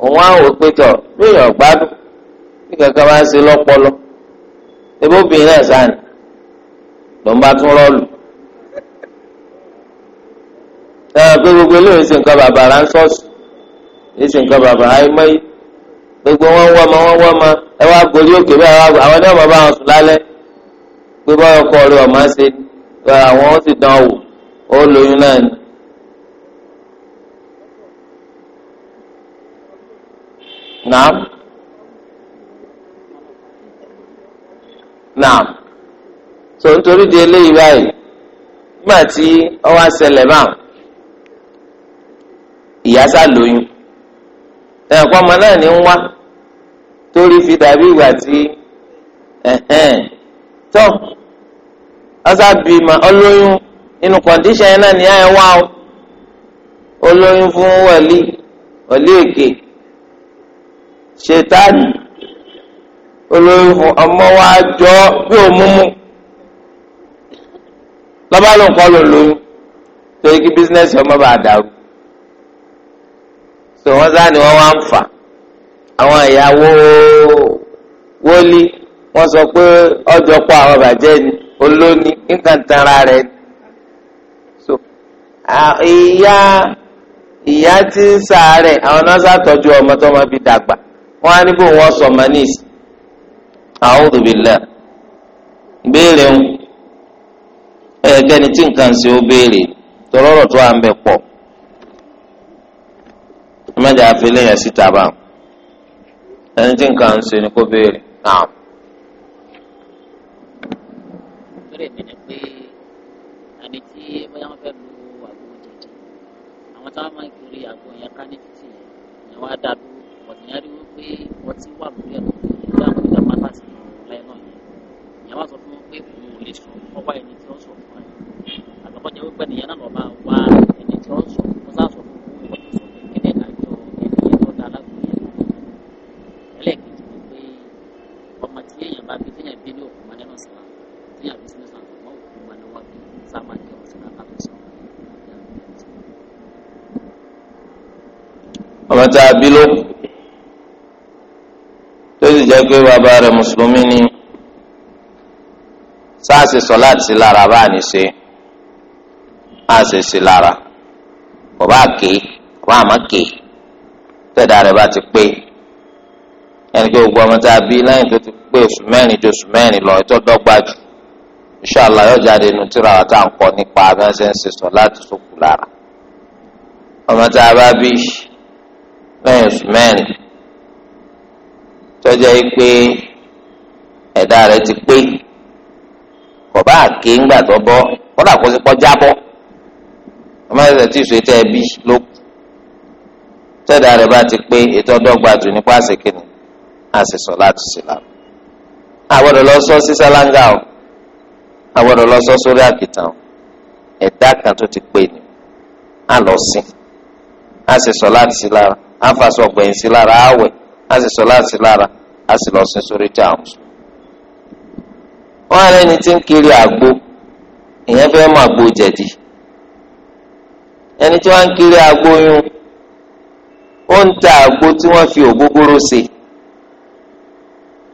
òun á wò pé tọ̀ lóyún ọ̀gbádùn bí kankan bá ń ṣe lọ́pọlọ ebóbìnrin náà sáà ní lọ́nba tún rọ́ọ̀lù ẹ pé gbogbo eléyìí sì nǹkan bàbá rà ń sọ́ọ̀sì yìí sì nǹkan bàbá ayé mọ́yì gbogbo wọn wọ́ ọmọ wọn wọ́ ọmọ ẹ wá gorí òkè bẹ́ẹ̀ wá àwọn ní ọmọ bá wọn sùn lálẹ́ pé báyọ̀ kọ́ ọ̀rẹ́ ọ̀ma ṣe àwọn ó sì dán wò ó lóyún náà ni. naam naam so nítorí di eléyìí báyìí nígbà tí ọwọ́ àṣẹlẹ̀ báwọn ìyá sá lóyún ẹ̀kọ́ ọmọ náà ní ń wá torí fi dàbí ìgbà tí tọ́ ọ̀sá bímọ ọlóyún inú kọ̀ǹdíṣàn yẹn náà ní ẹ̀ wá o olóyún fún wọlé wọlé èké ṣètánì olóyún fún ọmọ wa jọ bí òmùmú lọ́ba ló ń kọ́ lóyún torí kí bísíǹnẹ́sì ọmọ bá dàrú so wọ́n sá ni wọn wá ń fà àwọn ìyàwó wọlé wọ́n sọ pé ọjọ́ pọ̀ àwọn bàjẹ́ ni olóni nǹkan so ìyá ìyá tí ń sàárẹ̀ àwọn náà ọmọ tó máa fi dàgbà wọ́n á ní bò wọ́n sọ ọmọ ìbéèrè ń tí nǹkan ṣe ó béèrè ẹmẹjọ àfẹlẹ yẹn síta bá ẹni tí nǹkan ń ṣe ni kó béèrè náà. lórí èmi ni pé ẹni tí bóyá wọn fẹ́ lu àgbo jẹjẹ àwọn táwọn máa ń kiri àgbo yẹn ká ní títì yẹn ìyẹn wá dá dúró ọ̀tún yẹn rí wọ́n pé wọ́n ti wà lórí ẹ̀kọ́ ìgbà àwọn ìjà pátá sí ọ̀rẹ́ náà yẹn ìyẹn wá sọ fún wọn pé òun ò lè sọ ọwọ́ ẹni tí ó sọ fún ẹ àgbàkọ́jẹ́ wípé nìyẹn náà lọ́ọ́ bá wá ẹni tí ó sọ fún bá bí téèyàn bí ní òkú mọ nínú ìsìlá téèyàn bí sínú ìsìlá mọ òkú mọ ní wọn bí sáàmà ní ọmọ sílá ká tó sọ. ọmọ tá a bí ló tó sì jẹ́ pé bàbá ni sáàsì sọ láti lára bá a ní ṣe á sì sí lára kò bá ké kò bá àmọ́ ké ti pé. ẹni pé gbogbo ọmọ tá a bí lẹ́yìn tó ti pé oṣù mẹ́rin ju oṣù mẹ́rin lọ ètò dọ́gba jù inṣàlá yóò jáde inú tíra wa tá à ń kọ nípa abẹ́sẹ̀ ń láti sókù lára ọmọ tá a bá bí lẹ́yìn oṣù mẹ́rin tọ́jà yìí pé ẹ̀dá rẹ̀ ti pé kọ̀bá àké ńgbà tó bọ́ kọ́dà kó ti kọjá bọ́ ọmọ ló bá ti pé ètò ọdọ́gba jù nípa á sì sọ láti sí la àgbọ̀dọ̀ lọ sọ sí sálángà o àgbọ̀dọ̀ lọ sọ sórí àkìtàn o ẹ̀dá kan tó ti pè ní á lọ sí á sì sọ láti sí lára á fàṣọ gbẹ̀yìn sí lára á wẹ̀ á láti sí lára sórí tí a ń sùn. wọ́n ń kiri àgbo ìyẹn fẹ́ mọ àgbo jẹ̀dí ẹni tí wọ́n ń kiri àgbo yún ó ń ta àgbo tí wọ́n fi ògógóró ṣe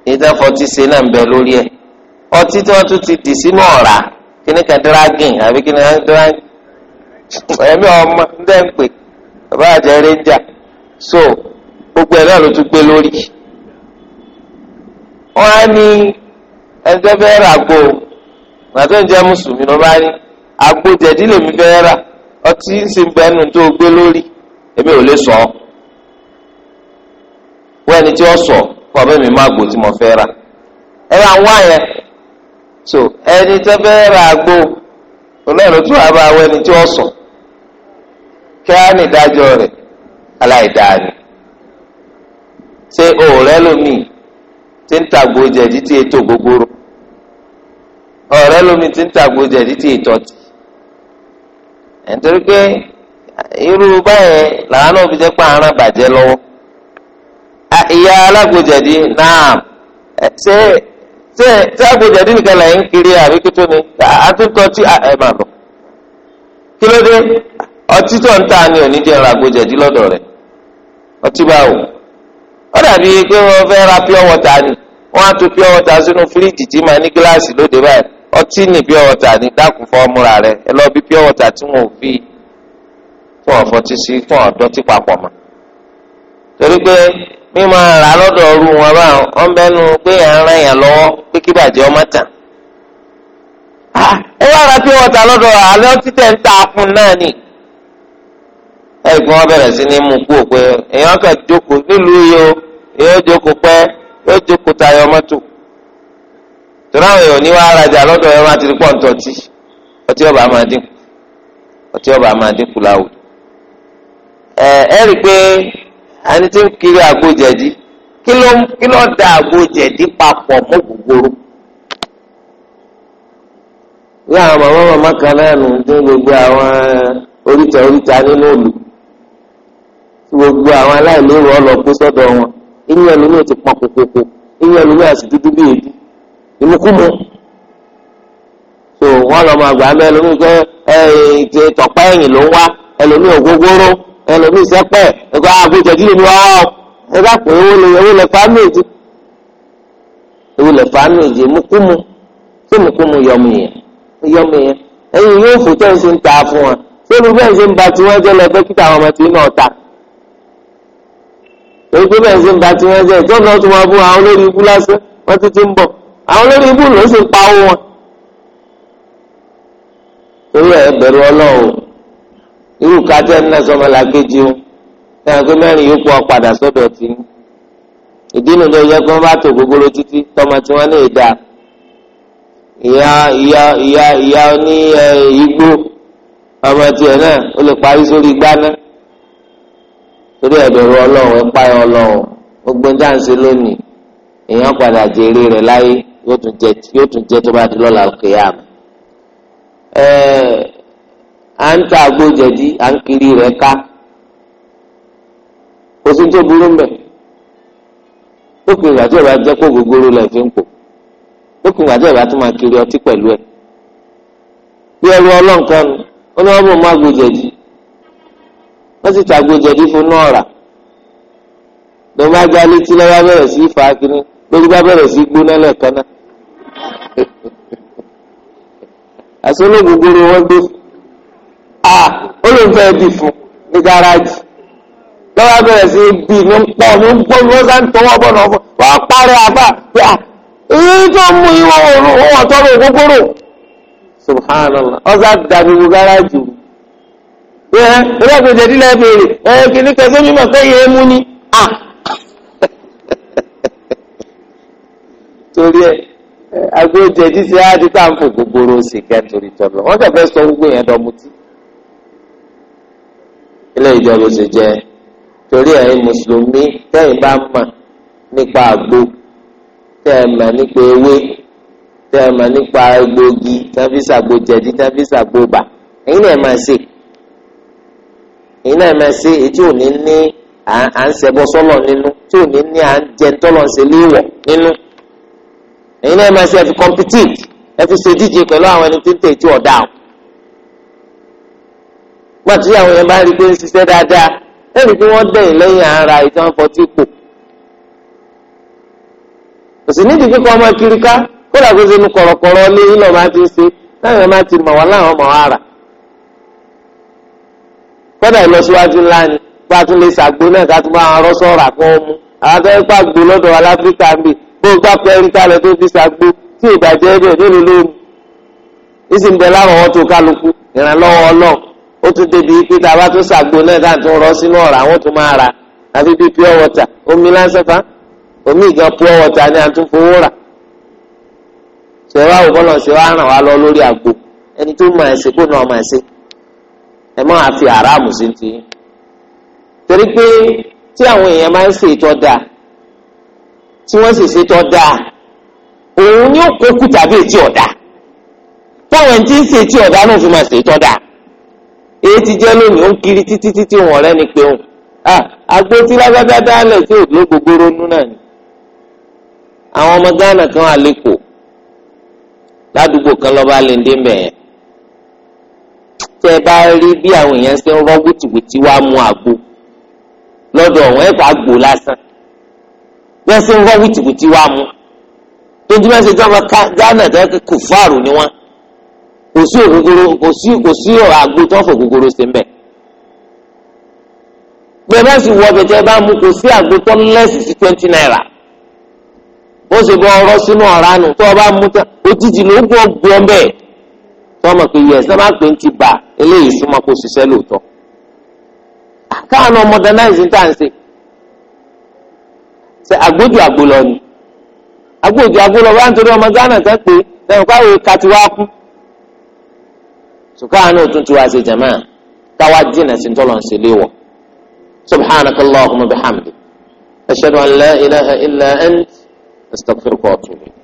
níta fọtí ṣe náà ń bẹ lórí ẹ ọtí ti dì sínú ọ̀rá kíní kan dragon àbí kíní kan dragon ẹ̀mí ọmọ ń ń pè bàbá so gbogbo ẹ̀ náà ló tún gbé lórí wọn á ní rà gbó ń mùsùlùmí ló bá ní lèmi kọ́ bẹ́ẹ̀ mi má gbò tí mo fẹ́ rà ẹ so ẹni tó fẹ́ ra àgbo olóòrùn tó àbá ẹni tí ó sùn kí á ní ìdájọ́ rẹ̀ aláìdáa ṣé òòrẹ́ ti ń tàgbò jẹ̀dí ètò gbogbooro lómi ti ń tàgbò jẹ̀dí tí ètò ọtí ẹ̀ nítorí pé irú báyẹn làwọn náà fi jẹ́ pé bàjẹ́ ìyá alágbèjẹ̀dì náà ṣé ṣé agbèjẹ̀dì nìkan là ń kiri àbí ni àtúntò tí ẹ máa bọ̀ kí ló dé ọtí tó ń tà ní onídìí ẹ̀rọ agbèjẹ̀dì lọ́dọ̀ rẹ̀ ọtí báwo ó dàbí pé wọ́n fẹ́ ni wọ́n á pure water sínú fíríjì tí ní gíláàsì lóde báyìí ọtí pure water dákun rẹ̀ ẹ lọ bí mímọ ara lọ́dọ̀ ọrú wọn bá wọn bẹnu pé à ń ràn yàn lọwọ pé kí bàjẹ́ ọmọ tàn. ẹ wá ra ta fún náà ni. ẹgbọn wọn si sí ní mú kú òpè èèyàn kàn jókòó nílùú yìí o èèyàn jókòó pẹ́ yóò jókòó tayọ mọ́tò. torí àwọn èèyàn ní wàá rajà lọ́dọ̀ ti ọtí ọba ọtí ọba àní tí ń kiri àgbòjẹ̀dí kí ló kí da àgbòjẹ̀dí papọ̀ mọ́ gbogbooro. ìyá àwọn màmá màmá kan náà nù tí gbogbo àwọn eh, oríta oríta nínú òlù tí gbogbo àwọn aláìlérò ọlọ́kú sọ́dọ̀ wọn inú ẹlòmíràn ti pọn kókókó inú sì so wọn lọ máa gbà mẹ pé ẹ ẹlòmíì sẹpẹ ẹgbẹ àgbẹjẹ dídì ni wọn wọ ẹ bá pè owó lè owó lè fa méje owó lè fa méje mukumu tó mukumu yọmu yẹn yọmu yẹn ẹyin yóò fò tẹ́ ń ta fún wa sẹ́nu bẹ́ẹ̀ ṣe ń ba tí wọ́n jẹ́ lọ fẹ́ kíta àwọn ọmọ tí náà ta èyí tó bẹ́ẹ̀ ṣe ń ba tí wọ́n jẹ́ tó náà tún wọn bú àwọn olórí ibú lásán wọ́n ti ti ń bọ̀ àwọn olórí ibú ló pa owó wọn. torí ẹ bẹ̀rù ọlọ́run irú kájẹ́ náà sọmọ làkejì o táwọn pé mẹ́rin yóò kó ọ padà sọ́dọ̀ tí ń ìdí inú tó yẹ kí wọ́n bá tò gbogbo títí tọmọ tí wọ́n lè dà ìyá ìyá ìyá ìyá ní igbó ọmọ tiẹ̀ náà ó lè parí sórí gbáná torí ẹ̀bẹ̀rù ọlọ́run ẹ̀ páyọ ọlọ́run gbogbo ń dáǹsẹ̀ lónìí èèyàn padà jèrè rẹ̀ láyé yóò tún jẹ tó bá di lọ́la kéèyàn. à ń ta a à ń kiri rẹ̀ ká kò tó burú mbẹ̀ lókè ìgbà tí ìbá jẹ́ kó gbogbooro lẹ̀ fi ń pò ìgbà tí máa kiri ọtí pẹ̀lú ẹ bí ẹrú nu ó ní wọ́n bò wọ́n sì ta fún náà rà létí lọ́wọ́ sí lórí bá *laughs* à olùfẹ́ bì fún ní gáràjì lọ́wọ́ bẹ̀rẹ̀ sí bì ní pọ̀ ní gbọ́ ní ó sáà ń tọwọ́ bọ̀ náà fún wọ́n parí àbá pé à èyí tó mú ìwọ òru òun ọ̀tọ́rọ̀ òkúkúrò subhanallah gáràjì béèrè kìíní mímọ̀ mú ni *laughs* torí ilé ìjọba ṣe jẹ torí ẹ̀yin mùsùlùmí tẹ́yin bá mọ̀ nípa àgbo tẹ́ ẹ mọ̀ nípa ewé tẹ́ ẹ mọ̀ nípa egbògi tàbí sàgbo jẹ̀dí tàbí sàgbo bà ẹ̀yin náà máa ṣe ẹ̀yin náà máa ṣe ètí ò ní ní à ń ṣẹbọ sọlọ nínú tí ò ní ní à ń jẹ tọlọ ṣe léèwọ̀ nínú ẹ̀yin náà máa ṣe ẹ fi compete ẹ fi ṣe díje pẹ̀lú àwọn ẹni tí ń tẹ̀ tí ọ̀dà o nígbà tí àwọn yẹn bá rí i pé ń ṣiṣẹ́ dáadáa ẹnì kí wọ́n dẹ̀yìn lẹ́yìn ara ìtàn fọtí kù. kò sí nídìí kíkọ́ ọmọ kiri ká kó làgbo ṣe nu kọ̀rọ̀kọ̀rọ̀ lé yín lọ́ọ́ máa ti ṣe táwọn yẹn máa ti mọ̀ wá láwọn ọmọ ara. kọ́dà ìlọsíwájú ńlá ni bá a tún lè ṣàgbo náà ká tún bá àwọn arọ́ sọ̀rọ̀ àpọ̀ ọmú àwọn akẹ́kọ̀ọ́ pàgbó lọ́dọ̀ aláfíríkà ń bì bó gbà pẹ́ẹ́rì kálẹ̀ tó fi ṣàgbo tí ìbàjẹ́ bẹ̀ nílùú lóhùn ìsìn bẹ̀ láwọn ọ̀tún kálukú ìrànlọ́wọ́ ọlọ́ọ̀ ó tún débi pé tá a bá tún ṣàgbo náà tá à ń tún rọ sínú ọ̀rá àwọn tún máa ra àfi bíi pure water omi lásánfà omi ìgan pure water ni à ń tún fowó rà ṣe wá òkú náà ṣe wá ràn wá lọ lórí àgbo ẹni tó mọ ẹsẹ kó náà mọ ẹsẹ ẹ mọ àfi àràmù sí ti torí pé tí àwọn èèyàn máa ń ṣe ìtọ́ dáa tí wọ́n sì ṣe ìtọ́ dáa òun ni ó kó tàbí ètí ọ̀dà táwọn ẹni tí ń ṣe ètí ọ̀dà náà fi máa ṣe ìtọ́ dáa èyí ti jẹ́ lónìí ó ń kiri títí títí wọn rẹ́ ni pé òun àgbo tí lágbádá dálẹ̀ tí ò gbogbooro nú náà ni àwọn ọmọ Ghana kan àlékò ládùúgbò kan lọ́ba lèndé mbẹ̀yẹn tẹ́ bá rí bí àwọn èèyàn ṣe ń rọ́ wìtìwìtì wá mu àgbo lọ́dọ̀ ọ̀wọ́n ẹ̀kọ́ àgbo lásán bí wọ́n ṣe ń rọ́ wìtìwìtì wá mu tójú mẹ́sẹ̀ tí wọ́n bá Ghana tó kù ni wọ́n kò sí ògógóró kò sí kò sí àgbo tó fò ògógóró ṣe mbẹ bẹ́ẹ̀ bá sì wọ bá mú kò sí àgbo tó sí twenty naira ó sì bọ sínú nù tó o bá mú tán òjijì ló gbọ́ gbọ́ bẹ́ẹ̀ tọmọ pé yẹ sábà pé ń ti bà eléyìí súnmọ́ kó modernize ṣe àgbójú àgbò lọ ni àgbójú àgbò lọ ṣùgbọ́n àánú òtún ti wá ṣe jàmáà táwa dínà sí tọ́lọ̀ ń ṣe léwọ̀ subhanaka allahumma bihamdi ashhadu an la ilaha illa ant astaghfiruka wa atubu ilayk.